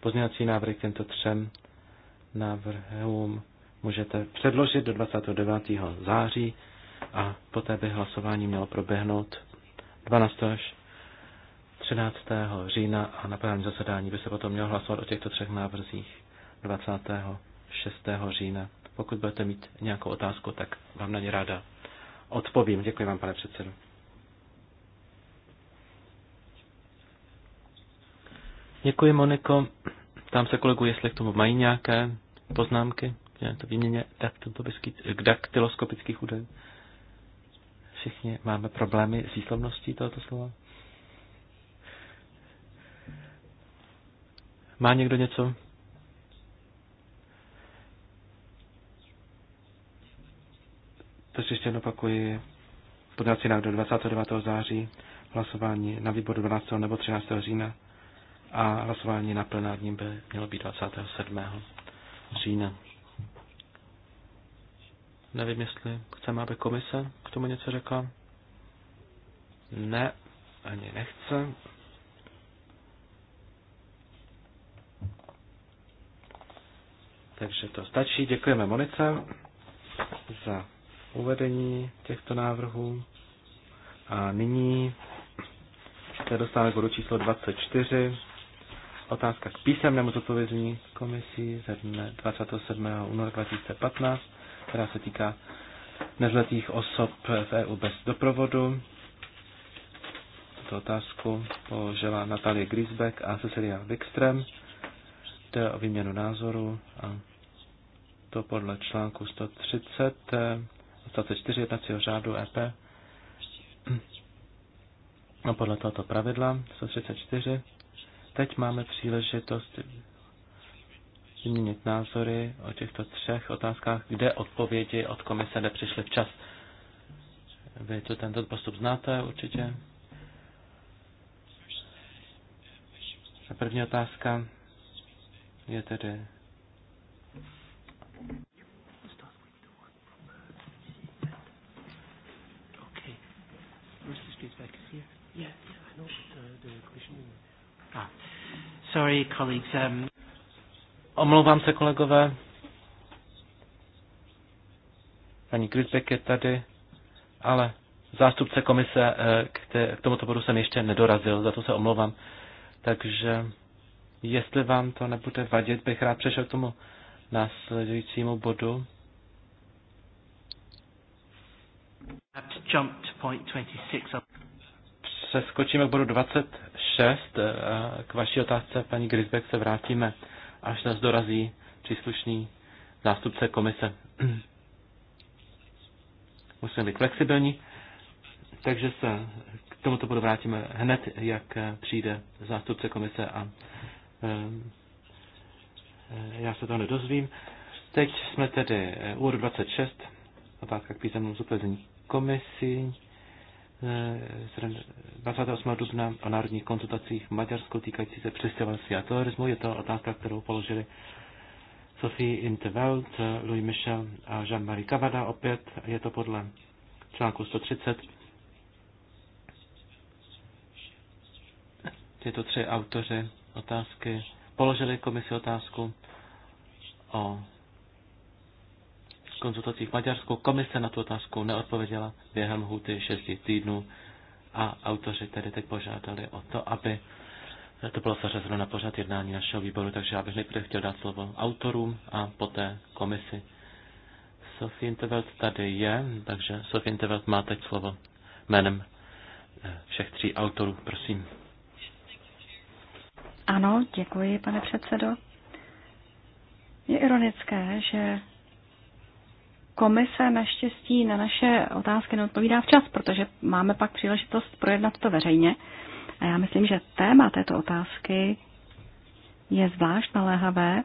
pozměňovací návrh k těmto třem návrhům můžete předložit do 29. září a poté by hlasování mělo proběhnout 12. až 13. října a na právním zasedání by se potom mělo hlasovat o těchto třech návrzích 26. října. Pokud budete mít nějakou otázku, tak vám na ně ráda odpovím. Děkuji vám, pane předsedo. Děkuji, Moniko. Tam se kolegu, jestli k tomu mají nějaké poznámky k to výměně k daktyloskopických údajů. Všichni máme problémy s výslovností tohoto slova. Má někdo něco? To si ještě opakuji. Podací návrh do 29. září, hlasování na výboru 12. nebo 13. října a hlasování na plenárním by mělo být 27. října. Nevím, jestli chceme, aby komise k tomu něco řekla. Ne, ani nechce. Takže to stačí. Děkujeme Monice za uvedení těchto návrhů. A nyní se dostáváme k bodu číslo 24. Otázka k písemnému zodpovězení komisí ze dne 27. února 2015, která se týká nezletých osob v EU bez doprovodu. Tuto otázku položila Natalie Grisbeck a Cecilia Wikström. Jde o výměnu názoru a to podle článku 130 24 jednacího řádu EP. A podle tohoto pravidla 134 teď máme příležitost změnit názory o těchto třech otázkách, kde odpovědi od komise nepřišly včas. Vy tu tento postup znáte určitě. A první otázka je tedy Griesbeck is here. Yeah, yeah, I know, but uh, the commission... Ah. Sorry, colleagues. Um... Omlouvám se, kolegové. Paní Grisbeck je tady, ale zástupce komise eh, k tomuto bodu jsem ještě nedorazil, za to se omlouvám. Takže jestli vám to nebude vadit, bych rád přešel k tomu následujícímu bodu. Jump Přeskočíme k bodu 26. Eh, k vaší otázce, paní Grisbeck, se vrátíme, až nás dorazí příslušný zástupce komise. [clears throat] Musíme být flexibilní, takže se k tomuto bodu vrátíme hned, jak eh, přijde zástupce komise a eh, já se to nedozvím. Teď jsme tedy úvod 26, otázka k písemnému zodpovězení komisí. 28. Eh, dubna o národních konzultacích v Maďarsku týkající se přistěhovalství a terorismu. Je to otázka, kterou položili Sophie Intervelt, Louis Michel a Jean-Marie Cavada. Opět je to podle článku 130. Tyto tři autoři otázky položili komisi otázku o konzultací v Maďarsku. Komise na tu otázku neodpověděla během hůty 6 týdnů a autoři tedy teď požádali o to, aby to bylo zařazeno na pořad jednání našeho výboru, takže já bych nejprve chtěl dát slovo autorům a poté komisi. Sofie Intervelt tady je, takže Sofie Intervelt má teď slovo jménem eh, všech tří autorů, prosím. Ano, děkuji, pane předsedo. Je ironické, že komise naštěstí na naše otázky neodpovídá včas, protože máme pak příležitost projednat to veřejně. A já myslím, že téma této otázky je zvlášť naléhavé,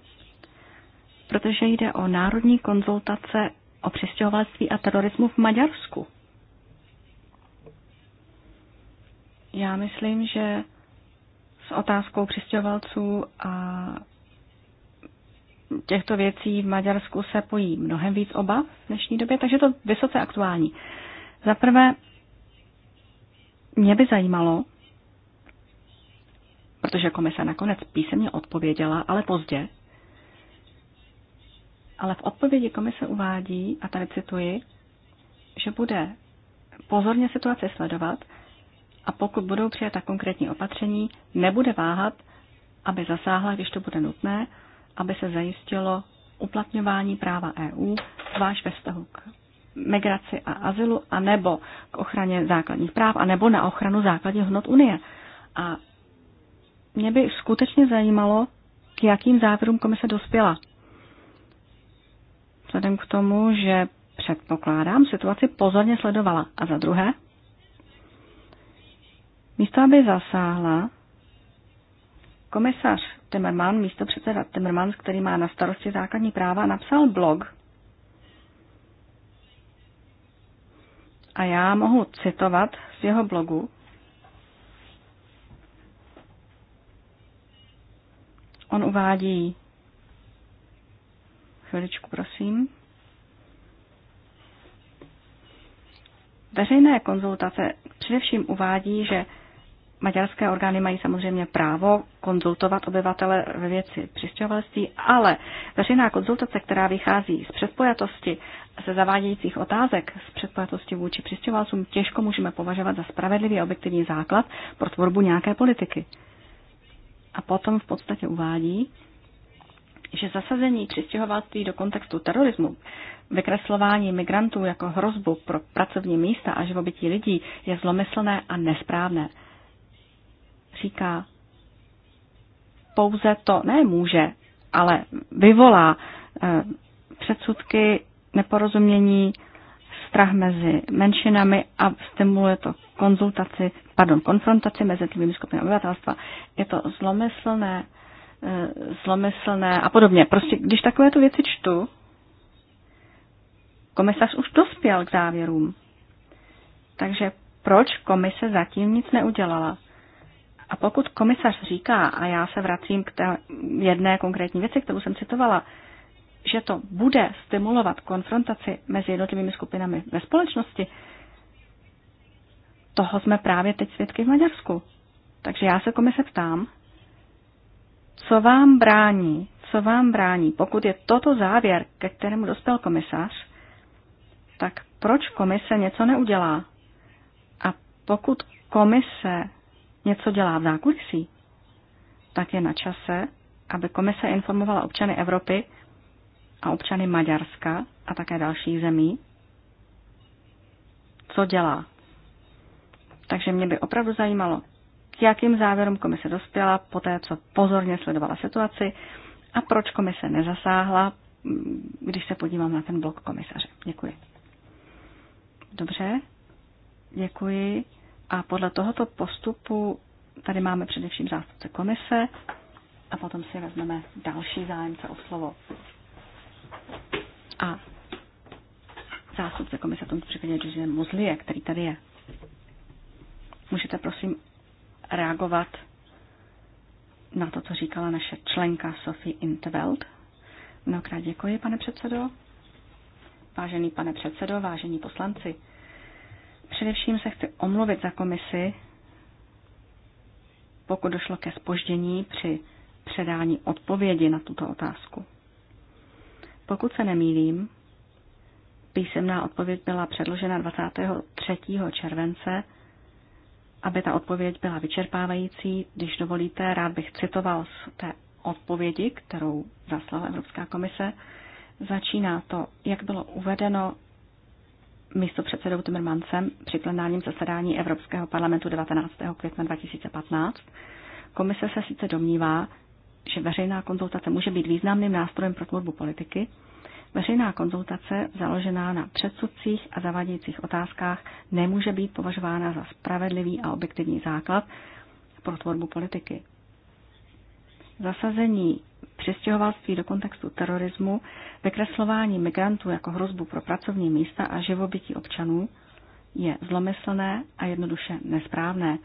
protože jde o národní konzultace o přistěhovalství a terorismu v Maďarsku. Já myslím, že s otázkou přistěhovalců a těchto věcí v Maďarsku se pojí mnohem víc obav v dnešní době, takže to vysoce aktuální. Za prvé, mě by zajímalo, protože komise nakonec písemně odpověděla, ale pozdě. Ale v odpovědi komise uvádí, a tady cituji, že bude pozorně situaci sledovat a pokud budou přijata konkrétní opatření, nebude váhat, aby zasáhla, když to bude nutné, aby se zajistilo uplatňování práva EU, zvlášť ve vztahu k migraci a azylu, anebo k ochraně základních práv, anebo na ochranu základních hodnot Unie. A mě by skutečně zajímalo, k jakým závěrům komise dospěla. Vzhledem k tomu, že předpokládám, situaci pozorně sledovala. A za druhé, místo aby zasáhla, Komisař Timmerman, místo předseda Timmermans, který má na starosti základní práva, napsal blog. A já mohu citovat z jeho blogu. On uvádí Chviličku, prosím. Veřejné konzultace především uvádí, že Maďarské orgány mají samozřejmě právo konzultovat obyvatele ve věci přistěhovalství, ale veřejná konzultace, která vychází z předpojatosti, ze zavádějících otázek z předpojatosti vůči přistěhovalcům, těžko můžeme považovat za spravedlivý a objektivní základ pro tvorbu nějaké politiky. A potom v podstatě uvádí, že zasazení přistěhovalství do kontextu terorismu, vykreslování migrantů jako hrozbu pro pracovní místa a živobytí lidí je zlomyslné a nesprávné říká, pouze to ne může, ale vyvolá eh, předsudky, neporozumění, strach mezi menšinami a stimuluje to konzultaci, pardon, konfrontaci mezi jednotlivými skupinami obyvatelstva. Je to zlomyslné, eh, zlomyslné a podobně. Prostě když takovéto věci čtu, komisař už dospěl k závěrům. Takže proč komise zatím nic neudělala? A pokud komisař říká, a já se vracím k té jedné konkrétní věci, kterou jsem citovala, že to bude stimulovat konfrontaci mezi jednotlivými skupinami ve společnosti, toho jsme právě teď svědky v Maďarsku. Takže já se komise ptám, co vám brání, co vám brání, pokud je toto závěr, ke kterému dospěl komisař, tak proč komise něco neudělá? A pokud komise něco dělá v zákulisí, tak je na čase, aby komise informovala občany Evropy a občany Maďarska a také dalších zemí, co dělá. Takže mě by opravdu zajímalo, k jakým závěrům komise dospěla po té, co pozorně sledovala situaci a proč komise nezasáhla, když se podívám na ten blok komisaře. Děkuji. Dobře, děkuji. A podle tohoto postupu tady máme především zástupce komise a potom si vezmeme další zájemce o slovo. A zástupce komise v tomto případě je Muzlie, který tady je. Můžete prosím reagovat na to, co říkala naše členka Sophie Intveld. Mnohokrát děkuji, pane předsedo. Vážený pane předsedo, vážení poslanci, Především se chci omluvit za komisi, pokud došlo ke spoždění při předání odpovědi na tuto otázku. Pokud se nemýlím, písemná odpověď byla předložena 23. července. Aby ta odpověď byla vyčerpávající, když dovolíte, rád bych citoval z té odpovědi, kterou zaslala Evropská komise. Začíná to, jak bylo uvedeno místo předsedou Timmermansem při plenárním zasedání Evropského parlamentu 19. května 2015. Komise se sice domnívá, že veřejná konzultace může být významným nástrojem pro tvorbu politiky, veřejná konzultace založená na předsudcích a zavádějících otázkách nemůže být považována za spravedlivý a objektivní základ pro tvorbu politiky. Zasazení přestěhovalství do kontextu terorismu, vykreslování migrantů jako hrozbu pro pracovní místa a živobytí občanů je zlomyslné a jednoduše nesprávné.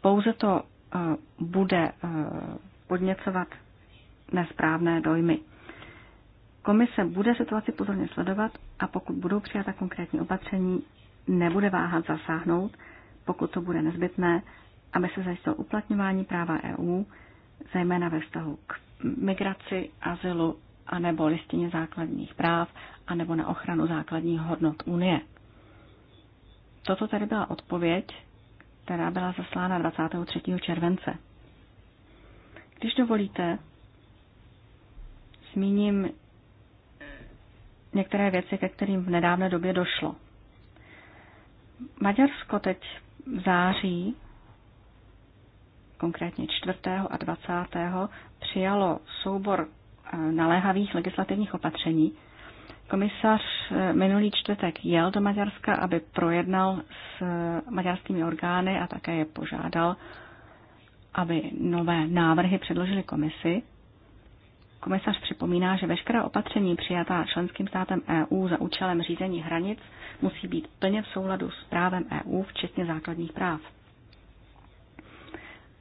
Pouze to eh, bude eh, podněcovat nesprávné dojmy. Komise bude situaci pozorně sledovat a pokud budou přijata konkrétní opatření, nebude váhat zasáhnout, pokud to bude nezbytné, aby se zajistilo uplatňování práva EU, zejména ve vztahu k migraci, azylu nebo listině základních práv a nebo na ochranu základních hodnot Unie. Toto tady byla odpověď, která byla zaslána 23. července. Když dovolíte, zmíním některé věci, ke kterým v nedávné době došlo. Maďarsko teď v září konkrétně 4. a 20. přijalo soubor eh, naléhavých legislativních opatření. Komisař eh, minulý čtvrtek jel do Maďarska, aby projednal s eh, maďarskými orgány a také je požádal, aby nové návrhy předložili komisi. Komisař připomíná, že veškerá opatření přijatá členským státem EU za účelem řízení hranic musí být plně v souladu s právem EU, včetně základních práv.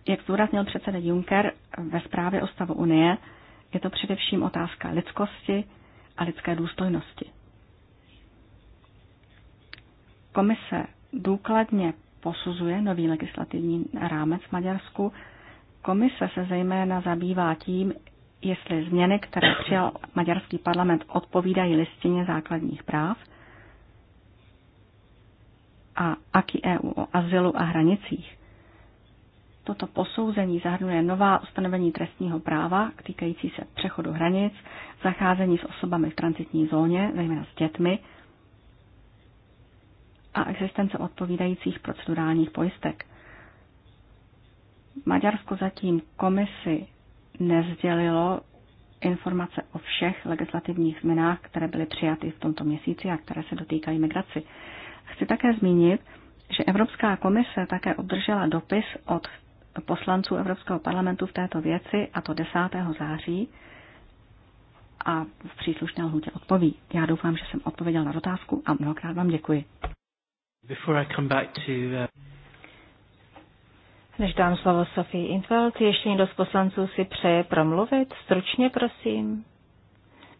Jak zdůraznil předseda Juncker ve zprávě o stavu Unie, je to především otázka lidskosti a lidské důstojnosti. Komise důkladně posuzuje nový legislativní rámec v Maďarsku. Komise se zejména zabývá tím, jestli změny, které přijal maďarský parlament, odpovídají listině základních práv a aky EU o azylu a hranicích. Toto posouzení zahrnuje nová ustanovení trestního práva týkající se přechodu hranic, zacházení s osobami v transitní zóně, zejména s dětmi, a existence odpovídajících procedurálních pojistek. Maďarsko zatím komisi nezdělilo informace o všech legislativních změnách, které byly přijaty v tomto měsíci a které se dotýkají migraci. Chci také zmínit, že Evropská komise také obdržela dopis od poslanců Evropského parlamentu v této věci, a to 10. září, a v příslušné lhůtě odpoví. Já doufám, že jsem odpověděl na otázku a mnohokrát vám děkuji. Uh, Než dám slovo Sofii Intveld, ještě někdo z poslanců si přeje promluvit? Stručně, prosím.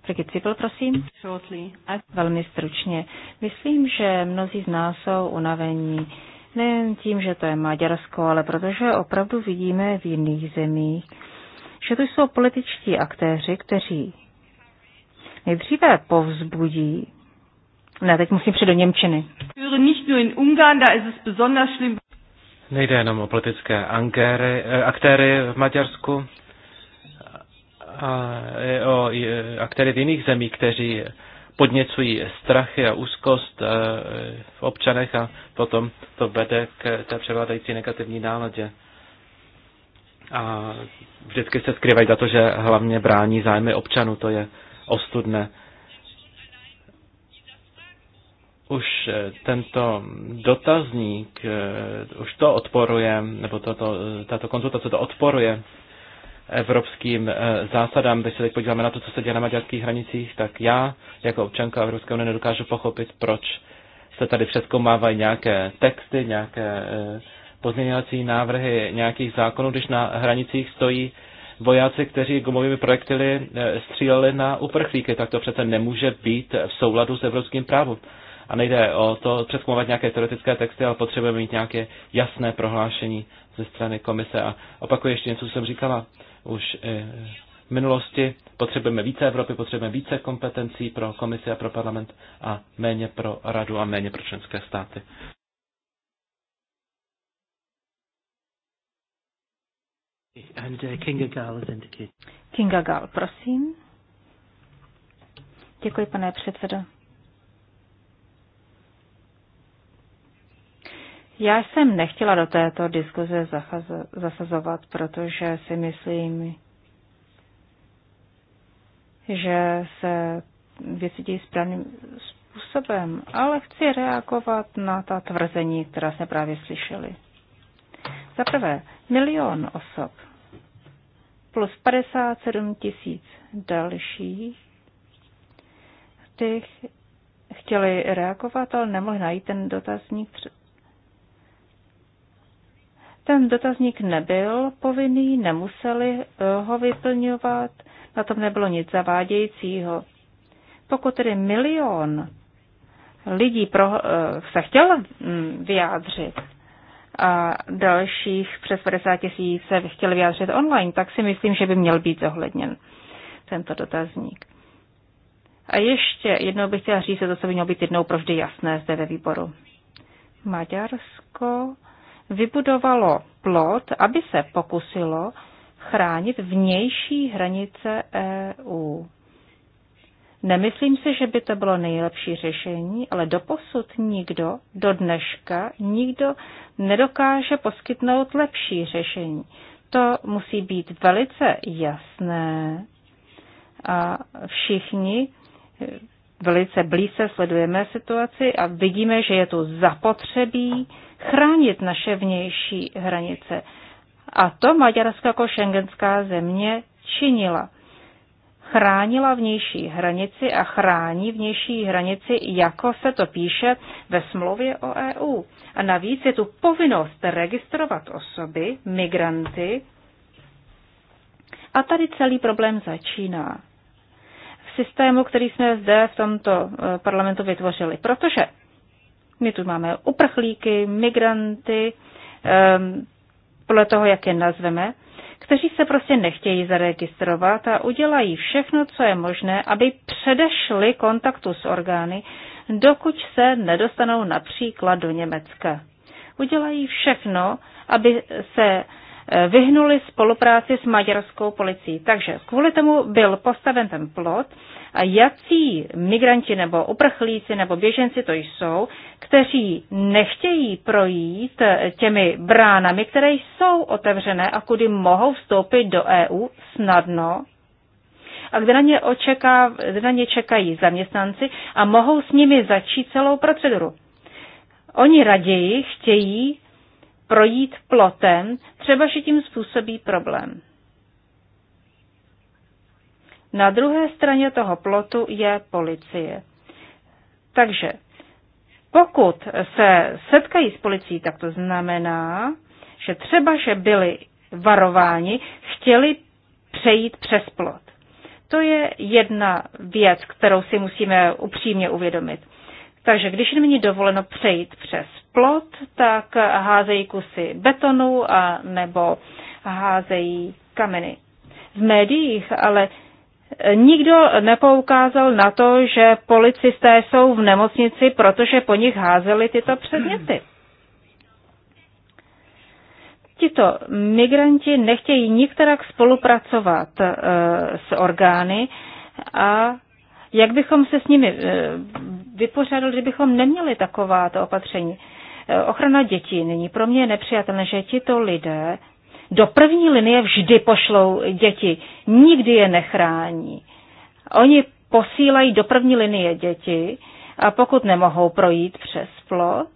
Brigit Cipel, prosím. Velmi stručně. Myslím, že mnozí z nás jsou unavení Nejen tím, že to je Maďarsko, ale protože opravdu vidíme v jiných zemích, že to jsou političtí aktéři, kteří nejdříve povzbudí. Ne, teď musím přijít do Němčiny. Nejde jenom o politické ankéry, eh, aktéry v Maďarsku, a o aktéry v jiných zemích, kteří podněcují strachy a úzkost eh, v občanech a potom to vede k té převládající negativní náladě. A vždycky se skrývají za to, že hlavně brání zájmy občanů, to je ostudné. Už eh, tento dotazník, eh, už to odporuje, nebo tato, tato konzultace to odporuje evropským eh, zásadám. Když se teď podíváme na to, co se děje na maďarských hranicích, tak já jako občanka Evropské unie nedokážu pochopit, proč se tady přeskoumávají nějaké texty, nějaké eh, pozměňovací návrhy nějakých zákonů, když na hranicích stojí vojáci, kteří gumovými projektily eh, stříleli na uprchlíky, tak to přece nemůže být v souladu s evropským právem. A nejde o to přeskoumovat nějaké teoretické texty, ale potřebujeme mít nějaké jasné prohlášení ze strany komise. A opakuji ještě něco, co jsem říkala už eh, v minulosti. Potřebujeme více Evropy, potřebujeme více kompetencí pro komisi a pro parlament a méně pro radu a méně pro členské státy. And, uh, Kinga Gall is indicated. Kinga Gall, prosím. Děkuji, pane předsedo. Já jsem nechtěla do této diskuze zasazovat, protože si myslím, že se věci dějí správným způsobem, ale chci reagovat na ta tvrzení, která jsme právě slyšeli. Za prvé, milion osob plus 57 tisíc dalších těch chtěli reagovat, ale nemohli najít ten dotazník ten dotazník nebyl povinný, nemuseli eh, ho vyplňovat, na tom nebylo nic zavádějícího. Pokud tedy milion lidí pro, eh, se chtěl mm, vyjádřit a dalších přes 50 tisíc se chtěl vyjádřit online, tak si myslím, že by měl být zohledněn tento dotazník. A ještě jednou bych chtěla říct, že to, se by mělo být jednou provždy jasné zde ve výboru. Maďarsko vybudovalo plot, aby se pokusilo chránit vnější hranice EU. Nemyslím si, že by to bylo nejlepší řešení, ale doposud nikdo, do dneška, nikdo nedokáže poskytnout lepší řešení. To musí být velice jasné. A všichni velice blíze sledujeme situaci a vidíme, že je tu zapotřebí chránit naše vnější hranice. A to Maďarská jako šengenská země činila. Chránila vnější hranici a chrání vnější hranici, jako se to píše ve smlouvě o EU. A navíc je tu povinnost registrovat osoby, migranty. A tady celý problém začíná. V systému, který jsme zde v tomto eh, parlamentu vytvořili. Protože my tu máme uprchlíky, migranty, ehm, podle toho, jak je nazveme, kteří se prostě nechtějí zaregistrovat a udělají všechno, co je možné, aby předešli kontaktu s orgány, dokud se nedostanou například do Německa. Udělají všechno, aby se Eh, vyhnuli spolupráci s maďarskou policií. Takže kvůli tomu byl postaven ten plot a jací migranti nebo uprchlíci nebo běženci to jsou, kteří nechtějí projít eh, těmi bránami, které jsou otevřené a kudy mohou vstoupit do EU snadno, a kde na ně, očeká, kde na ně čekají zaměstnanci a mohou s nimi začít celou proceduru. Oni raději chtějí projít plotem, třeba že tím způsobí problém. Na druhé straně toho plotu je policie. Takže pokud se setkají s policií, tak to znamená, že třeba, že byli varováni, chtěli přejít přes plot. To je jedna věc, kterou si musíme upřímně uvědomit. Takže když jim není dovoleno přejít přes plot, tak házejí kusy betonu a nebo házejí kameny. V médiích ale nikdo nepoukázal na to, že policisté jsou v nemocnici, protože po nich házeli tyto předměty. Tito migranti nechtějí nikterak spolupracovat e, s orgány a jak bychom se s nimi eh, vypořádali, kdybychom neměli takováto opatření? Eh, ochrana dětí není pro mě nepřijatelné, že tito lidé do první linie vždy pošlou děti, nikdy je nechrání. Oni posílají do první linie děti a pokud nemohou projít přes plot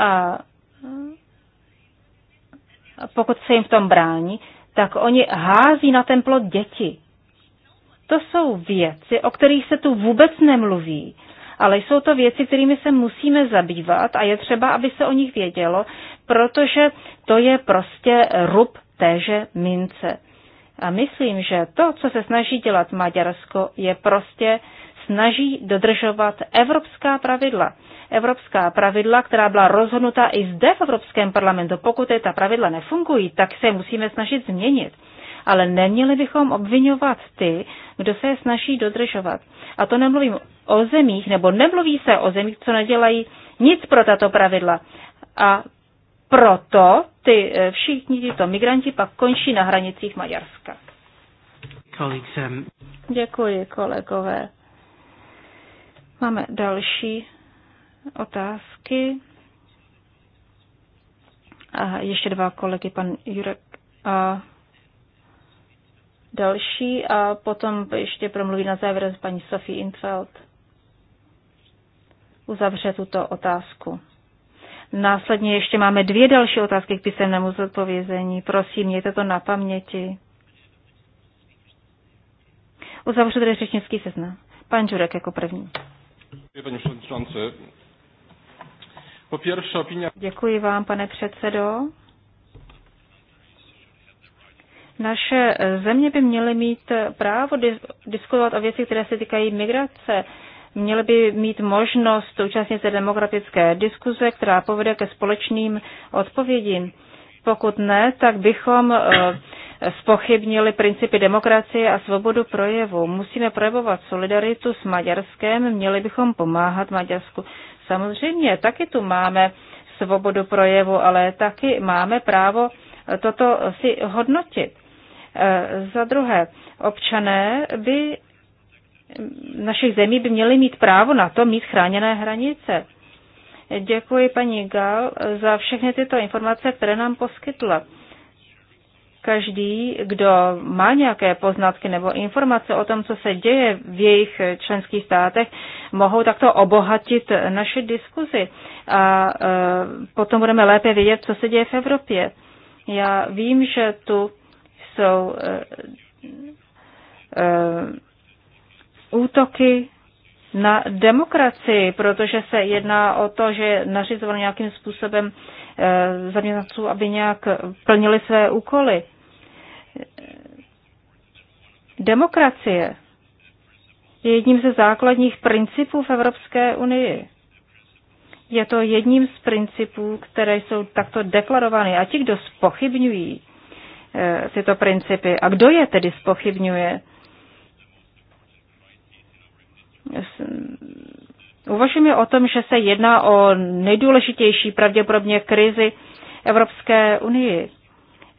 a pokud se jim v tom brání, tak oni hází na ten plot děti. To jsou věci, o kterých se tu vůbec nemluví, ale jsou to věci, kterými se musíme zabývat a je třeba, aby se o nich vědělo, protože to je prostě rub téže mince. A myslím, že to, co se snaží dělat Maďarsko, je prostě snaží dodržovat evropská pravidla. Evropská pravidla, která byla rozhodnuta i zde v Evropském parlamentu. Pokud je ta pravidla nefungují, tak se musíme snažit změnit ale neměli bychom obvinovat ty, kdo se je snaží dodržovat. A to nemluvím o zemích, nebo nemluví se o zemích, co nedělají nic pro tato pravidla. A proto ty eh, všichni tyto migranti pak končí na hranicích Maďarska. Um, Děkuji, kolegové. Máme další otázky. A ještě dva kolegy, pan Jurek a další a potom ještě promluví na závěr paní Sophie Infeld. Uzavře tuto otázku. Následně ještě máme dvě další otázky k písemnému zodpovězení. Prosím, mějte to na paměti. Uzavřu tedy řečnický seznam. Pan Žurek jako první. Po pierwsze opinia... Děkuji vám, pane předsedo. Naše země by měly mít právo diskutovat o věci, které se týkají migrace. Měly by mít možnost účastnit se demokratické diskuze, která povede ke společným odpovědím. Pokud ne, tak bychom eh, spochybnili principy demokracie a svobodu projevu. Musíme projevovat solidaritu s Maďarskem, měli bychom pomáhat Maďarsku. Samozřejmě, taky tu máme svobodu projevu, ale taky máme právo toto si hodnotit. E, za druhé, občané by našich zemí by měli mít právo na to mít chráněné hranice. Děkuji paní Gal za všechny tyto informace, které nám poskytla. Každý, kdo má nějaké poznatky nebo informace o tom, co se děje v jejich členských státech, mohou takto obohatit naše diskuzi a e, potom budeme lépe vědět, co se děje v Evropě. Já vím, že tu jsou eh, eh, útoky na demokracii, protože se jedná o to, že je nějakým způsobem eh, zaměstnanců, aby nějak plnili své úkoly. Demokracie je jedním ze základních principů v Evropské unii. Je to jedním z principů, které jsou takto deklarovány. A ti, kdo spochybňují Eh, tyto principy. A kdo je tedy spochybňuje? Uvažujeme o tom, že se jedná o nejdůležitější pravděpodobně krizi Evropské unii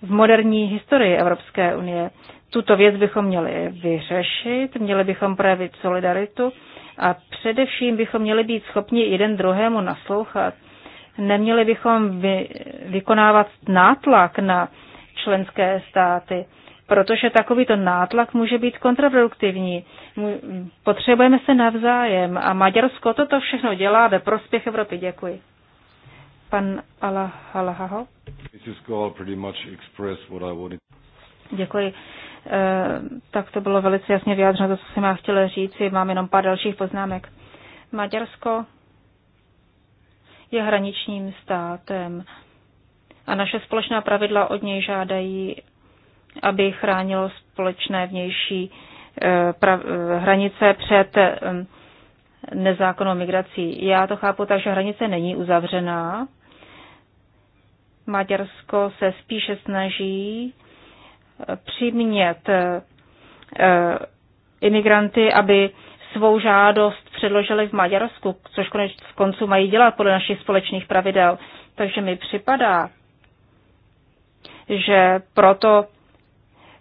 v moderní historii Evropské unie. Tuto věc bychom měli vyřešit, měli bychom projevit solidaritu a především bychom měli být schopni jeden druhému naslouchat. Neměli bychom vy, vykonávat nátlak na členské státy, protože takovýto nátlak může být kontraproduktivní. Potřebujeme se navzájem a Maďarsko toto všechno dělá ve prospěch Evropy. Děkuji. Pan Alahaho. Děkuji. E, tak to bylo velice jasně vyjádřeno, to, co jsem já chtěla říct. Mám jenom pár dalších poznámek. Maďarsko je hraničním státem a naše společná pravidla od něj žádají, aby chránilo společné vnější eh, eh, hranice před eh, nezákonnou migrací. Já to chápu tak, že hranice není uzavřená. Maďarsko se spíše snaží přimět imigranty, aby svou žádost předložili v Maďarsku, což konec v mají dělat podle našich společných pravidel. Takže mi připadá, že proto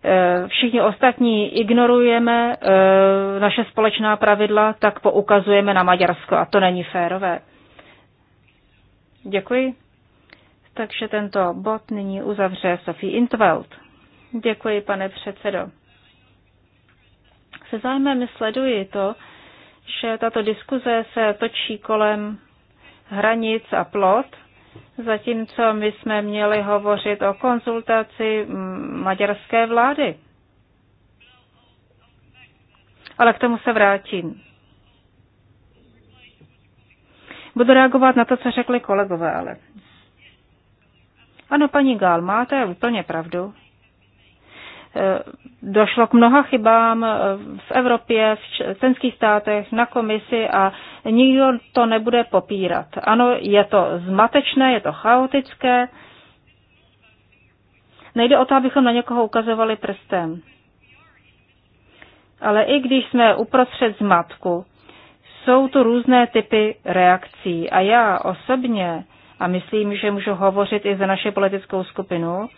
eh, všichni ostatní ignorujeme eh, naše společná pravidla, tak poukazujeme na Maďarsko a to není férové. Děkuji. Takže tento bod nyní uzavře Sophie Intveld. Děkuji, pane předsedo. Se zájmem sleduji to, že tato diskuze se točí kolem hranic a plot – zatímco my jsme měli hovořit o konzultaci maďarské vlády. Ale k tomu se vrátím. Budu reagovat na to, co řekli kolegové, ale. Ano, paní Gál, máte úplně pravdu. Eh, Došlo k mnoha chybám eh, v Evropě, v členských státech, na komisi a nikdo to nebude popírat. Ano, je to zmatečné, je to chaotické. Nejde o to, abychom na někoho ukazovali prstem. Ale i když jsme uprostřed zmatku, jsou tu různé typy reakcí. A já osobně, a myslím, že můžu hovořit i za naše politickou skupinu,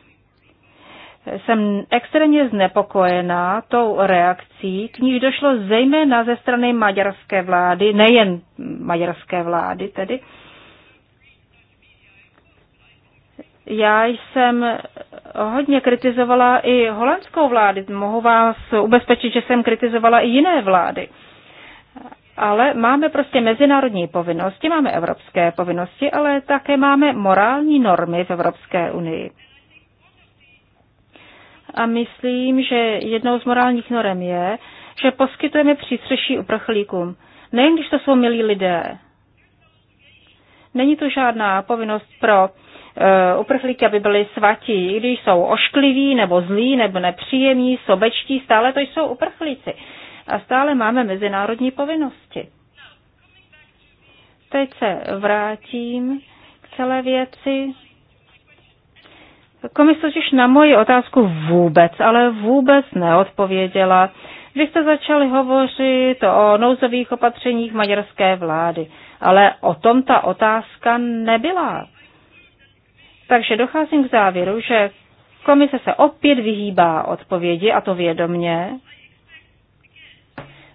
jsem extrémně znepokojená tou reakcí, k níž došlo zejména ze strany maďarské vlády, nejen maďarské vlády tedy. Já jsem hodně kritizovala i holandskou vládu. Mohu vás ubezpečit, že jsem kritizovala i jiné vlády. Ale máme prostě mezinárodní povinnosti, máme evropské povinnosti, ale také máme morální normy v Evropské unii a myslím, že jednou z morálních norem je, že poskytujeme přístřeší uprchlíkům, nejen když to jsou milí lidé. Není to žádná povinnost pro uh, uprchlíky, aby byli svatí, i když jsou oškliví, nebo zlí, nebo nepříjemní, sobečtí, stále to jsou uprchlíci. A stále máme mezinárodní povinnosti. Teď se vrátím k celé věci. Komise totiž na moji otázku vůbec, ale vůbec neodpověděla. Vy jste začali hovořit o nouzových opatřeních maďarské vlády, ale o tom ta otázka nebyla. Takže docházím k závěru, že komise se opět vyhýbá odpovědi, a to vědomně.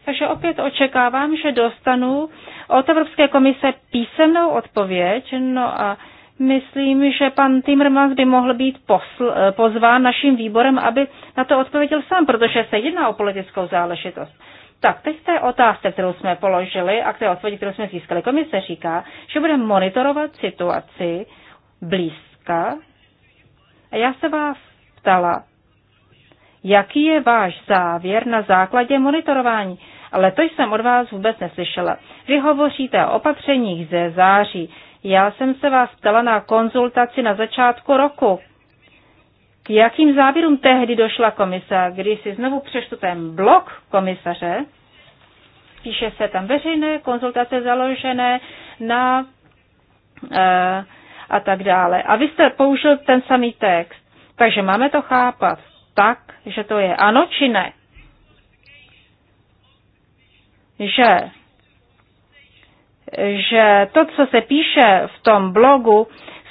Takže opět očekávám, že dostanu od Evropské komise písemnou odpověď, no a Myslím, že pan Timmermans by mohl být posl, eh, pozván naším výborem, aby na to odpověděl sám, protože se jedná o politickou záležitost. Tak, teď té otázce, kterou jsme položili a k té odpovědi, kterou jsme získali. Komise říká, že bude monitorovat situaci blízka. A já se vás ptala, jaký je váš závěr na základě monitorování. Ale to jsem od vás vůbec neslyšela. Vy hovoříte o opatřeních ze září. Já jsem se vás ptala na konzultaci na začátku roku. K jakým závěrům tehdy došla komisa? Když si znovu přeštu ten blok komisaře, píše se tam veřejné konzultace založené na e, a tak dále. A vy jste použil ten samý text. Takže máme to chápat tak, že to je ano či ne. Že že to, co se píše v tom blogu,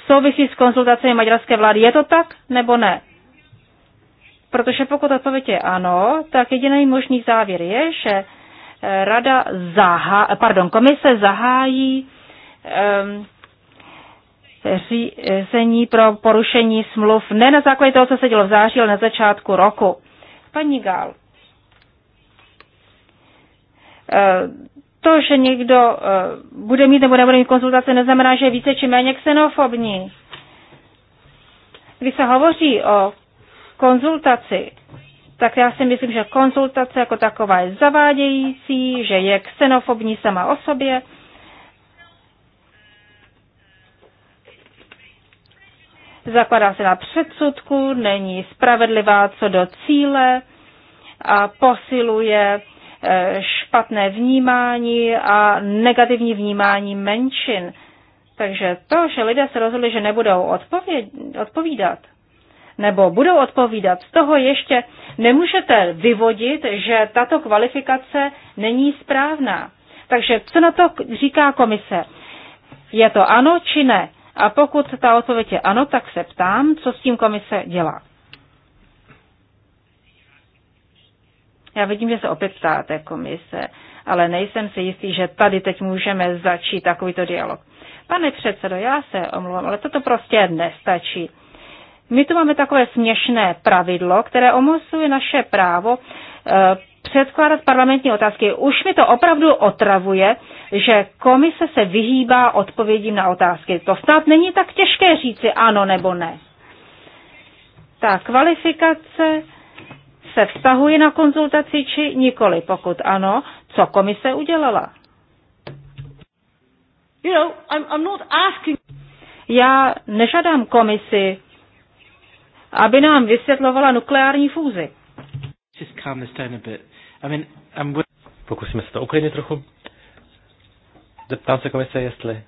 souvisí s konzultacemi maďarské vlády. Je to tak nebo ne? Protože pokud odpověď je ano, tak jediný možný závěr je, že eh, rada zahá, pardon, komise zahájí um, řízení pro porušení smluv ne na základě toho, co se dělo v září, ale na začátku roku. Paní Gál, eh, to, že někdo eh, bude mít nebo nebude mít konzultace, neznamená, že je více či méně xenofobní. Když se hovoří o konzultaci, tak já si myslím, že konzultace jako taková je zavádějící, že je xenofobní sama o sobě. Zakladá se na předsudku, není spravedlivá co do cíle a posiluje eh, špatné vnímání a negativní vnímání menšin. Takže to, že lidé se rozhodli, že nebudou odpověd, odpovídat, nebo budou odpovídat, z toho ještě nemůžete vyvodit, že tato kvalifikace není správná. Takže co na to říká komise? Je to ano či ne? A pokud ta odpověď je ano, tak se ptám, co s tím komise dělá. Já vidím, že se opět ptáte komise, ale nejsem si jistý, že tady teď můžeme začít takovýto dialog. Pane předsedo, já se omlouvám, ale toto prostě nestačí. My tu máme takové směšné pravidlo, které omosuje naše právo eh, předkládat parlamentní otázky. Už mi to opravdu otravuje, že komise se vyhýbá odpovědím na otázky. To snad není tak těžké říci ano nebo ne. Ta kvalifikace se vztahují na konzultaci či nikoli. Pokud ano, co komise udělala? You know, I'm, I'm not asking... Já nežadám komisi, aby nám vysvětlovala nukleární fúzi. Pokusíme se to uklidnit trochu. Zeptám se komise, jestli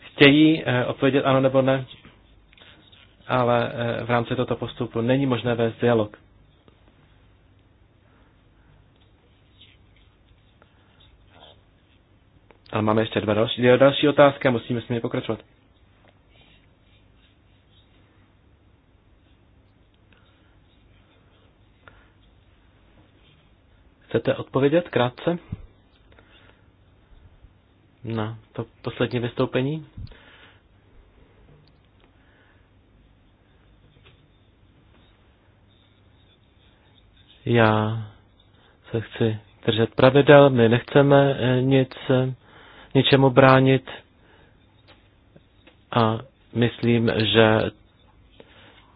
chtějí eh, odpovědět ano nebo ne, ale eh, v rámci tohoto postupu není možné vést dialog. Ale máme ještě dva další, dvě další otázky a musíme s nimi pokračovat. Chcete odpovědět krátce na to poslední vystoupení? Já se chci držet pravidel, my nechceme eh, nic eh, něčemu bránit. A myslím, že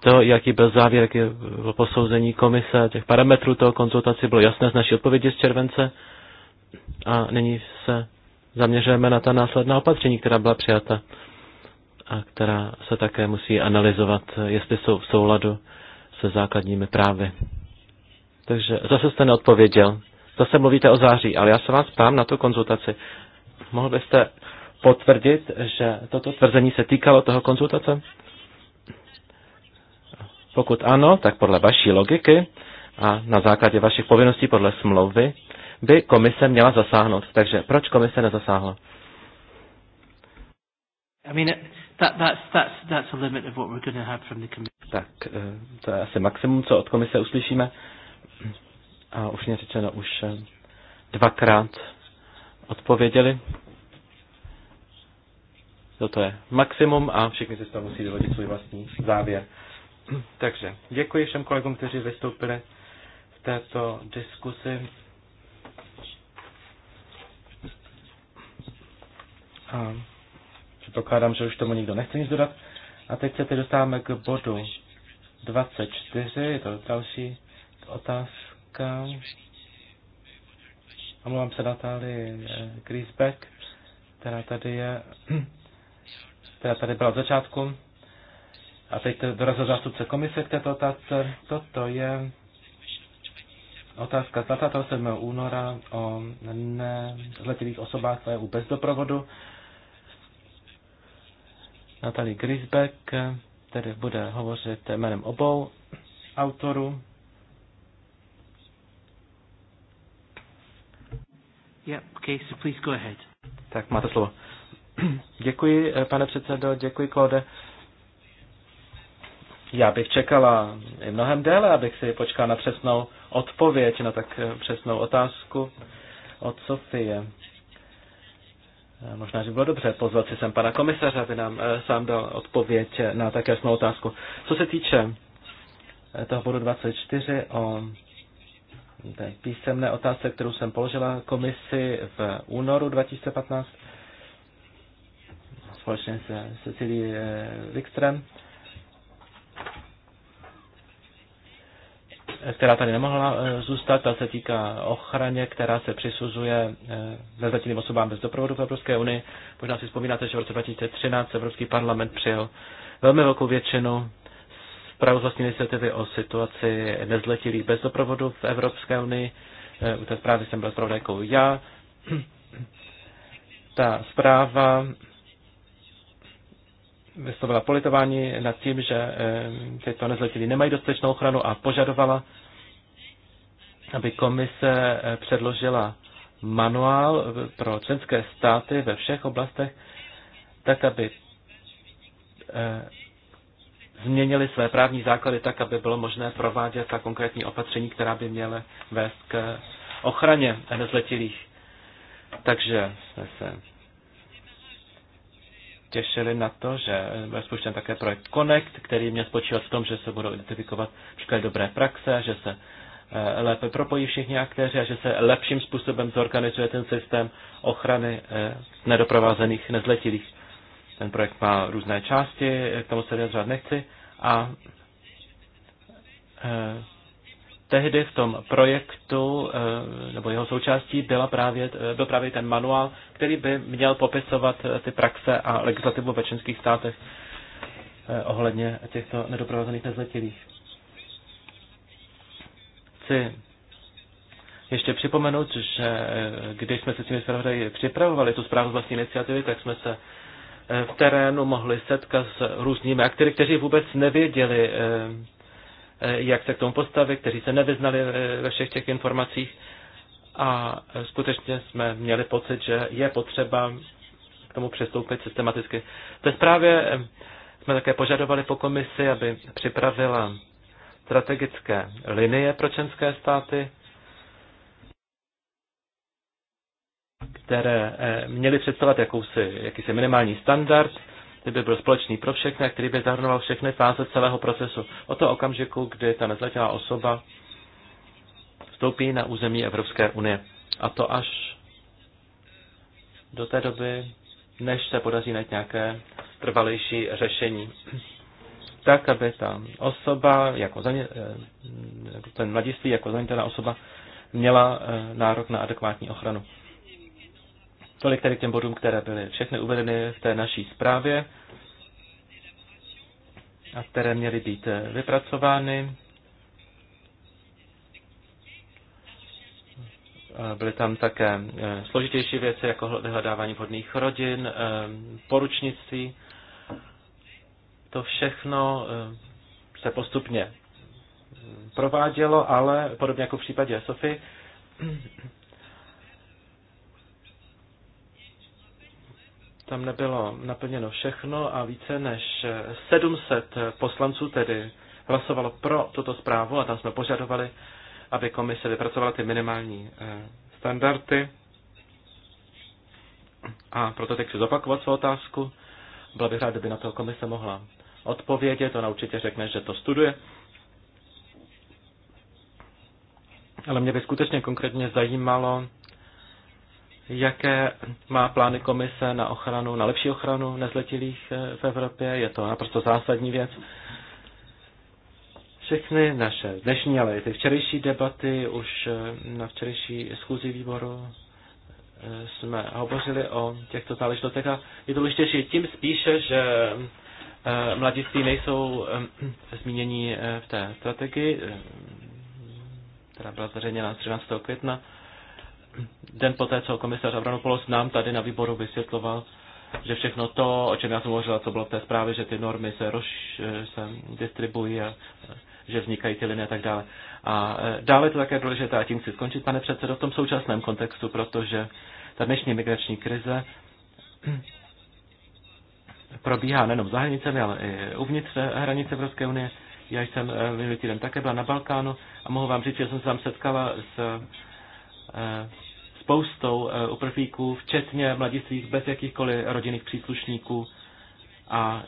to, jaký byl závěr, jaký byl posouzení komise, těch parametrů toho konzultaci, bylo jasné z naší odpovědi z července. A nyní se zaměřujeme na ta následná opatření, která byla přijata a která se také musí analyzovat, jestli jsou v souladu se základními právy. Takže zase jste neodpověděl. Zase mluvíte o září, ale já se vás ptám na tu konzultaci. Mohl byste potvrdit, že toto tvrzení se týkalo toho konzultace? Pokud ano, tak podle vaší logiky a na základě vašich povinností podle smlouvy by komise měla zasáhnout. Takže proč komise nezasáhla? Tak eh, to je asi maximum, co od komise uslyšíme. A už mě řečeno, už eh, dvakrát odpověděli. Toto je maximum a všichni si z toho musí vyvodit svůj vlastní závěr. [clears throat] Takže děkuji všem kolegům, kteří vystoupili v této diskusi. A předpokládám, že už tomu nikdo nechce nic dodat. A teď se teď dostáváme k bodu 24, je to další otázka omlouvám se Natálii Griesbeck, která tady je, [clears throat] která tady byla od začátku. A teď dorazil zástupce komise k této otázce. Toto je otázka z 27. února o nezletilých osobách to je u bezdoprovodu. Natalie Grisbeck tedy bude hovořit jménem obou autorů. Yeah, okay, so please go ahead. Tak, máte slovo. Děkuji, eh, pane předsedo, děkuji, Klode. Já bych čekala i mnohem déle, abych si počkala na přesnou odpověď, na tak eh, přesnou otázku od Sofie. Eh, možná, že bylo dobře pozvat si sem pana komisaře, aby nám sám dal odpověď na tak jasnou otázku. Co se týče toho bodu 24 o té písemné otázce, kterou jsem položila komisi v únoru 2015 společně se Cecilí eh, Wikström, která tady nemohla eh, zůstat, ta se týká ochraně, která se přisuzuje eh, nezletilým osobám bez doprovodu v Evropské unii. Možná si vzpomínáte, že v roce 2013 Evropský parlament přijel velmi velkou většinu zprávu vlastní iniciativy o situaci nezletilých bez doprovodu v Evropské unii. Eh, u té zprávy jsem byl zpravodajkou já. [clears throat] Ta zpráva vyslovila politování nad tím, že eh, tyto nezletilí nemají dostatečnou ochranu a požadovala, aby komise eh, předložila manuál pro členské státy ve všech oblastech, tak aby změnili své právní základy tak, aby bylo možné provádět ta konkrétní opatření, která by měla vést k ochraně nezletilých. Takže jsme se těšili na to, že byl spuštěn také projekt Connect, který měl spočívat v tom, že se budou identifikovat všechny dobré praxe, že se eh, lépe propojí všichni aktéři a že se lepším způsobem zorganizuje ten systém ochrany eh, nedoprovázených nezletilých. Ten projekt má různé části, k tomu se vyjadřovat nechci. A eh, tehdy v tom projektu eh, nebo jeho součástí byla právě, eh, byl právě ten manuál, který by měl popisovat eh, ty praxe a legislativu ve členských státech eh, ohledně těchto nedoprovázených nezletilých. Chci ještě připomenout, že eh, když jsme se s tím zpravodaji připravovali tu zprávu vlastní iniciativy, tak jsme se eh, v terénu mohli setkat s různými aktéry, kteří vůbec nevěděli, eh, eh, jak se k tomu postavit, kteří se nevyznali eh, ve všech těch informacích a skutečně jsme měli pocit, že je potřeba k tomu přistoupit systematicky. Ve zprávě jsme také požadovali po komisi, aby připravila strategické linie pro členské státy, které eh, měly představovat jakousi, jakýsi minimální standard, který by byl společný pro všechny a který by zahrnoval všechny fáze celého procesu. Od toho okamžiku, kdy ta nezletělá osoba vstoupí na území Evropské unie. A to až do té doby, než se podaří najít nějaké trvalejší řešení. Tak, aby ta osoba, jako zaně, eh, ten mladiství jako zanitelná osoba, měla eh, nárok na adekvátní ochranu. Tolik tedy k těm bodům, které byly všechny uvedeny v té naší zprávě a které měly být eh, vypracovány. Byly tam také eh, složitější věci, jako vyhledávání vhodných rodin, eh, poručnictví. To všechno se postupně mm, provádělo, ale podobně jako v případě Sofy, tam nebylo naplněno všechno a více než 700 poslanců tedy hlasovalo pro tuto zprávu a tam jsme požadovali, aby komise vypracovala ty minimální eh, standardy. A proto teď chci zopakovat svou otázku. Byla bych rád, kdyby na to komise mohla odpovědět. Ona určitě řekne, že to studuje. Ale mě by skutečně konkrétně zajímalo, jaké má plány komise na ochranu, na lepší ochranu nezletilých eh, v Evropě. Je to naprosto zásadní věc. Všechny naše dnešní, ale i ty včerejší debaty už eh, na včerejší schůzi výboru eh, jsme hovořili o těchto záležitostech a je to důležitější tím spíše, že mladiství nejsou zmínění v té strategii, která byla zveřejněna 13. května den poté, co komisař Avranopoulos nám tady na výboru vysvětloval, že všechno to, o čem já jsem hovořila, co bylo v té zprávě, že ty normy se, roz, eh, se distribuují a eh, že vznikají ty linie a tak dále. A eh, dále to také důležité, a tím chci skončit, pane předsedo, v tom současném kontextu, protože ta dnešní migrační krize [clears throat] probíhá nejenom za hranicemi, ale i uvnitř hranice Evropské unie. Já jsem minulý týden také byla na Balkánu a mohu vám říct, že jsem se tam setkala s Eh, spoustou eh, uprchlíků, včetně mladistvých bez jakýchkoliv rodinných příslušníků a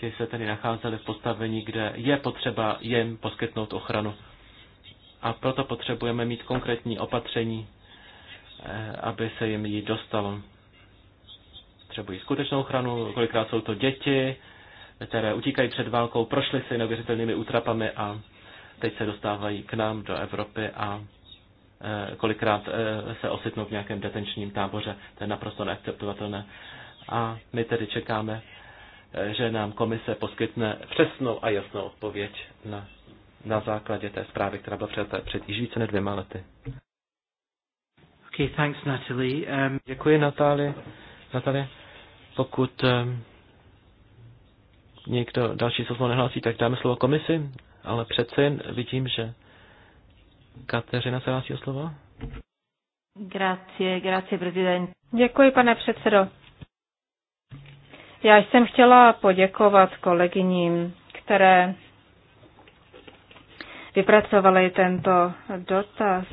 ti se tedy nacházeli v postavení, kde je potřeba jim poskytnout ochranu. A proto potřebujeme mít konkrétní opatření, eh, aby se jim ji dostalo. Potřebují skutečnou ochranu, kolikrát jsou to děti, které utíkají před válkou, prošly si neuvěřitelnými útrapami a teď se dostávají k nám do Evropy a Eh, kolikrát eh, se ositnou v nějakém detenčním táboře. To je naprosto neakceptovatelné. A my tedy čekáme, eh, že nám komise poskytne přesnou a jasnou odpověď na, na základě té zprávy, která byla přijata před již více než dvěma lety. Okay, thanks, Natalie. Um... Děkuji, Natálie. Natalie, pokud um, někdo další se slovo nehlásí, tak dáme slovo komisi, ale přece jen vidím, že Kateřina se vás o slovo. Grazie, grazie, prezident. Děkuji, pane předsedo. Já jsem chtěla poděkovat kolegyním, které vypracovali tento dotaz.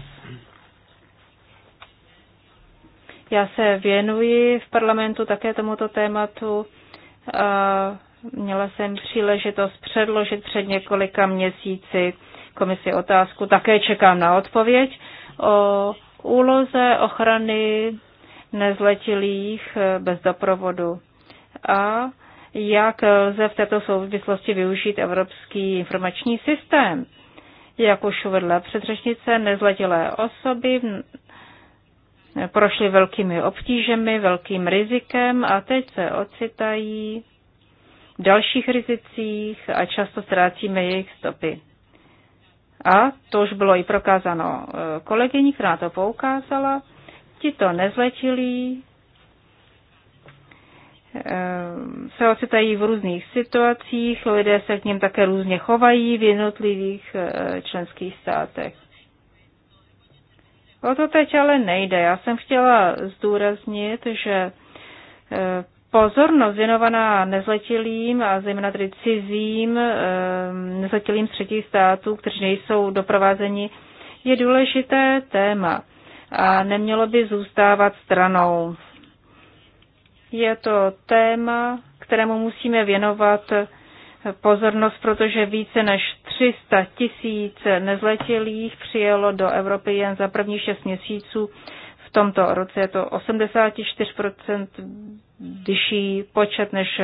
Já se věnuji v parlamentu také tomuto tématu. Měla jsem příležitost předložit před několika měsíci komisi otázku. Také čekám na odpověď o úloze ochrany nezletilých eh, bez doprovodu a jak lze v této souvislosti využít Evropský informační systém. Jak už uvedla předřečnice, nezletilé osoby prošly velkými obtížemi, velkým rizikem a teď se ocitají v dalších rizicích a často ztrácíme jejich stopy. A to už bylo i prokázano, eh, kolegyní, která to poukázala. to nezlečili. Eh, se ocitají v různých situacích, lidé se k něm také různě chovají v jednotlivých eh, členských státech. O to teď ale nejde. Já jsem chtěla zdůraznit, že pozornost věnovaná nezletilým a zejména tedy cizím eh, nezletilým z třetích států, kteří nejsou doprovázeni, je důležité téma a nemělo by zůstávat stranou. Je to téma, kterému musíme věnovat pozornost, protože více než 300 tisíc nezletilých přijelo do Evropy jen za první šest měsíců tomto roce je to 84% vyšší počet než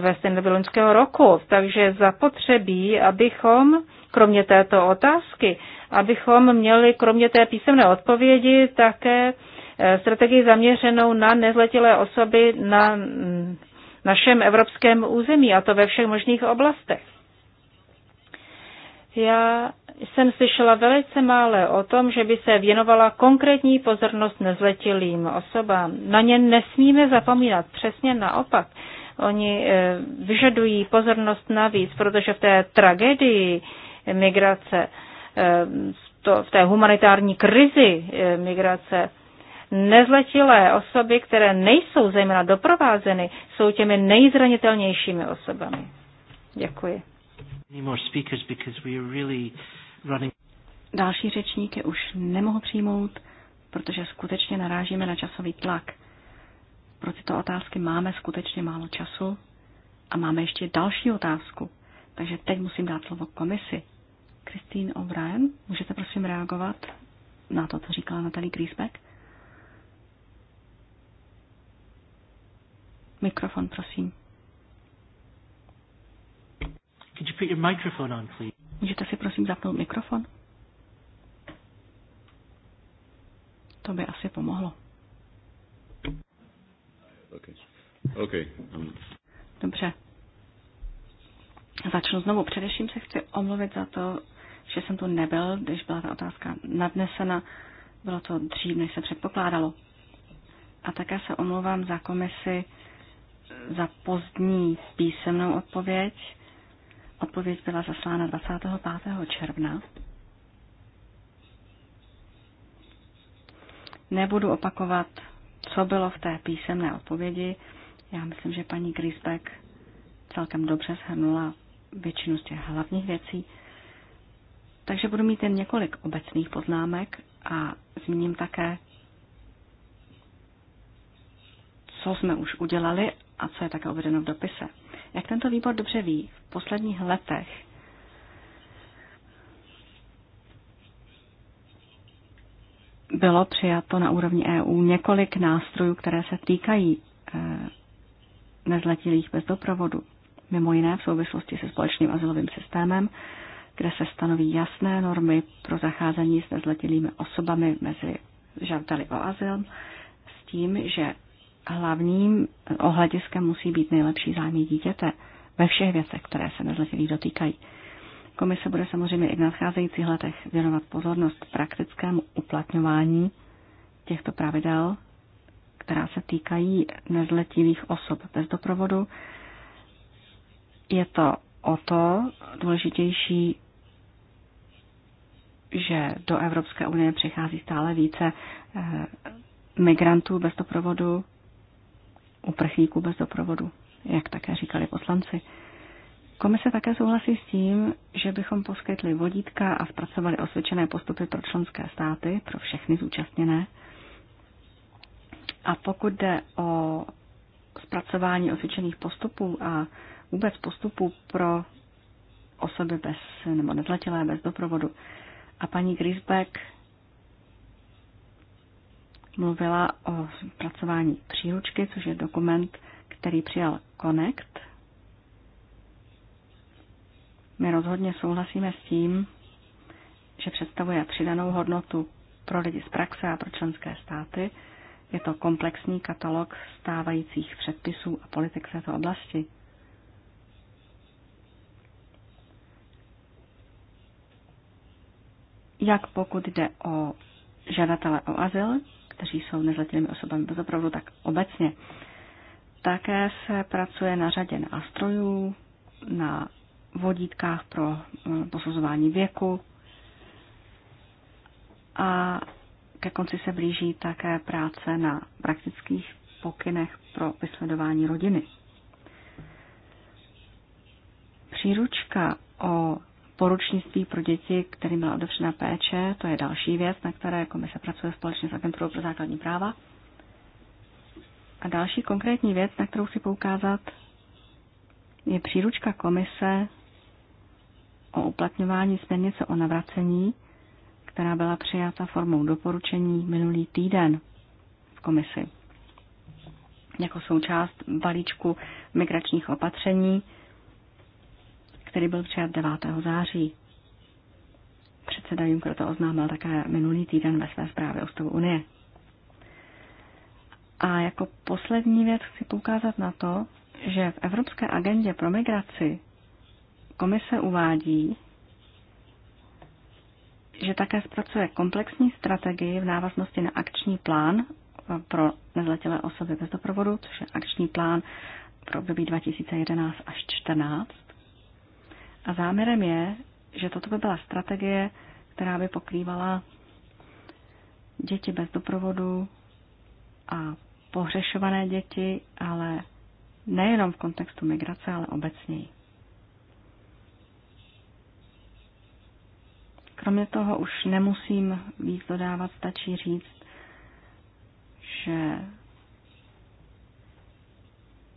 ve stejném loňského roku. Takže zapotřebí, abychom, kromě této otázky, abychom měli kromě té písemné odpovědi také eh, strategii zaměřenou na nezletilé osoby na mm, našem evropském území, a to ve všech možných oblastech. Já jsem slyšela velice mále o tom, že by se věnovala konkrétní pozornost nezletilým osobám. Na ně nesmíme zapomínat, přesně naopak. Oni eh, vyžadují pozornost navíc, protože v té tragédii migrace, eh, v té humanitární krizi eh, migrace, nezletilé osoby, které nejsou zejména doprovázeny, jsou těmi nejzranitelnějšími osobami. Děkuji running. Další řečníky už nemohu přijmout, protože skutečně narážíme na časový tlak. Pro tyto otázky máme skutečně málo času a máme ještě další otázku. Takže teď musím dát slovo komisi. Christine O'Brien, můžete prosím reagovat na to, co říkala Natalie Griesbeck? Mikrofon, prosím. Could you put your microphone on, please? Můžete si prosím zapnout mikrofon? To by asi pomohlo. Okay. Okay. Um. Dobře. Začnu znovu. Především se chci omluvit za to, že jsem tu nebyl, když byla ta otázka nadnesena. Bylo to dřív, než se předpokládalo. A také se omluvám za komisi za pozdní písemnou odpověď. Odpověď byla zaslána 25. června. Nebudu opakovat, co bylo v té písemné odpovědi. Já myslím, že paní Grisbeck celkem dobře shrnula většinu z těch hlavních věcí. Takže budu mít jen několik obecných poznámek a zmíním také, co jsme už udělali a co je také uvedeno v dopise. Jak tento výbor dobře ví, v posledních letech bylo přijato na úrovni EU několik nástrojů, které se týkají eh, nezletilých bez doprovodu, mimo jiné v souvislosti se společným azylovým systémem, kde se stanoví jasné normy pro zacházení s nezletilými osobami mezi žadateli o azyl, s tím, že hlavním eh, ohlediskem musí být nejlepší zájmy dítěte ve všech věcech, které se nezletilých dotýkají. Komise bude samozřejmě i v nadcházejících letech věnovat pozornost praktickému uplatňování těchto pravidel, která se týkají nezletilých osob bez doprovodu. Je to o to důležitější, že do Evropské unie přichází stále více eh, migrantů bez doprovodu, uprchlíků bez doprovodu, jak také říkali poslanci. Komise také souhlasí s tím, že bychom poskytli vodítka a zpracovali osvědčené postupy pro členské státy, pro všechny zúčastněné. A pokud jde o zpracování osvědčených postupů a vůbec postupů pro osoby bez, nebo nezletilé bez doprovodu, a paní Grisbeck mluvila o zpracování příručky, což je dokument, který přijal Connect. My rozhodně souhlasíme s tím, že představuje přidanou hodnotu pro lidi z praxe a pro členské státy. Je to komplexní katalog stávajících předpisů a politik v této oblasti. Jak pokud jde o žadatele o azyl, kteří jsou nezletilými osobami, bez opravdu tak obecně. Také se pracuje na řadě nástrojů, na vodítkách pro eh, posuzování věku a ke konci se blíží také práce na praktických pokynech pro vysledování rodiny. Příručka o poručnictví pro děti, kterým byla odevřena péče, to je další věc, na které komise pracuje společně s Agenturou pro základní práva. A další konkrétní věc, na kterou si poukázat, je příručka komise o uplatňování směrnice o navracení, která byla přijata formou doporučení minulý týden v komisi. Jako součást balíčku migračních opatření, který byl přijat 9. září. Předseda Juncker to oznámil také minulý týden ve své zprávě o stavu Unie. A jako poslední věc chci poukázat na to, že v Evropské agendě pro migraci komise uvádí, že také zpracuje komplexní strategii v návaznosti na akční plán pro nezletilé osoby bez doprovodu, což je akční plán pro období 2011 až 2014. A záměrem je, že toto by byla strategie, která by pokrývala děti bez doprovodu a pohřešované děti, ale nejenom v kontextu migrace, ale obecněji. Kromě toho už nemusím víc dodávat, stačí říct, že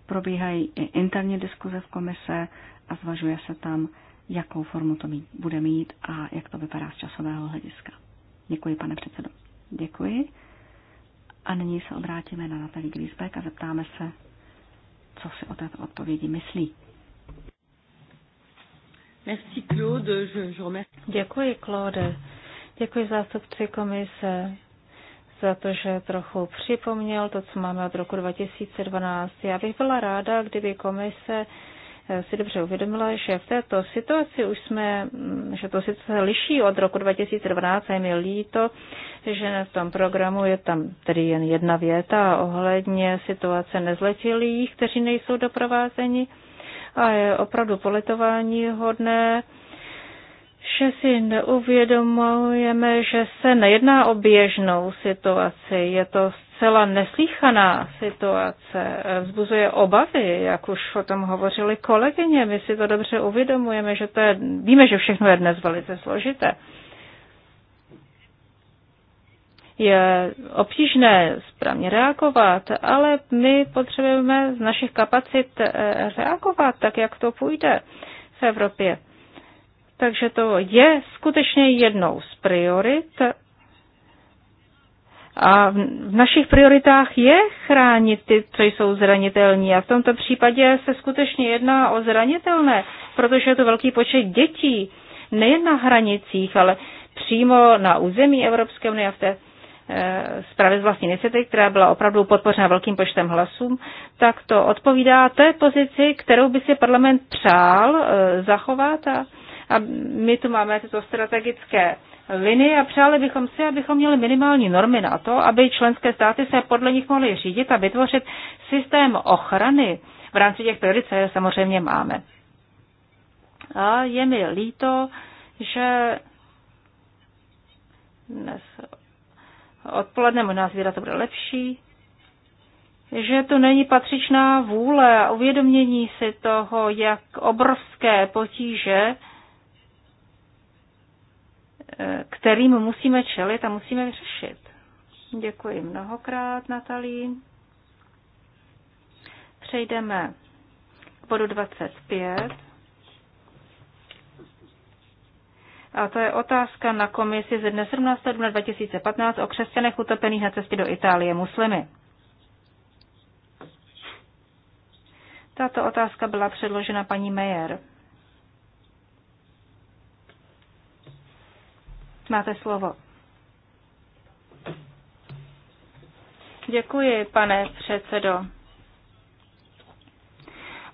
probíhají i interní diskuze v komise, a zvažuje se tam, jakou formu to mít, bude mít a jak to vypadá z časového hlediska. Děkuji, pane předsedo. Děkuji. A nyní se obrátíme na Natalie Griesbeck a zeptáme se, co si o této odpovědi myslí. Merci Claude, je, je remercie. Děkuji Claude. Děkuji zástupci komise za to, že trochu připomněl to, co máme od roku 2012. Já bych byla ráda, kdyby komise Eh, si dobře uvědomila, že v této situaci už jsme, mm, že to sice liší od roku 2012 a je mi líto, že v tom programu je tam tedy jen jedna věta ohledně situace nezletilých, kteří nejsou doprovázeni a je opravdu politování hodné, že si neuvědomujeme, že se nejedná o běžnou situaci. Je to zcela neslíchaná situace, eh, vzbuzuje obavy, jak už o tom hovořili kolegyně. My si to dobře uvědomujeme, že to je, víme, že všechno je dnes velice složité. Je obtížné správně reagovat, ale my potřebujeme z našich kapacit eh, reagovat tak, jak to půjde v Evropě. Takže to je skutečně jednou z priorit a v našich prioritách je chránit ty, co jsou zranitelní. A v tomto případě se skutečně jedná o zranitelné, protože je to velký počet dětí, nejen na hranicích, ale přímo na území Evropské unie a v té eh, zprávě z vlastní iniciativy, která byla opravdu podpořena velkým počtem hlasů, tak to odpovídá té pozici, kterou by si parlament přál eh, zachovat a, a my tu máme tyto strategické linii a přáli bychom si, abychom měli minimální normy na to, aby členské státy se podle nich mohly řídit a vytvořit systém ochrany v rámci těch priorit, které samozřejmě máme. A je mi líto, že dnes odpoledne, možná zvíra to bude lepší, že tu není patřičná vůle a uvědomění si toho, jak obrovské potíže Eh, kterým musíme čelit a musíme vyřešit. Děkuji mnohokrát, Natalí. Přejdeme k bodu 25. A to je otázka na komisi ze dne 17. dubna 2015 o křesťanech utopených na cestě do Itálie muslimy. Tato otázka byla předložena paní Meyer. Máte slovo. Děkuji, pane předsedo.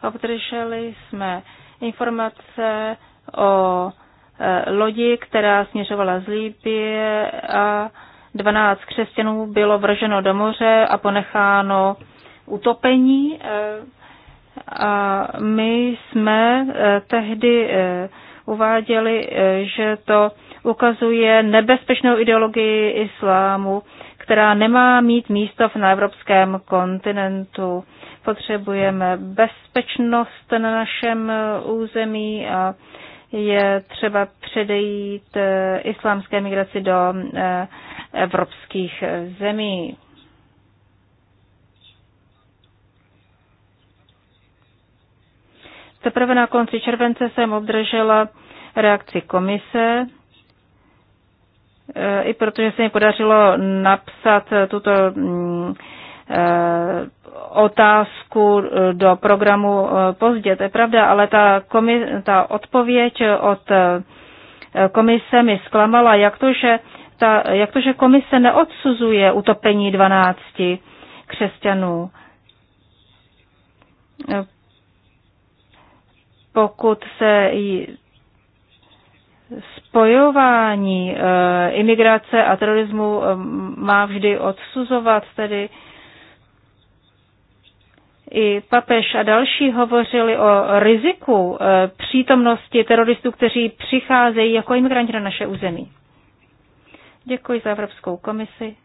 Obdrželi jsme informace o e, lodi, která směřovala z Líbie a 12 křesťanů bylo vrženo do moře a ponecháno utopení. E, a my jsme e, tehdy uváděli, eh, že to ukazuje nebezpečnou ideologii islámu, která nemá mít místo na evropském kontinentu. Potřebujeme bezpečnost na našem eh, území a je třeba předejít eh, islámské migraci do evropských zemí. Teprve na konci července jsem obdržela reakci komise, eh, i protože se mi podařilo napsat tuto mm, eh, otázku eh, do programu pozdě. To je pravda, ale ta, komi- ta odpověď od komise mi zklamala, jak to, že ta, jak to, že komise neodsuzuje utopení 12 křesťanů pokud se spojování eh, imigrace a terorismu eh, má vždy odsuzovat, tedy i papež a další hovořili o riziku eh, přítomnosti teroristů, kteří přicházejí jako imigranti na naše území. Děkuji za Evropskou komisi.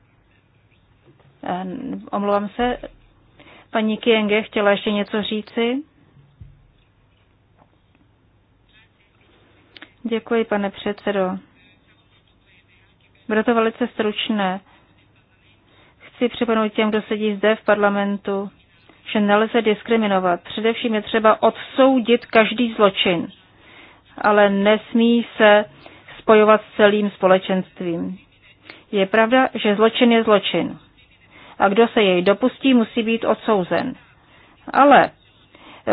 Omlouvám se. Paní Kienge chtěla ještě něco říci. Děkuji, pane předsedo. Bude to velice stručné. Chci připomenout těm, kdo sedí zde v parlamentu, že nelze diskriminovat. Především je třeba odsoudit každý zločin, ale nesmí se spojovat s celým společenstvím. Je pravda, že zločin je zločin a kdo se jej dopustí, musí být odsouzen. Ale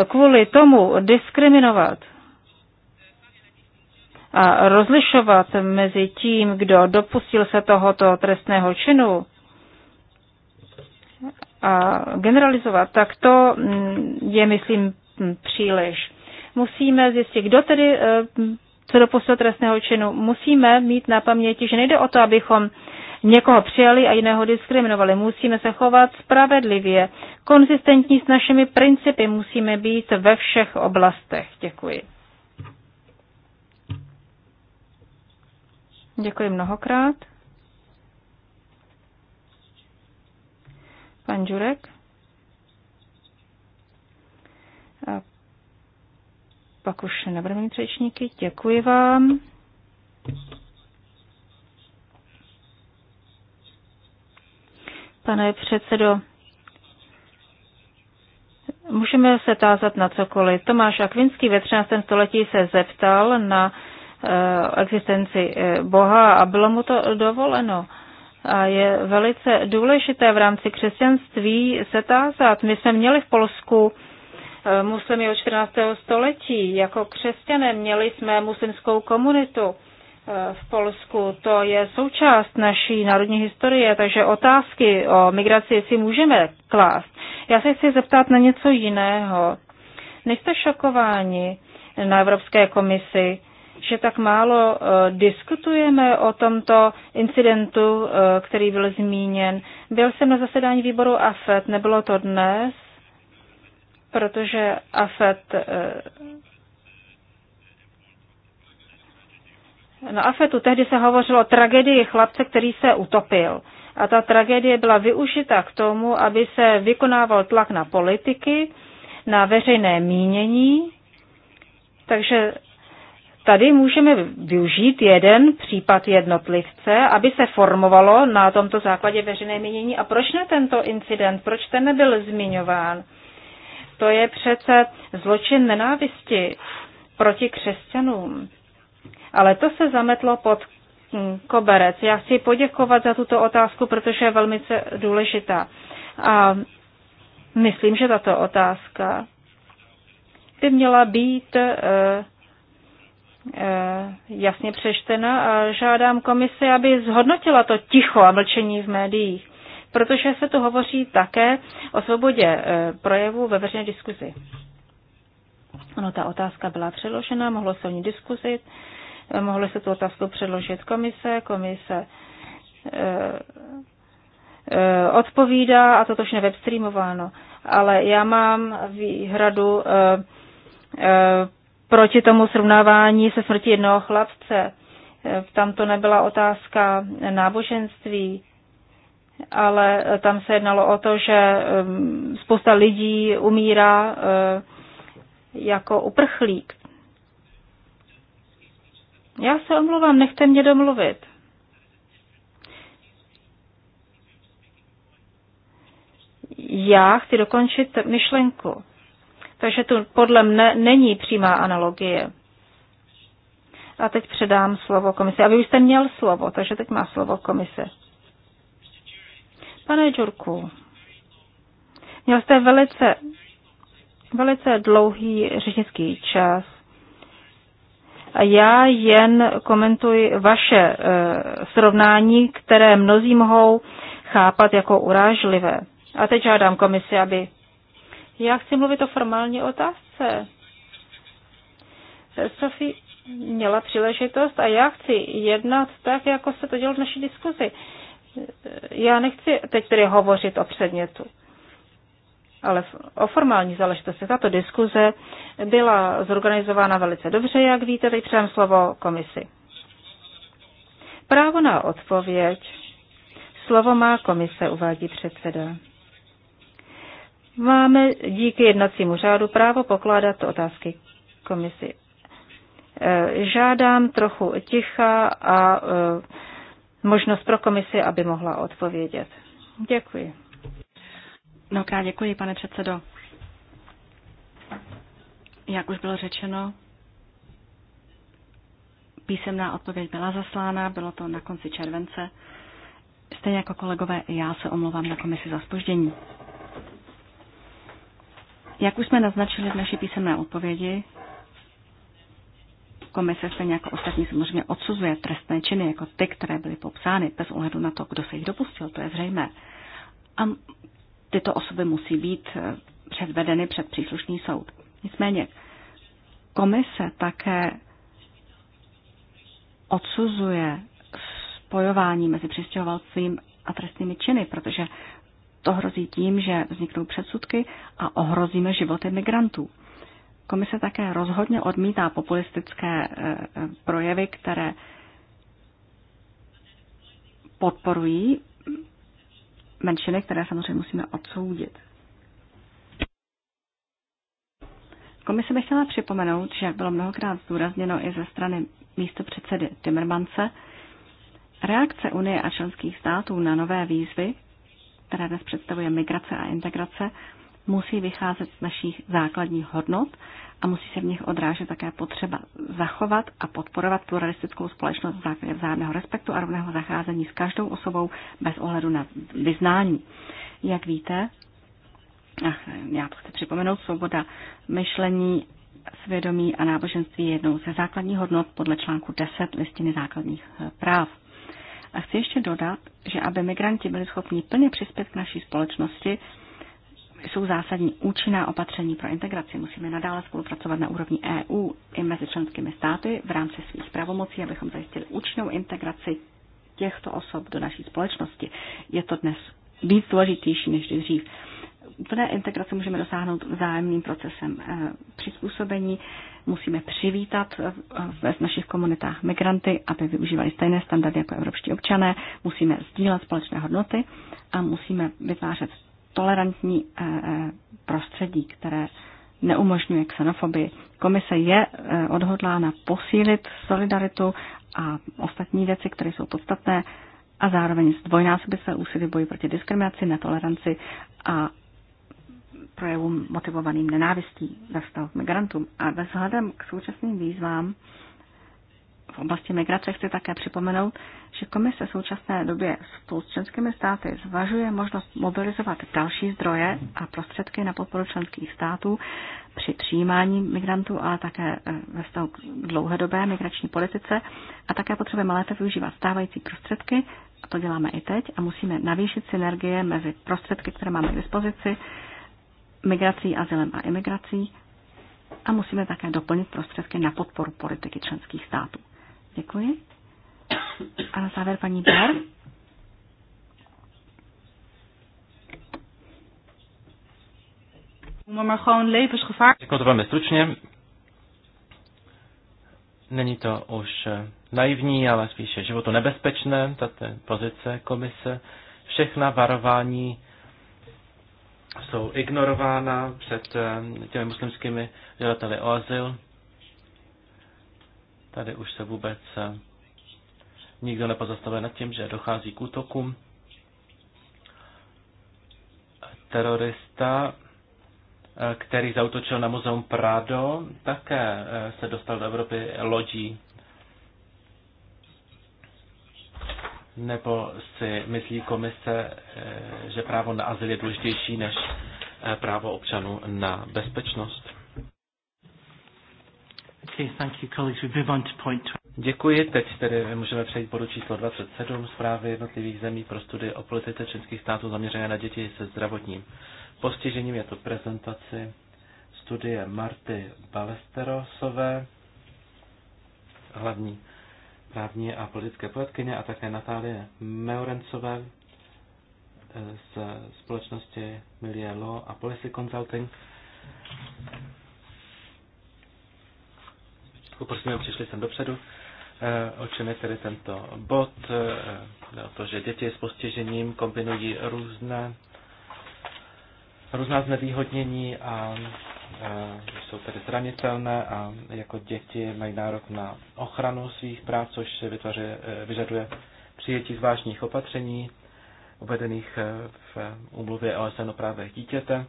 kvůli tomu diskriminovat a rozlišovat mezi tím, kdo dopustil se tohoto trestného činu a generalizovat, tak to mm, je, myslím, příliš. Musíme zjistit, kdo tedy se eh, dopustil trestného činu. Musíme mít na paměti, že nejde o to, abychom někoho přijali a jiného diskriminovali. Musíme se chovat spravedlivě, konzistentní s našimi principy. Musíme být ve všech oblastech. Děkuji. Děkuji mnohokrát. Pan Žurek. A pak už nebudeme mít řečníky. Děkuji vám. Pane předsedo, můžeme se tázat na cokoliv. Tomáš Akvinský ve 13. století se zeptal na Eh, existenci eh, Boha a bylo mu to dovoleno. A je velice důležité v rámci křesťanství se tázat. My jsme měli v Polsku eh, muslimy od 14. století. Jako křesťané měli jsme muslimskou komunitu v Polsku. To je součást naší národní historie, takže otázky o migraci si můžeme klást. Já se chci zeptat na něco jiného. Nejste šokováni na Evropské komisi, že tak málo eh, diskutujeme o tomto incidentu, eh, který byl zmíněn. Byl jsem na zasedání výboru AFET, nebylo to dnes, protože AFET eh, Na no, AFETu tehdy se hovořilo o tragédii chlapce, který se utopil. A ta tragédie byla využita k tomu, aby se vykonával tlak na politiky, na veřejné mínění. Takže Tady můžeme využít jeden případ jednotlivce, aby se formovalo na tomto základě veřejné mínění. A proč ne tento incident? Proč ten nebyl zmiňován? To je přece zločin nenávisti proti křesťanům. Ale to se zametlo pod koberec. Já chci poděkovat za tuto otázku, protože je velmi důležitá. A myslím, že tato otázka by měla být eh, Eh, jasně přečtena a žádám komisi, aby zhodnotila to ticho a mlčení v médiích, protože se tu hovoří také o svobodě eh, projevu ve veřejné diskuzi. Ono, ta otázka byla předložena, mohlo se o ní diskuzit, eh, mohlo se tu otázku předložit komise, komise odpovídá a to je webstreamováno. Ale já mám výhradu proti tomu srovnávání se smrti jednoho chlapce. Eh, tam to nebyla otázka náboženství, ale tam se jednalo o to, že eh, spousta lidí umírá eh, jako uprchlík. Já se omluvám, nechte mě domluvit. Já chci dokončit myšlenku. Takže tu podle mne není přímá analogie. A teď předám slovo komise. A vy už jste měl slovo, takže teď má slovo komise. Pane Džurku, měl jste velice, velice dlouhý řečnický čas. A já jen komentuji vaše e, srovnání, které mnozí mohou chápat jako urážlivé. A teď žádám komisi, aby já chci mluvit o formální otázce. Sofie měla příležitost a já chci jednat tak, jako se to dělo v naší diskuzi. Já nechci teď tedy hovořit o předmětu, ale o formální záležitosti. Tato diskuze byla zorganizována velice dobře, jak víte, teď předám slovo komisi. Právo na odpověď. Slovo má komise, uvádí předseda. Máme díky jednacímu řádu právo pokládat otázky komisi. E, žádám trochu ticha a e, možnost pro komisi, aby mohla odpovědět. Děkuji. No, krát děkuji, pane předsedo. Jak už bylo řečeno, písemná odpověď byla zaslána, bylo to na konci července. Stejně jako kolegové, já se omlouvám na komisi za spoždění. Jak už jsme naznačili v naší písemné odpovědi, komise se jako ostatní samozřejmě odsuzuje trestné činy jako ty, které byly popsány, bez ohledu na to, kdo se jich dopustil, to je zřejmé. A tyto osoby musí být eh, předvedeny před příslušný soud. Nicméně komise také odsuzuje spojování mezi přistěhovalcím a trestnými činy, protože to hrozí tím, že vzniknou předsudky a ohrozíme životy migrantů. Komise také rozhodně odmítá populistické e, e, projevy, které podporují menšiny, které samozřejmě musíme odsoudit. Komise bych chtěla připomenout, že jak bylo mnohokrát zdůrazněno i ze strany místo předsedy Timmermance, reakce Unie a členských států na nové výzvy, které dnes představuje migrace a integrace, musí vycházet z našich základních hodnot a musí se v nich odrážet také potřeba zachovat a podporovat pluralistickou společnost v základě vzájemného respektu a rovného zacházení s každou osobou bez ohledu na vyznání. Jak víte, ach, já to chci připomenout, svoboda myšlení, svědomí a náboženství je jednou ze základních hodnot podle článku 10 listiny základních eh, práv. A chci ještě dodat, že aby migranti byli schopni plně přispět k naší společnosti, jsou zásadní účinná opatření pro integraci. Musíme nadále spolupracovat na úrovni EU i mezi členskými státy v rámci svých pravomocí, abychom zajistili účinnou integraci těchto osob do naší společnosti. Je to dnes víc důležitější než dřív plné integrace můžeme dosáhnout vzájemným procesem eh, přizpůsobení. Musíme přivítat eh, v našich komunitách migranty, aby využívali stejné standardy jako evropští občané. Musíme sdílet společné hodnoty a musíme vytvářet tolerantní eh, prostředí, které neumožňuje xenofobii. Komise je odhodlána posílit solidaritu a ostatní věci, které jsou podstatné, a zároveň zdvojnásobit své úsilí v boji proti diskriminaci, netoleranci a projevům motivovaným nenávistí ve vztahu k migrantům. A vzhledem k současným výzvám v oblasti migrace chci také připomenout, že komise v současné době spolu s členskými státy zvažuje možnost mobilizovat další zdroje a prostředky na podporu členských států při přijímání migrantů, ale také eh, ve vztahu k dlouhodobé migrační politice a také potřebujeme lépe využívat stávající prostředky, a to děláme i teď, a musíme navýšit synergie mezi prostředky, které máme k dispozici migrací, azylem a imigrací a musíme také doplnit prostředky na podporu politiky členských států. Děkuji. A na závěr paní Ber. Řeknu to velmi stručně. Není to už eh, naivní, ale spíše životu nebezpečné, tato pozice komise. Všechna varování jsou ignorována před eh, těmi muslimskými žadateli o azyl. Tady už se vůbec eh, nikdo nepozastavuje nad tím, že dochází k útokům. Terorista, eh, který zautočil na muzeum Prado, také se dostal do Evropy lodí Nebo si myslí komise, eh, že právo na azyl je důležitější než eh, právo občanů na bezpečnost? Okay, thank you, colleagues. We move on to point Děkuji. Teď tedy můžeme přejít bodu číslo 27 zprávy jednotlivých zemí pro studie o politice členských států zaměřené na děti se zdravotním postižením. Je to prezentaci studie Marty Balesterosové. Hlavní právní a politické poradkyně a také Natálie Meurencové eh, z společnosti Milie Law a Policy Consulting. Poprosím, přišli sem dopředu. Eh, o čem je tedy tento bod? Eh, to, že děti s postižením kombinují různé, různá znevýhodnění a jsou tedy zranitelné a jako děti mají nárok na ochranu svých práv, což vytvoře, eh, vyžaduje přijetí zvláštních opatření uvedených eh, v eh, úmluvě OSN o právech dítěte.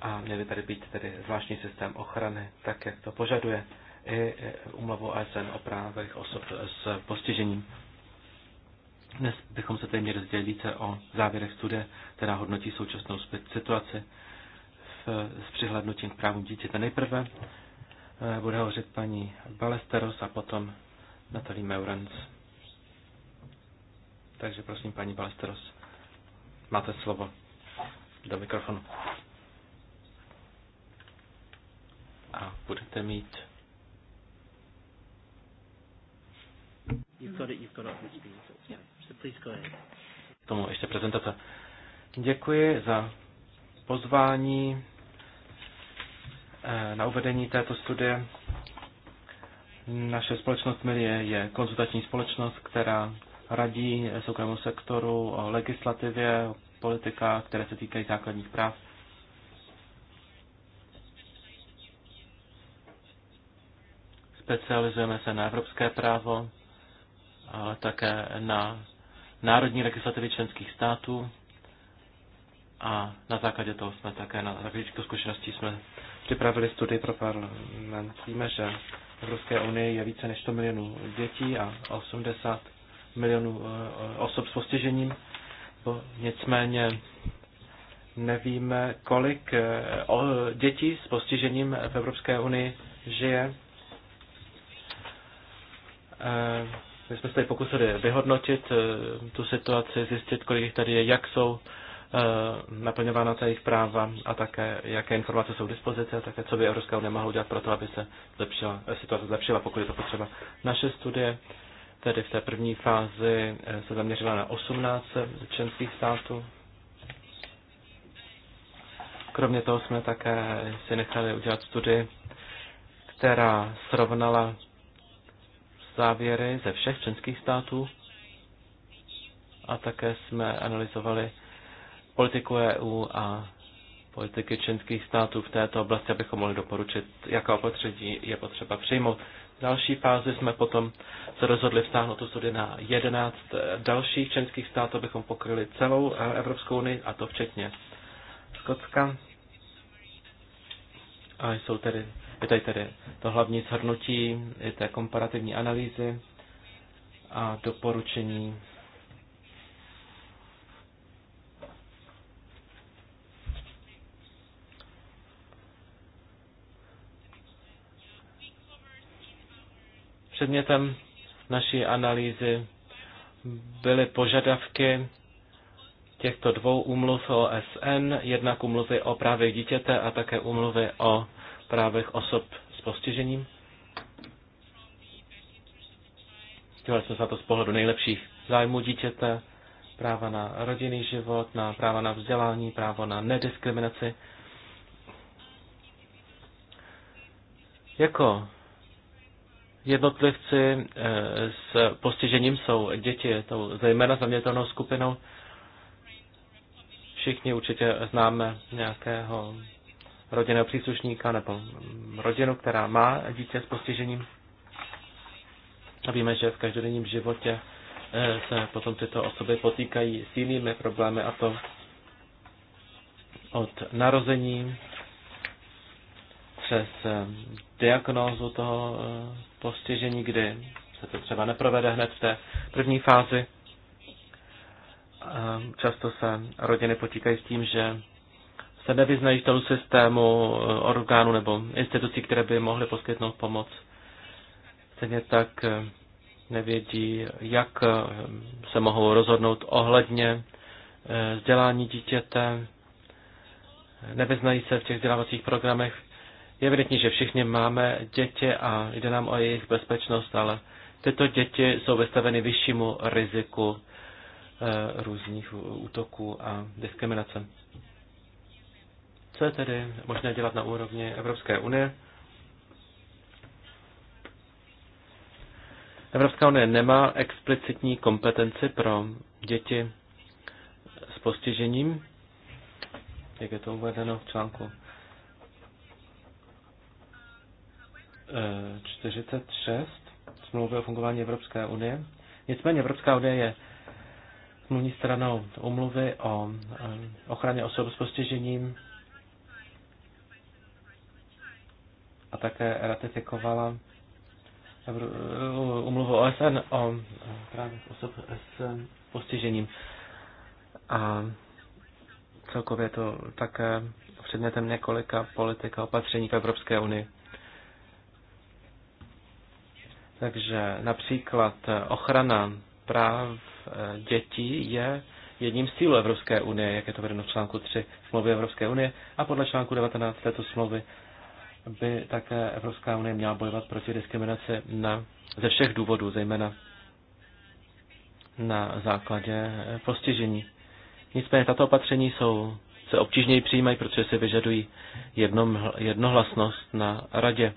A měl by tady být tedy zvláštní systém ochrany, tak jak to požaduje i úmluvu OSN o právech osob s postižením. Dnes bychom se tedy měli sdělit více o závěrech studie, která hodnotí současnou situaci Eh, s přihlednutím k právům dítěte. Nejprve eh, bude hovořit paní Balesteros a potom Natalie Meurens. Takže prosím, paní Balesteros, máte slovo do mikrofonu. A budete mít tomu ještě prezentace. Děkuji za pozvání Eh, na uvedení této studie. Naše společnost Milie je konzultační společnost, která radí soukromému sektoru o legislativě, o politikách, které se týkají základních práv. Specializujeme se na evropské právo, ale také na národní legislativy členských států a na základě toho jsme také, na základě těchto zkušeností jsme připravili studii pro parlament. Víme, že v Evropské unii je více než 100 milionů dětí a 80 milionů eh, osob s postižením. Nicméně nevíme, kolik eh, dětí s postižením v Evropské unii žije. Eh, my jsme se tady pokusili vyhodnotit tu situaci, zjistit, kolik jich tady je, jak jsou Eh, naplňována ta jejich práva a také jaké informace jsou k dispozici a také co by Evropská unie mohla udělat pro to, aby se zlepšila, eh, situace zlepšila, pokud je to potřeba. Naše studie tedy v té první fázi eh, se zaměřila na 18 členských států. Kromě toho jsme také si nechali udělat studii, která srovnala závěry ze všech členských států a také jsme analyzovali politiku EU a politiky členských států v této oblasti, abychom mohli doporučit, jaká opatření je potřeba přijmout. V další fázi jsme potom se rozhodli vstáhnout tu studii na 11 dalších členských států, abychom pokryli celou eh, Evropskou unii, a to včetně Skotska. A jsou tedy, je tady tedy to hlavní shrnutí i té komparativní analýzy a doporučení Předmětem naší analýzy byly požadavky těchto dvou umluv SN, jednak umluvy o právech dítěte a také umluvy o právech osob s postižením. Dívali jsme se na to z pohledu nejlepších zájmů dítěte, práva na rodinný život, na práva na vzdělání, právo na nediskriminaci. Jako jednotlivci eh, s postižením jsou děti, tou zejména zamětelnou skupinou. Všichni určitě známe nějakého rodinného příslušníka nebo rodinu, která má dítě s postižením. A víme, že v každodenním životě eh, se potom tyto osoby potýkají s jinými problémy a to od narození přes eh, diagnózu toho eh, postižení, kdy se to třeba neprovede hned v té první fázi. Často se rodiny potíkají s tím, že se nevyznají v tom systému eh, orgánů nebo institucí, které by mohly poskytnout pomoc. Stejně tak nevědí, jak se mohou rozhodnout ohledně vzdělání dítěte, nevyznají se v těch vzdělávacích programech. Je evidentní, že všichni máme děti a jde nám o jejich bezpečnost, ale tyto děti jsou vystaveny vyššímu riziku eh, různých útoků a diskriminace. Co je tedy možné dělat na úrovni Evropské unie? Evropská unie nemá explicitní kompetenci pro děti s postižením, jak je to uvedeno v článku 46 smlouvy o fungování Evropské unie. Nicméně Evropská unie je smluvní stranou umluvy o eh, ochraně osob s postižením a také ratifikovala eh, umluvu OSN o eh, právě osob s postižením. A celkově to také předmětem několika politika opatření v Evropské unii. Takže například ochrana práv eh, dětí je jedním z cílů Evropské unie, jak je to vedeno v článku 3 smlouvy Evropské unie a podle článku 19 této smlouvy by také Evropská unie měla bojovat proti diskriminaci na, ze všech důvodů, zejména na základě eh, postižení. Nicméně tato opatření jsou, se obtížněji přijímají, protože si vyžadují jedno, jednohlasnost na radě.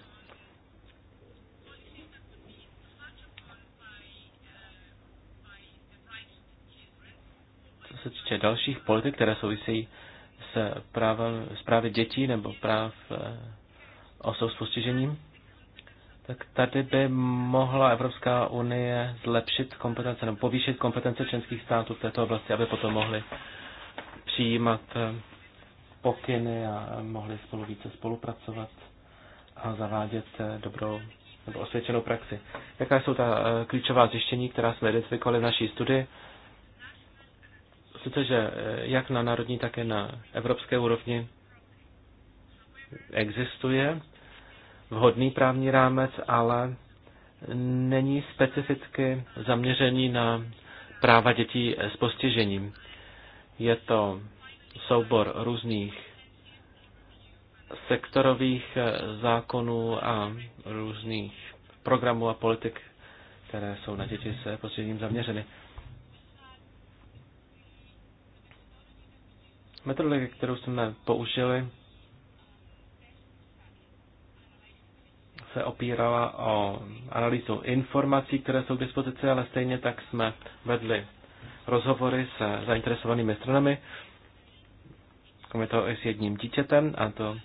se týče dalších politik, které souvisejí s právem, s právě dětí nebo práv eh, osob s postižením, tak tady by mohla Evropská unie zlepšit kompetence nebo povýšit kompetence členských států v této oblasti, aby potom mohli přijímat eh, pokyny a mohli spolu více spolupracovat a zavádět eh, dobrou nebo osvědčenou praxi. Jaká jsou ta klíčová zjištění, která jsme identifikovali v naší studii? sice, že eh, jak na národní, tak i na evropské úrovni existuje vhodný právní rámec, ale není specificky zaměřený na práva dětí s postižením. Je to soubor různých sektorových eh, zákonů a různých programů a politik, které jsou na děti s postižením zaměřeny. Metodologie, kterou jsme použili, se opírala o analýzu informací, které jsou k dispozici, ale stejně tak jsme vedli rozhovory se zainteresovanými stranami. je to i s jedním dítětem a to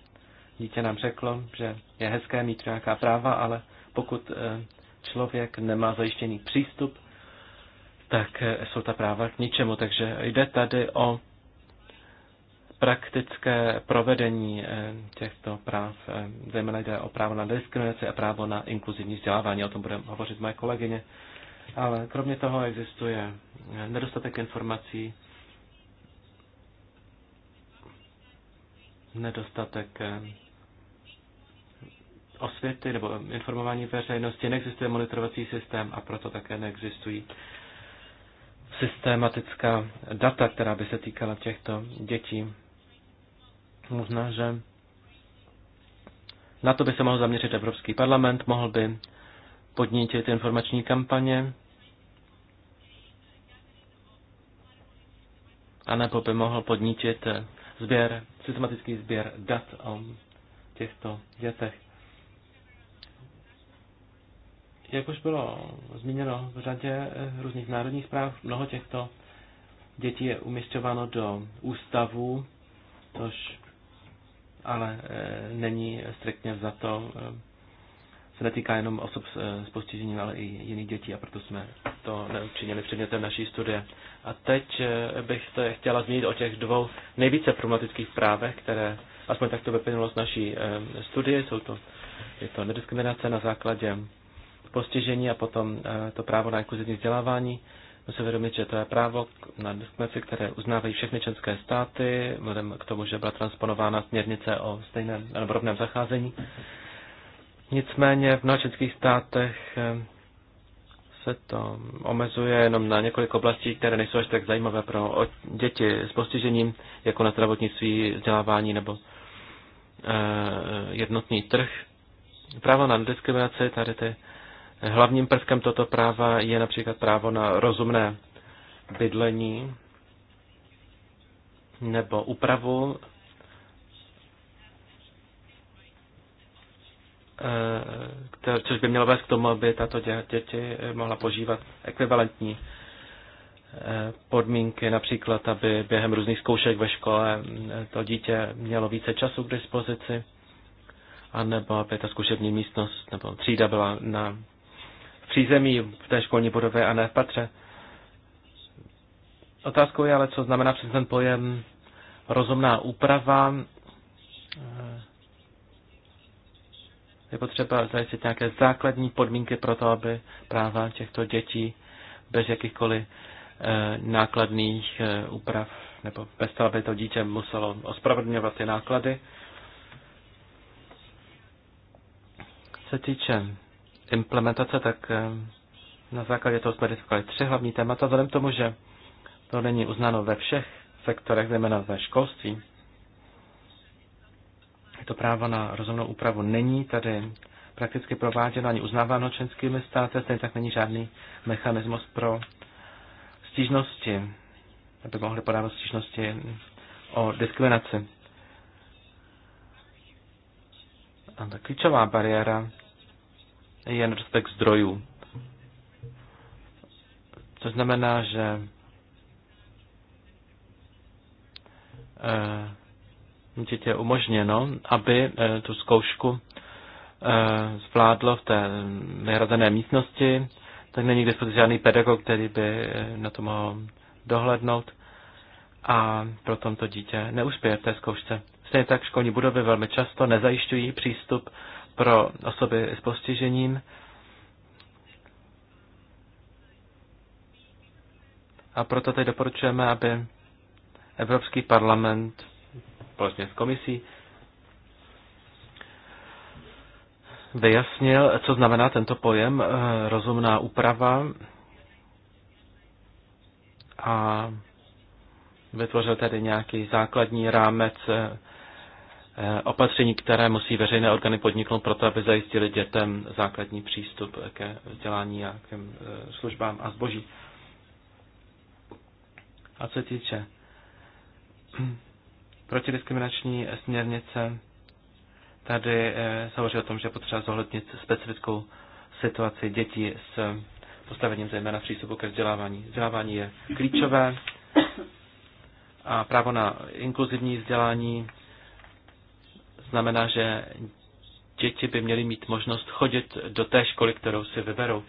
dítě nám řeklo, že je hezké mít nějaká práva, ale pokud eh, člověk nemá zajištěný přístup, tak eh, jsou ta práva k ničemu. Takže jde tady o praktické provedení eh, těchto práv, eh, zejména jde o právo na diskriminaci a právo na inkluzivní vzdělávání, o tom bude hovořit moje kolegyně. Ale kromě toho existuje eh, nedostatek informací, nedostatek osvěty nebo informování veřejnosti, neexistuje monitorovací systém a proto také neexistují systematická data, která by se týkala těchto dětí. Možná, že na to by se mohl zaměřit Evropský parlament, mohl by podnítit informační kampaně, anebo by mohl podnítit sběr, systematický sběr dat o těchto dětech. Jak už bylo zmíněno v řadě eh, různých národních zpráv, mnoho těchto dětí je umístěváno do ústavů, což ale eh, není striktně za to, eh, se netýká jenom osob eh, s postižením, ale i jiných dětí a proto jsme to neučinili předmětem naší studie. A teď bych se chtěla zmínit o těch dvou nejvíce problematických právech, které aspoň takto vyplynulo z naší studie. Jsou to, je to nediskriminace na základě postižení a potom to právo na inkluzivní vzdělávání musíme Musím vědomit, že to je právo na diskriminaci, které uznávají všechny členské státy, vzhledem k tomu, že byla transponována směrnice o stejném nebo rovném zacházení. Nicméně v mnoha českých státech eh, se to omezuje jenom na několik oblastí, které nejsou až tak zajímavé pro děti s postižením, jako na zdravotnictví, vzdělávání nebo eh, jednotný trh. Právo na diskriminaci tady ty Hlavním prvkem toto práva je například právo na rozumné bydlení nebo úpravu eh, což by mělo vést k tomu, aby tato děti mohla požívat ekvivalentní eh, podmínky, například, aby během různých zkoušek ve škole eh, to dítě mělo více času k dispozici, anebo aby ta zkušební místnost nebo třída byla na přízemí v té školní budově a ne v patře. Otázkou je ale, co znamená přes ten pojem rozumná úprava. Je potřeba zajistit nějaké základní podmínky pro to, aby práva těchto dětí bez jakýchkoliv eh, nákladných eh, úprav, nebo bez toho, aby to dítě muselo ospravedlňovat ty náklady. Co se týče implementace, tak eh, na základě toho jsme diskutovali tři hlavní témata, vzhledem k tomu, že to není uznáno ve všech sektorech, zejména ve školství. To právo na rozumnou úpravu není tady prakticky prováděno ani uznáváno členskými státy, stejně tak není žádný mechanismus pro stížnosti, aby mohly podávat stížnosti o diskriminaci. A ta klíčová bariéra je nedostatek zdrojů. Což znamená, že dítě eh, je umožněno, aby eh, tu zkoušku eh, zvládlo v té vyhrazené místnosti, tak není k dispozici žádný pedagog, který by na to mohl dohlednout a proto to dítě neuspěje v té zkoušce. Stejně tak školní budovy velmi často nezajišťují přístup pro osoby s postižením. A proto tady doporučujeme, aby Evropský parlament společně s komisí vyjasnil, co znamená tento pojem eh, rozumná úprava a vytvořil tedy nějaký základní rámec eh, opatření, které musí veřejné orgány podniknout proto, aby zajistili dětem základní přístup ke vzdělání a k e, službám a zboží. A co se týče [clears throat] protidiskriminační směrnice, tady e, se hovoří o tom, že potřeba zohlednit specifickou situaci dětí s postavením zejména přístupu ke vzdělávání. Vzdělávání je klíčové a právo na inkluzivní vzdělání znamená, že děti by měly mít možnost chodit do té školy, kterou si vyberou.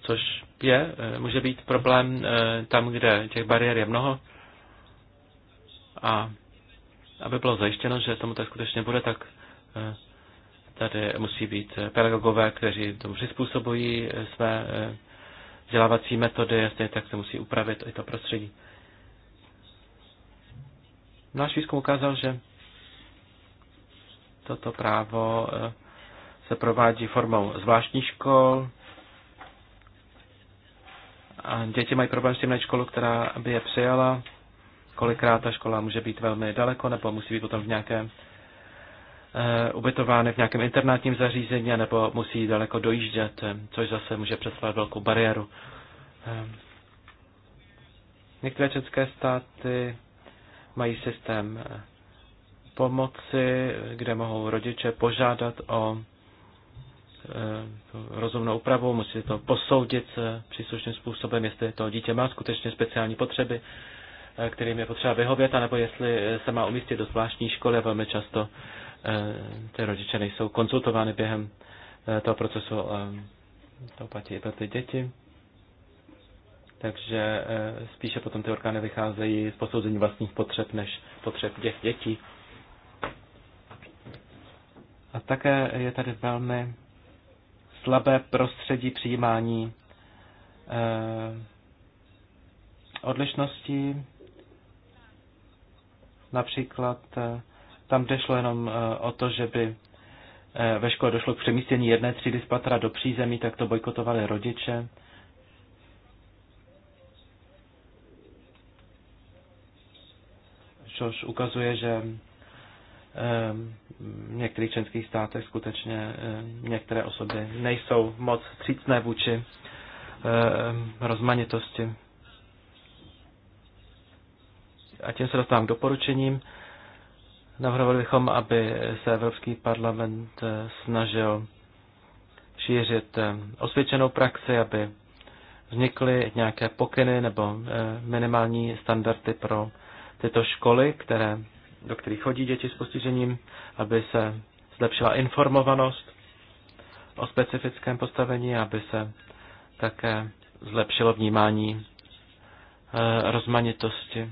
Což je, eh, může být problém eh, tam, kde těch bariér je mnoho. A aby bylo zajištěno, že tomu tak skutečně bude, tak eh, tady musí být pedagogové, kteří tomu přizpůsobují své vzdělávací metody, stejně tak se musí upravit i to prostředí. Náš výzkum ukázal, že toto právo e, se provádí formou zvláštních škol. A děti mají problém s tím najít školu, která by je přijala. Kolikrát ta škola může být velmi daleko, nebo musí být potom v nějakém e, ubytovány v nějakém internátním zařízení, nebo musí daleko dojíždět, e, což zase může představit velkou bariéru. Některé české státy Mají systém eh, pomoci, kde mohou rodiče požádat o eh, rozumnou úpravu, musí to posoudit eh, příslušným způsobem, jestli to dítě má skutečně speciální potřeby, kterým je potřeba vyhovět, anebo jestli se má umístit do zvláštní školy a velmi často ty rodiče nejsou konzultovány během toho procesu. To platí i pro ty děti takže eh, spíše potom ty orgány vycházejí z posouzení vlastních potřeb než potřeb těch dětí. A také je tady velmi slabé prostředí přijímání eh, odlišností. Například eh, tam, kde šlo jenom o to, že by ve škole došlo k přemístění jedné třídy z patra do přízemí, tak to bojkotovali rodiče což ukazuje, že v některých členských státech skutečně některé osoby nejsou moc přícné vůči rozmanitosti. A tím se dostávám k doporučením. Navrhovali bychom, aby se Evropský parlament eh, snažil šířit eh, osvědčenou praxi, aby vznikly nějaké pokyny nebo eh, minimální standardy pro tyto školy, které, do kterých chodí děti s postižením, aby se zlepšila informovanost o specifickém postavení, aby se také zlepšilo vnímání eh, rozmanitosti.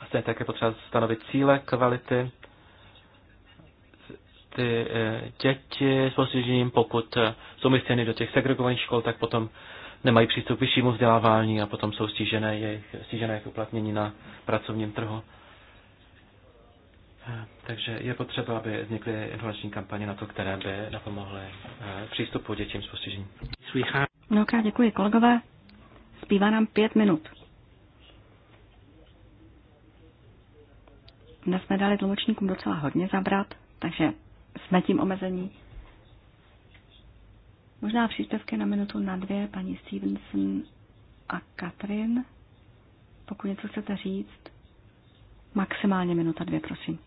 A stejně také potřeba stanovit cíle kvality. Ty eh, děti s postižením, pokud eh, jsou umístěny do těch segregovaných škol, tak potom nemají přístup k vyššímu vzdělávání a potom jsou stížené jejich, stížené jejich uplatnění na pracovním trhu. Eh, takže je potřeba, aby vznikly informační kampaně na to, které by napomohly eh, přístupu dětím s postižením. No, děkuji, kolegové. Zbývá nám pět minut. Dnes jsme dali tlumočníkům docela hodně zabrat, takže jsme tím omezení. Možná příspěvky na minutu na dvě, paní Stevenson a Katrin. Pokud něco chcete říct, maximálně minuta dvě, prosím.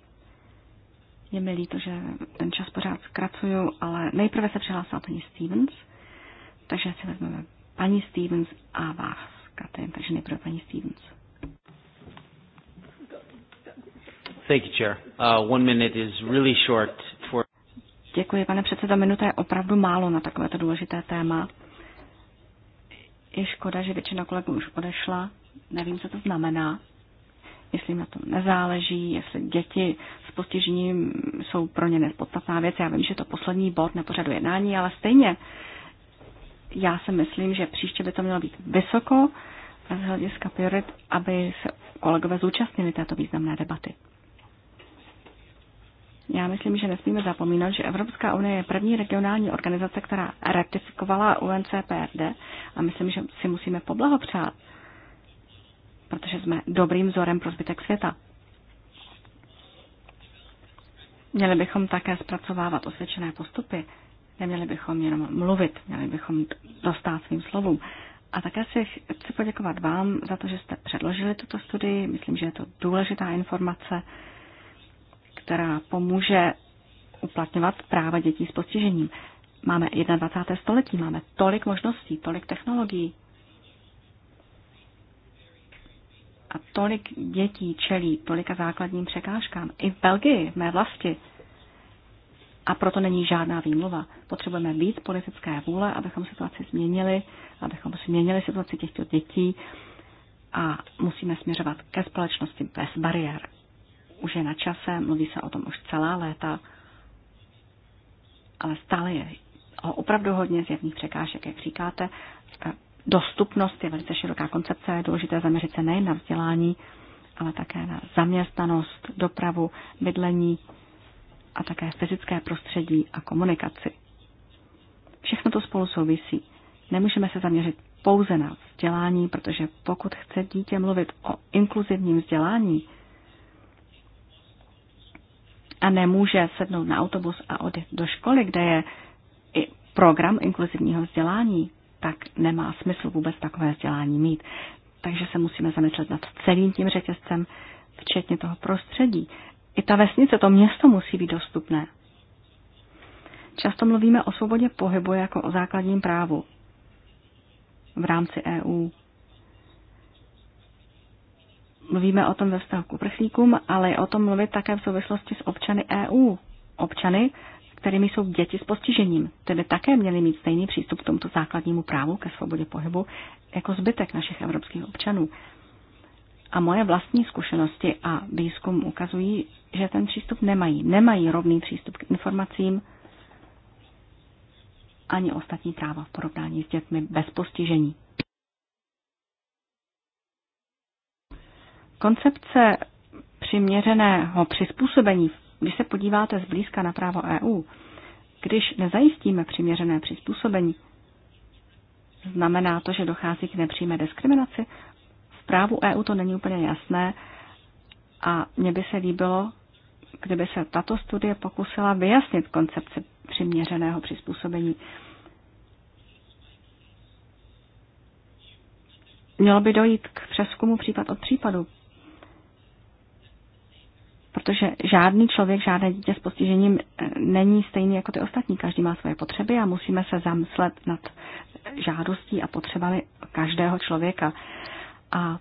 Je mi líto, že ten čas pořád zkracuju, ale nejprve se přihlásila paní Stevens, takže si vezmeme paní Stevens a vás, Katrin, takže nejprve paní Stevens. Thank you, Chair. Uh, one minute is really short Děkuji, pane předsedo. Minuta je opravdu málo na takovéto důležité téma. Je škoda, že většina kolegů už odešla. Nevím, co to znamená. Jestli jim na to nezáleží, jestli děti s postižením jsou pro ně nepodstatná věc. Já vím, že to poslední bod nepořadu jednání, ale stejně já si myslím, že příště by to mělo být vysoko z hlediska priorit, aby se kolegové zúčastnili této významné debaty. Já myslím, že nesmíme zapomínat, že Evropská unie je první regionální organizace, která ratifikovala UNCPRD a myslím, že si musíme poblahopřát, protože jsme dobrým vzorem pro zbytek světa. Měli bychom také zpracovávat osvědčené postupy. Neměli bychom jenom mluvit, měli bychom dostat svým slovům. A také si chci poděkovat vám za to, že jste předložili tuto studii. Myslím, že je to důležitá informace která pomůže uplatňovat práva dětí s postižením. Máme 21. století, máme tolik možností, tolik technologií. A tolik dětí čelí tolika základním překážkám. I v Belgii, v mé vlasti. A proto není žádná výmluva. Potřebujeme víc politické vůle, abychom situaci změnili, abychom změnili situaci těchto dětí a musíme směřovat ke společnosti bez bariér už je na čase, mluví se o tom už celá léta, ale stále je opravdu hodně zjevných překážek, jak říkáte. E, dostupnost je velice široká koncepce, je důležité zaměřit se nejen na vzdělání, ale také na zaměstnanost, dopravu, bydlení a také fyzické prostředí a komunikaci. Všechno to spolu souvisí. Nemůžeme se zaměřit pouze na vzdělání, protože pokud chce dítě mluvit o inkluzivním vzdělání, a nemůže sednout na autobus a odjet do školy, kde je i program inkluzivního vzdělání, tak nemá smysl vůbec takové vzdělání mít. Takže se musíme zamyslet nad celým tím řetězcem, včetně toho prostředí. I ta vesnice, to město musí být dostupné. Často mluvíme o svobodě pohybu jako o základním právu v rámci EU mluvíme o tom ve vztahu k uprchlíkům, ale o tom mluvit také v souvislosti s občany EU. Občany, kterými jsou děti s postižením, tedy také měly mít stejný přístup k tomuto základnímu právu ke svobodě pohybu jako zbytek našich evropských občanů. A moje vlastní zkušenosti a výzkum ukazují, že ten přístup nemají. Nemají rovný přístup k informacím ani ostatní práva v porovnání s dětmi bez postižení. Koncepce přiměřeného přizpůsobení, když se podíváte zblízka na právo EU, když nezajistíme přiměřené přizpůsobení, znamená to, že dochází k nepřímé diskriminaci? V právu EU to není úplně jasné a mně by se líbilo, kdyby se tato studie pokusila vyjasnit koncepci přiměřeného přizpůsobení. Mělo by dojít k přeskumu případ od případu, protože žádný člověk, žádné dítě s postižením eh, není stejný jako ty ostatní. Každý má svoje potřeby a musíme se zamyslet nad žádostí a potřebami každého člověka. A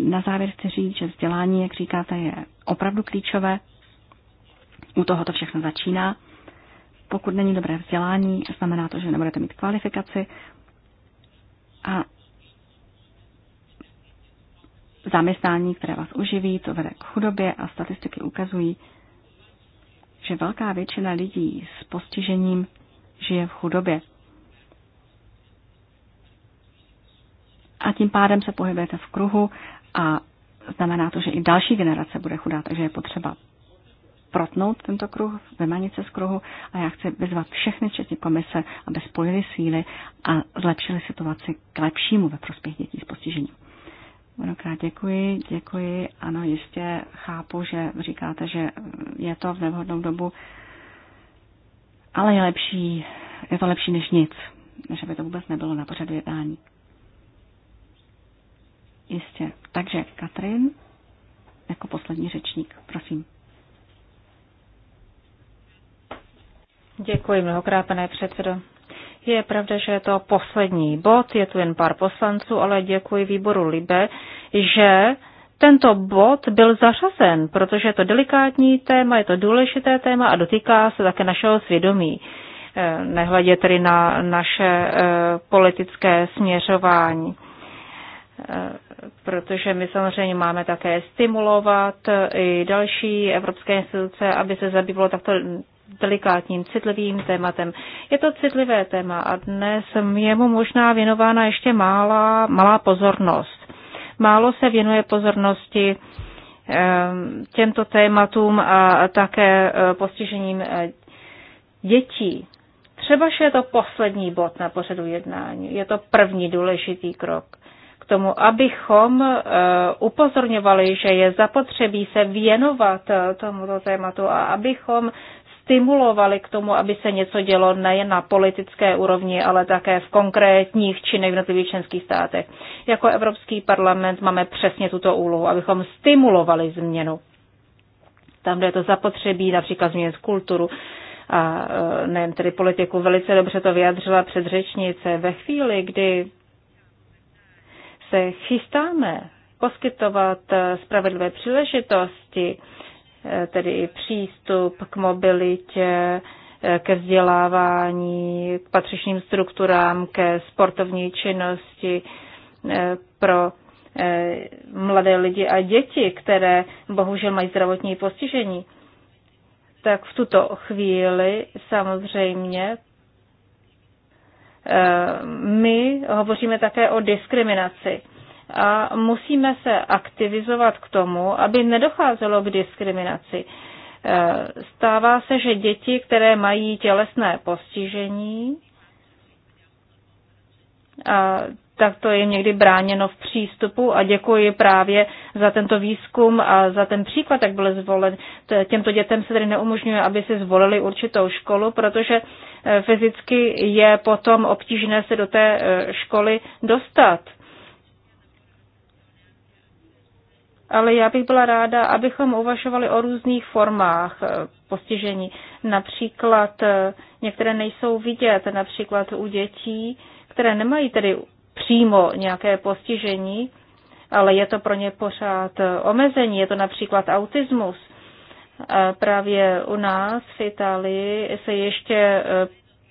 na závěr chci říct, že vzdělání, jak říkáte, je opravdu klíčové. U toho to všechno začíná. Pokud není dobré vzdělání, znamená to, že nebudete mít kvalifikaci a zaměstnání, které vás uživí, co vede k chudobě a statistiky ukazují, že velká většina lidí s postižením žije v chudobě. A tím pádem se pohybujete v kruhu a znamená to, že i další generace bude chudá, takže je potřeba protnout tento kruh, vymanit se z kruhu a já chci vyzvat všechny, včetně komise, aby spojili síly a zlepšili situaci k lepšímu ve prospěch dětí s postižením. Mnohokrát děkuji, děkuji. Ano, jistě chápu, že říkáte, že je to v nevhodnou dobu, ale je lepší, je to lepší než nic, než aby to vůbec nebylo na pořadu jednání. Jistě. Takže Katrin, jako poslední řečník, prosím. Děkuji mnohokrát, pane předsedo. Je pravda, že je to poslední bod, je tu jen pár poslanců, ale děkuji výboru Libe, že tento bod byl zařazen, protože je to delikátní téma, je to důležité téma a dotýká se také našeho svědomí. Eh, nehledě tedy na naše eh, politické směřování eh, protože my samozřejmě máme také stimulovat i další evropské instituce, aby se zabývalo takto delikátním, citlivým tématem. Je to citlivé téma a dnes je mu možná věnována ještě mála, malá pozornost. Málo se věnuje pozornosti ehm, těmto tématům a také eh, postižením eh, dětí. Třeba, že je to poslední bod na pořadu jednání, je to první důležitý krok k tomu, abychom eh, upozorňovali, že je zapotřebí se věnovat tomuto tématu a abychom stimulovali k tomu, aby se něco dělo nejen na politické úrovni, ale také v konkrétních v jednotlivých členských státech. Jako Evropský parlament máme přesně tuto úlohu, abychom stimulovali změnu. Tam, kde je to zapotřebí, například změnit kulturu, a e, nejen tedy politiku, velice dobře to vyjadřila předřečnice. Ve chvíli, kdy se chystáme poskytovat e, spravedlivé příležitosti, tedy i přístup k mobilitě, ke vzdělávání, k patřičným strukturám, ke sportovní činnosti eh, pro eh, mladé lidi a děti, které bohužel mají zdravotní postižení. Tak v tuto chvíli samozřejmě eh, my hovoříme také o diskriminaci a musíme se aktivizovat k tomu, aby nedocházelo k diskriminaci. E, stává se, že děti, které mají tělesné postižení, a tak to je někdy bráněno v přístupu a děkuji právě za tento výzkum a za ten příklad, jak byl zvolen. Těmto dětem se tedy neumožňuje, aby si zvolili určitou školu, protože e, fyzicky je potom obtížné se do té e, školy dostat. ale já bych byla ráda, abychom uvažovali o různých formách eh, postižení. Například eh, některé nejsou vidět, například u dětí, které nemají tedy přímo nějaké postižení, ale je to pro ně pořád eh, omezení, je to například autismus. Právě u nás v Itálii se ještě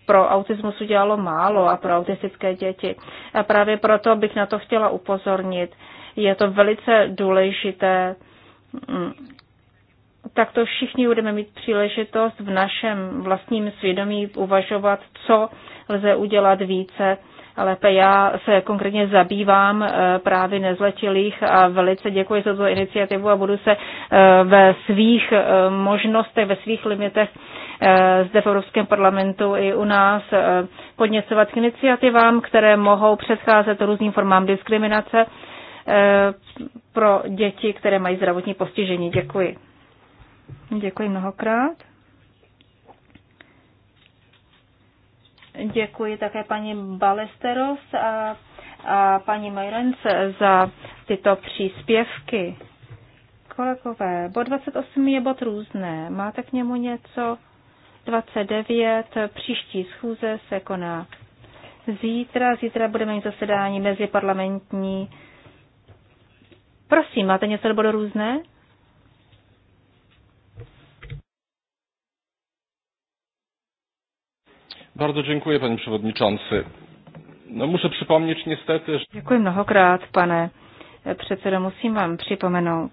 pro autismus udělalo málo a pro autistické děti. A právě proto bych na to chtěla upozornit. Je to velice důležité. Mm. Tak to všichni budeme mít příležitost v našem vlastním svědomí uvažovat, co lze udělat více lépe. Já se konkrétně zabývám eh, právě nezletilých a velice děkuji za tuto iniciativu a budu se eh, ve svých eh, možnostech, ve svých limitech zde v Evropském parlamentu i u nás podněcovat k iniciativám, které mohou předcházet různým formám diskriminace Eh, pro děti, které mají zdravotní postižení. Děkuji. Děkuji mnohokrát. Děkuji také paní Balesteros a, a paní Majrenc za tyto příspěvky. Kolegové, bod 28 je bod různé. Máte k němu něco? 29. Příští schůze se koná zítra. Zítra budeme mít zasedání meziparlamentní Prosím, máte něco nebo do různé? Bardzo dziękuję, panie przewodniczący. No, muszę przypomnieć niestety, że... Dziękuję mnohokrát, pane předsedo, musím vám připomenout.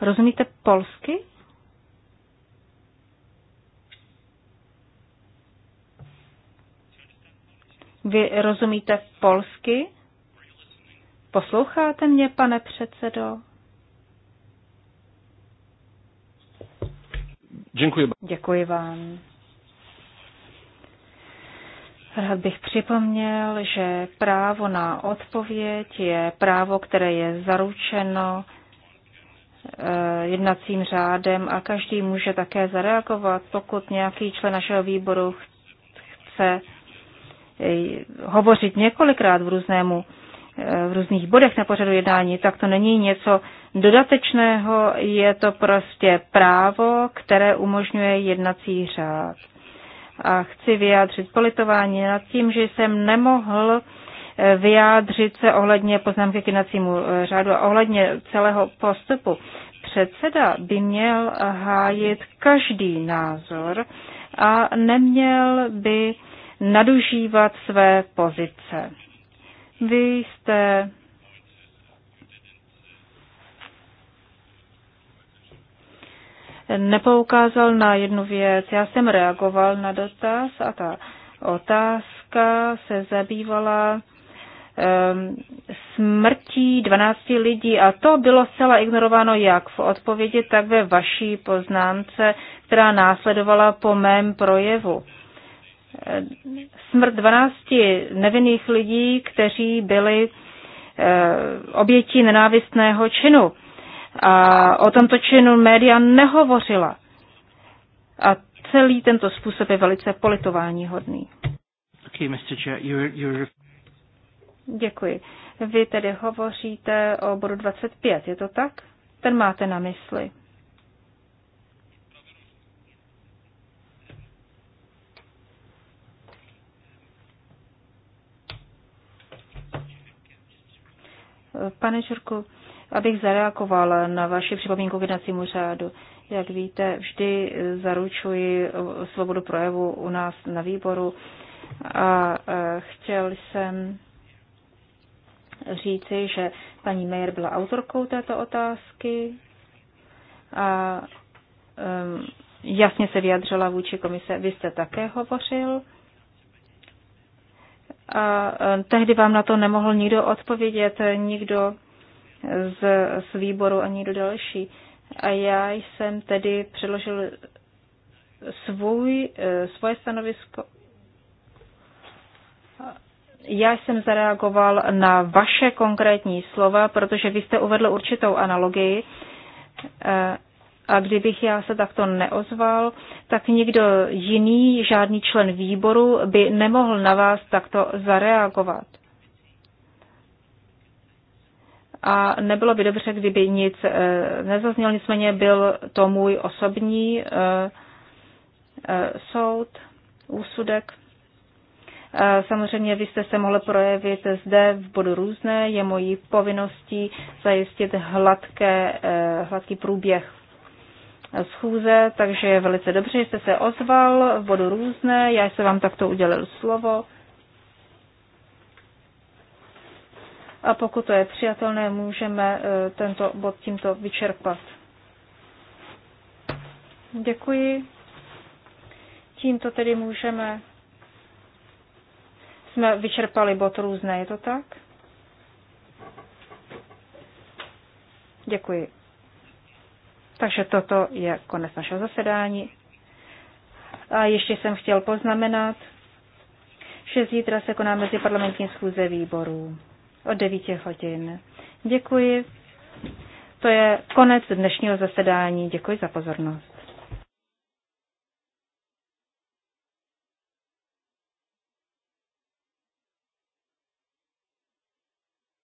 Rozumíte polsky? Vy rozumíte polsky? Posloucháte mě, pane předsedo? Děkuji. Děkuji vám. Rád bych připomněl, že právo na odpověď je právo, které je zaručeno eh, jednacím řádem a každý může také zareagovat, pokud nějaký člen našeho výboru chce hovořit několikrát v různému eh, v různých bodech na pořadu jednání, tak to není něco dodatečného, je to prostě právo, které umožňuje jednací řád. A chci vyjádřit politování nad tím, že jsem nemohl eh, vyjádřit se ohledně poznámky k jednacímu eh, řádu a ohledně celého postupu. Předseda by měl hájit každý názor a neměl by nadužívat své pozice. Vy jste nepoukázal na jednu věc. Já jsem reagoval na dotaz a ta otázka se zabývala ehm, smrtí 12 lidí a to bylo zcela ignorováno jak v odpovědi, tak ve vaší poznámce, která následovala po mém projevu smrt 12 nevinných lidí, kteří byli eh, obětí nenávistného činu. A o tomto činu média nehovořila. A celý tento způsob je velice politování hodný. Okay, Mr. Chair, you're, you're... Děkuji. Vy tedy hovoříte o bodu 25, je to tak? Ten máte na mysli. Pane Čurku, abych zareagoval na vaši připomínku k jednacímu řádu. Jak víte, vždy zaručuji svobodu projevu u nás na výboru a e, chtěl jsem říci, že paní Mayer byla autorkou této otázky a e, jasně se vyjadřila vůči komise. Vy jste také hovořil a e, tehdy vám na to nemohl nikdo odpovědět, nikdo z, z výboru ani do další. A já jsem tedy předložil svůj, e, svoje stanovisko. Já jsem zareagoval na vaše konkrétní slova, protože vy jste uvedl určitou analogii e, a kdybych já se takto neozval, tak nikdo jiný, žádný člen výboru by nemohl na vás takto zareagovat. A nebylo by dobře, kdyby nic eh, nezaznělo, nicméně byl to můj osobní eh, eh, soud, úsudek. Samozřejmě vy jste se mohli projevit zde v bodu různé. Je mojí povinností zajistit hladké, hladký průběh schůze, takže je velice dobře, že jste se ozval v bodu různé, já jsem vám takto udělil slovo. A pokud to je přijatelné, můžeme eh, tento bod tímto vyčerpat. Děkuji. Tímto tedy můžeme. Jsme vyčerpali bod různé, je to tak? Děkuji. Takže toto je konec našeho zasedání. A ještě jsem chtěl poznamenat, že zítra se koná mezi parlamentní schůze výborů od 9 hodin. Děkuji. To je konec dnešního zasedání. Děkuji za pozornost.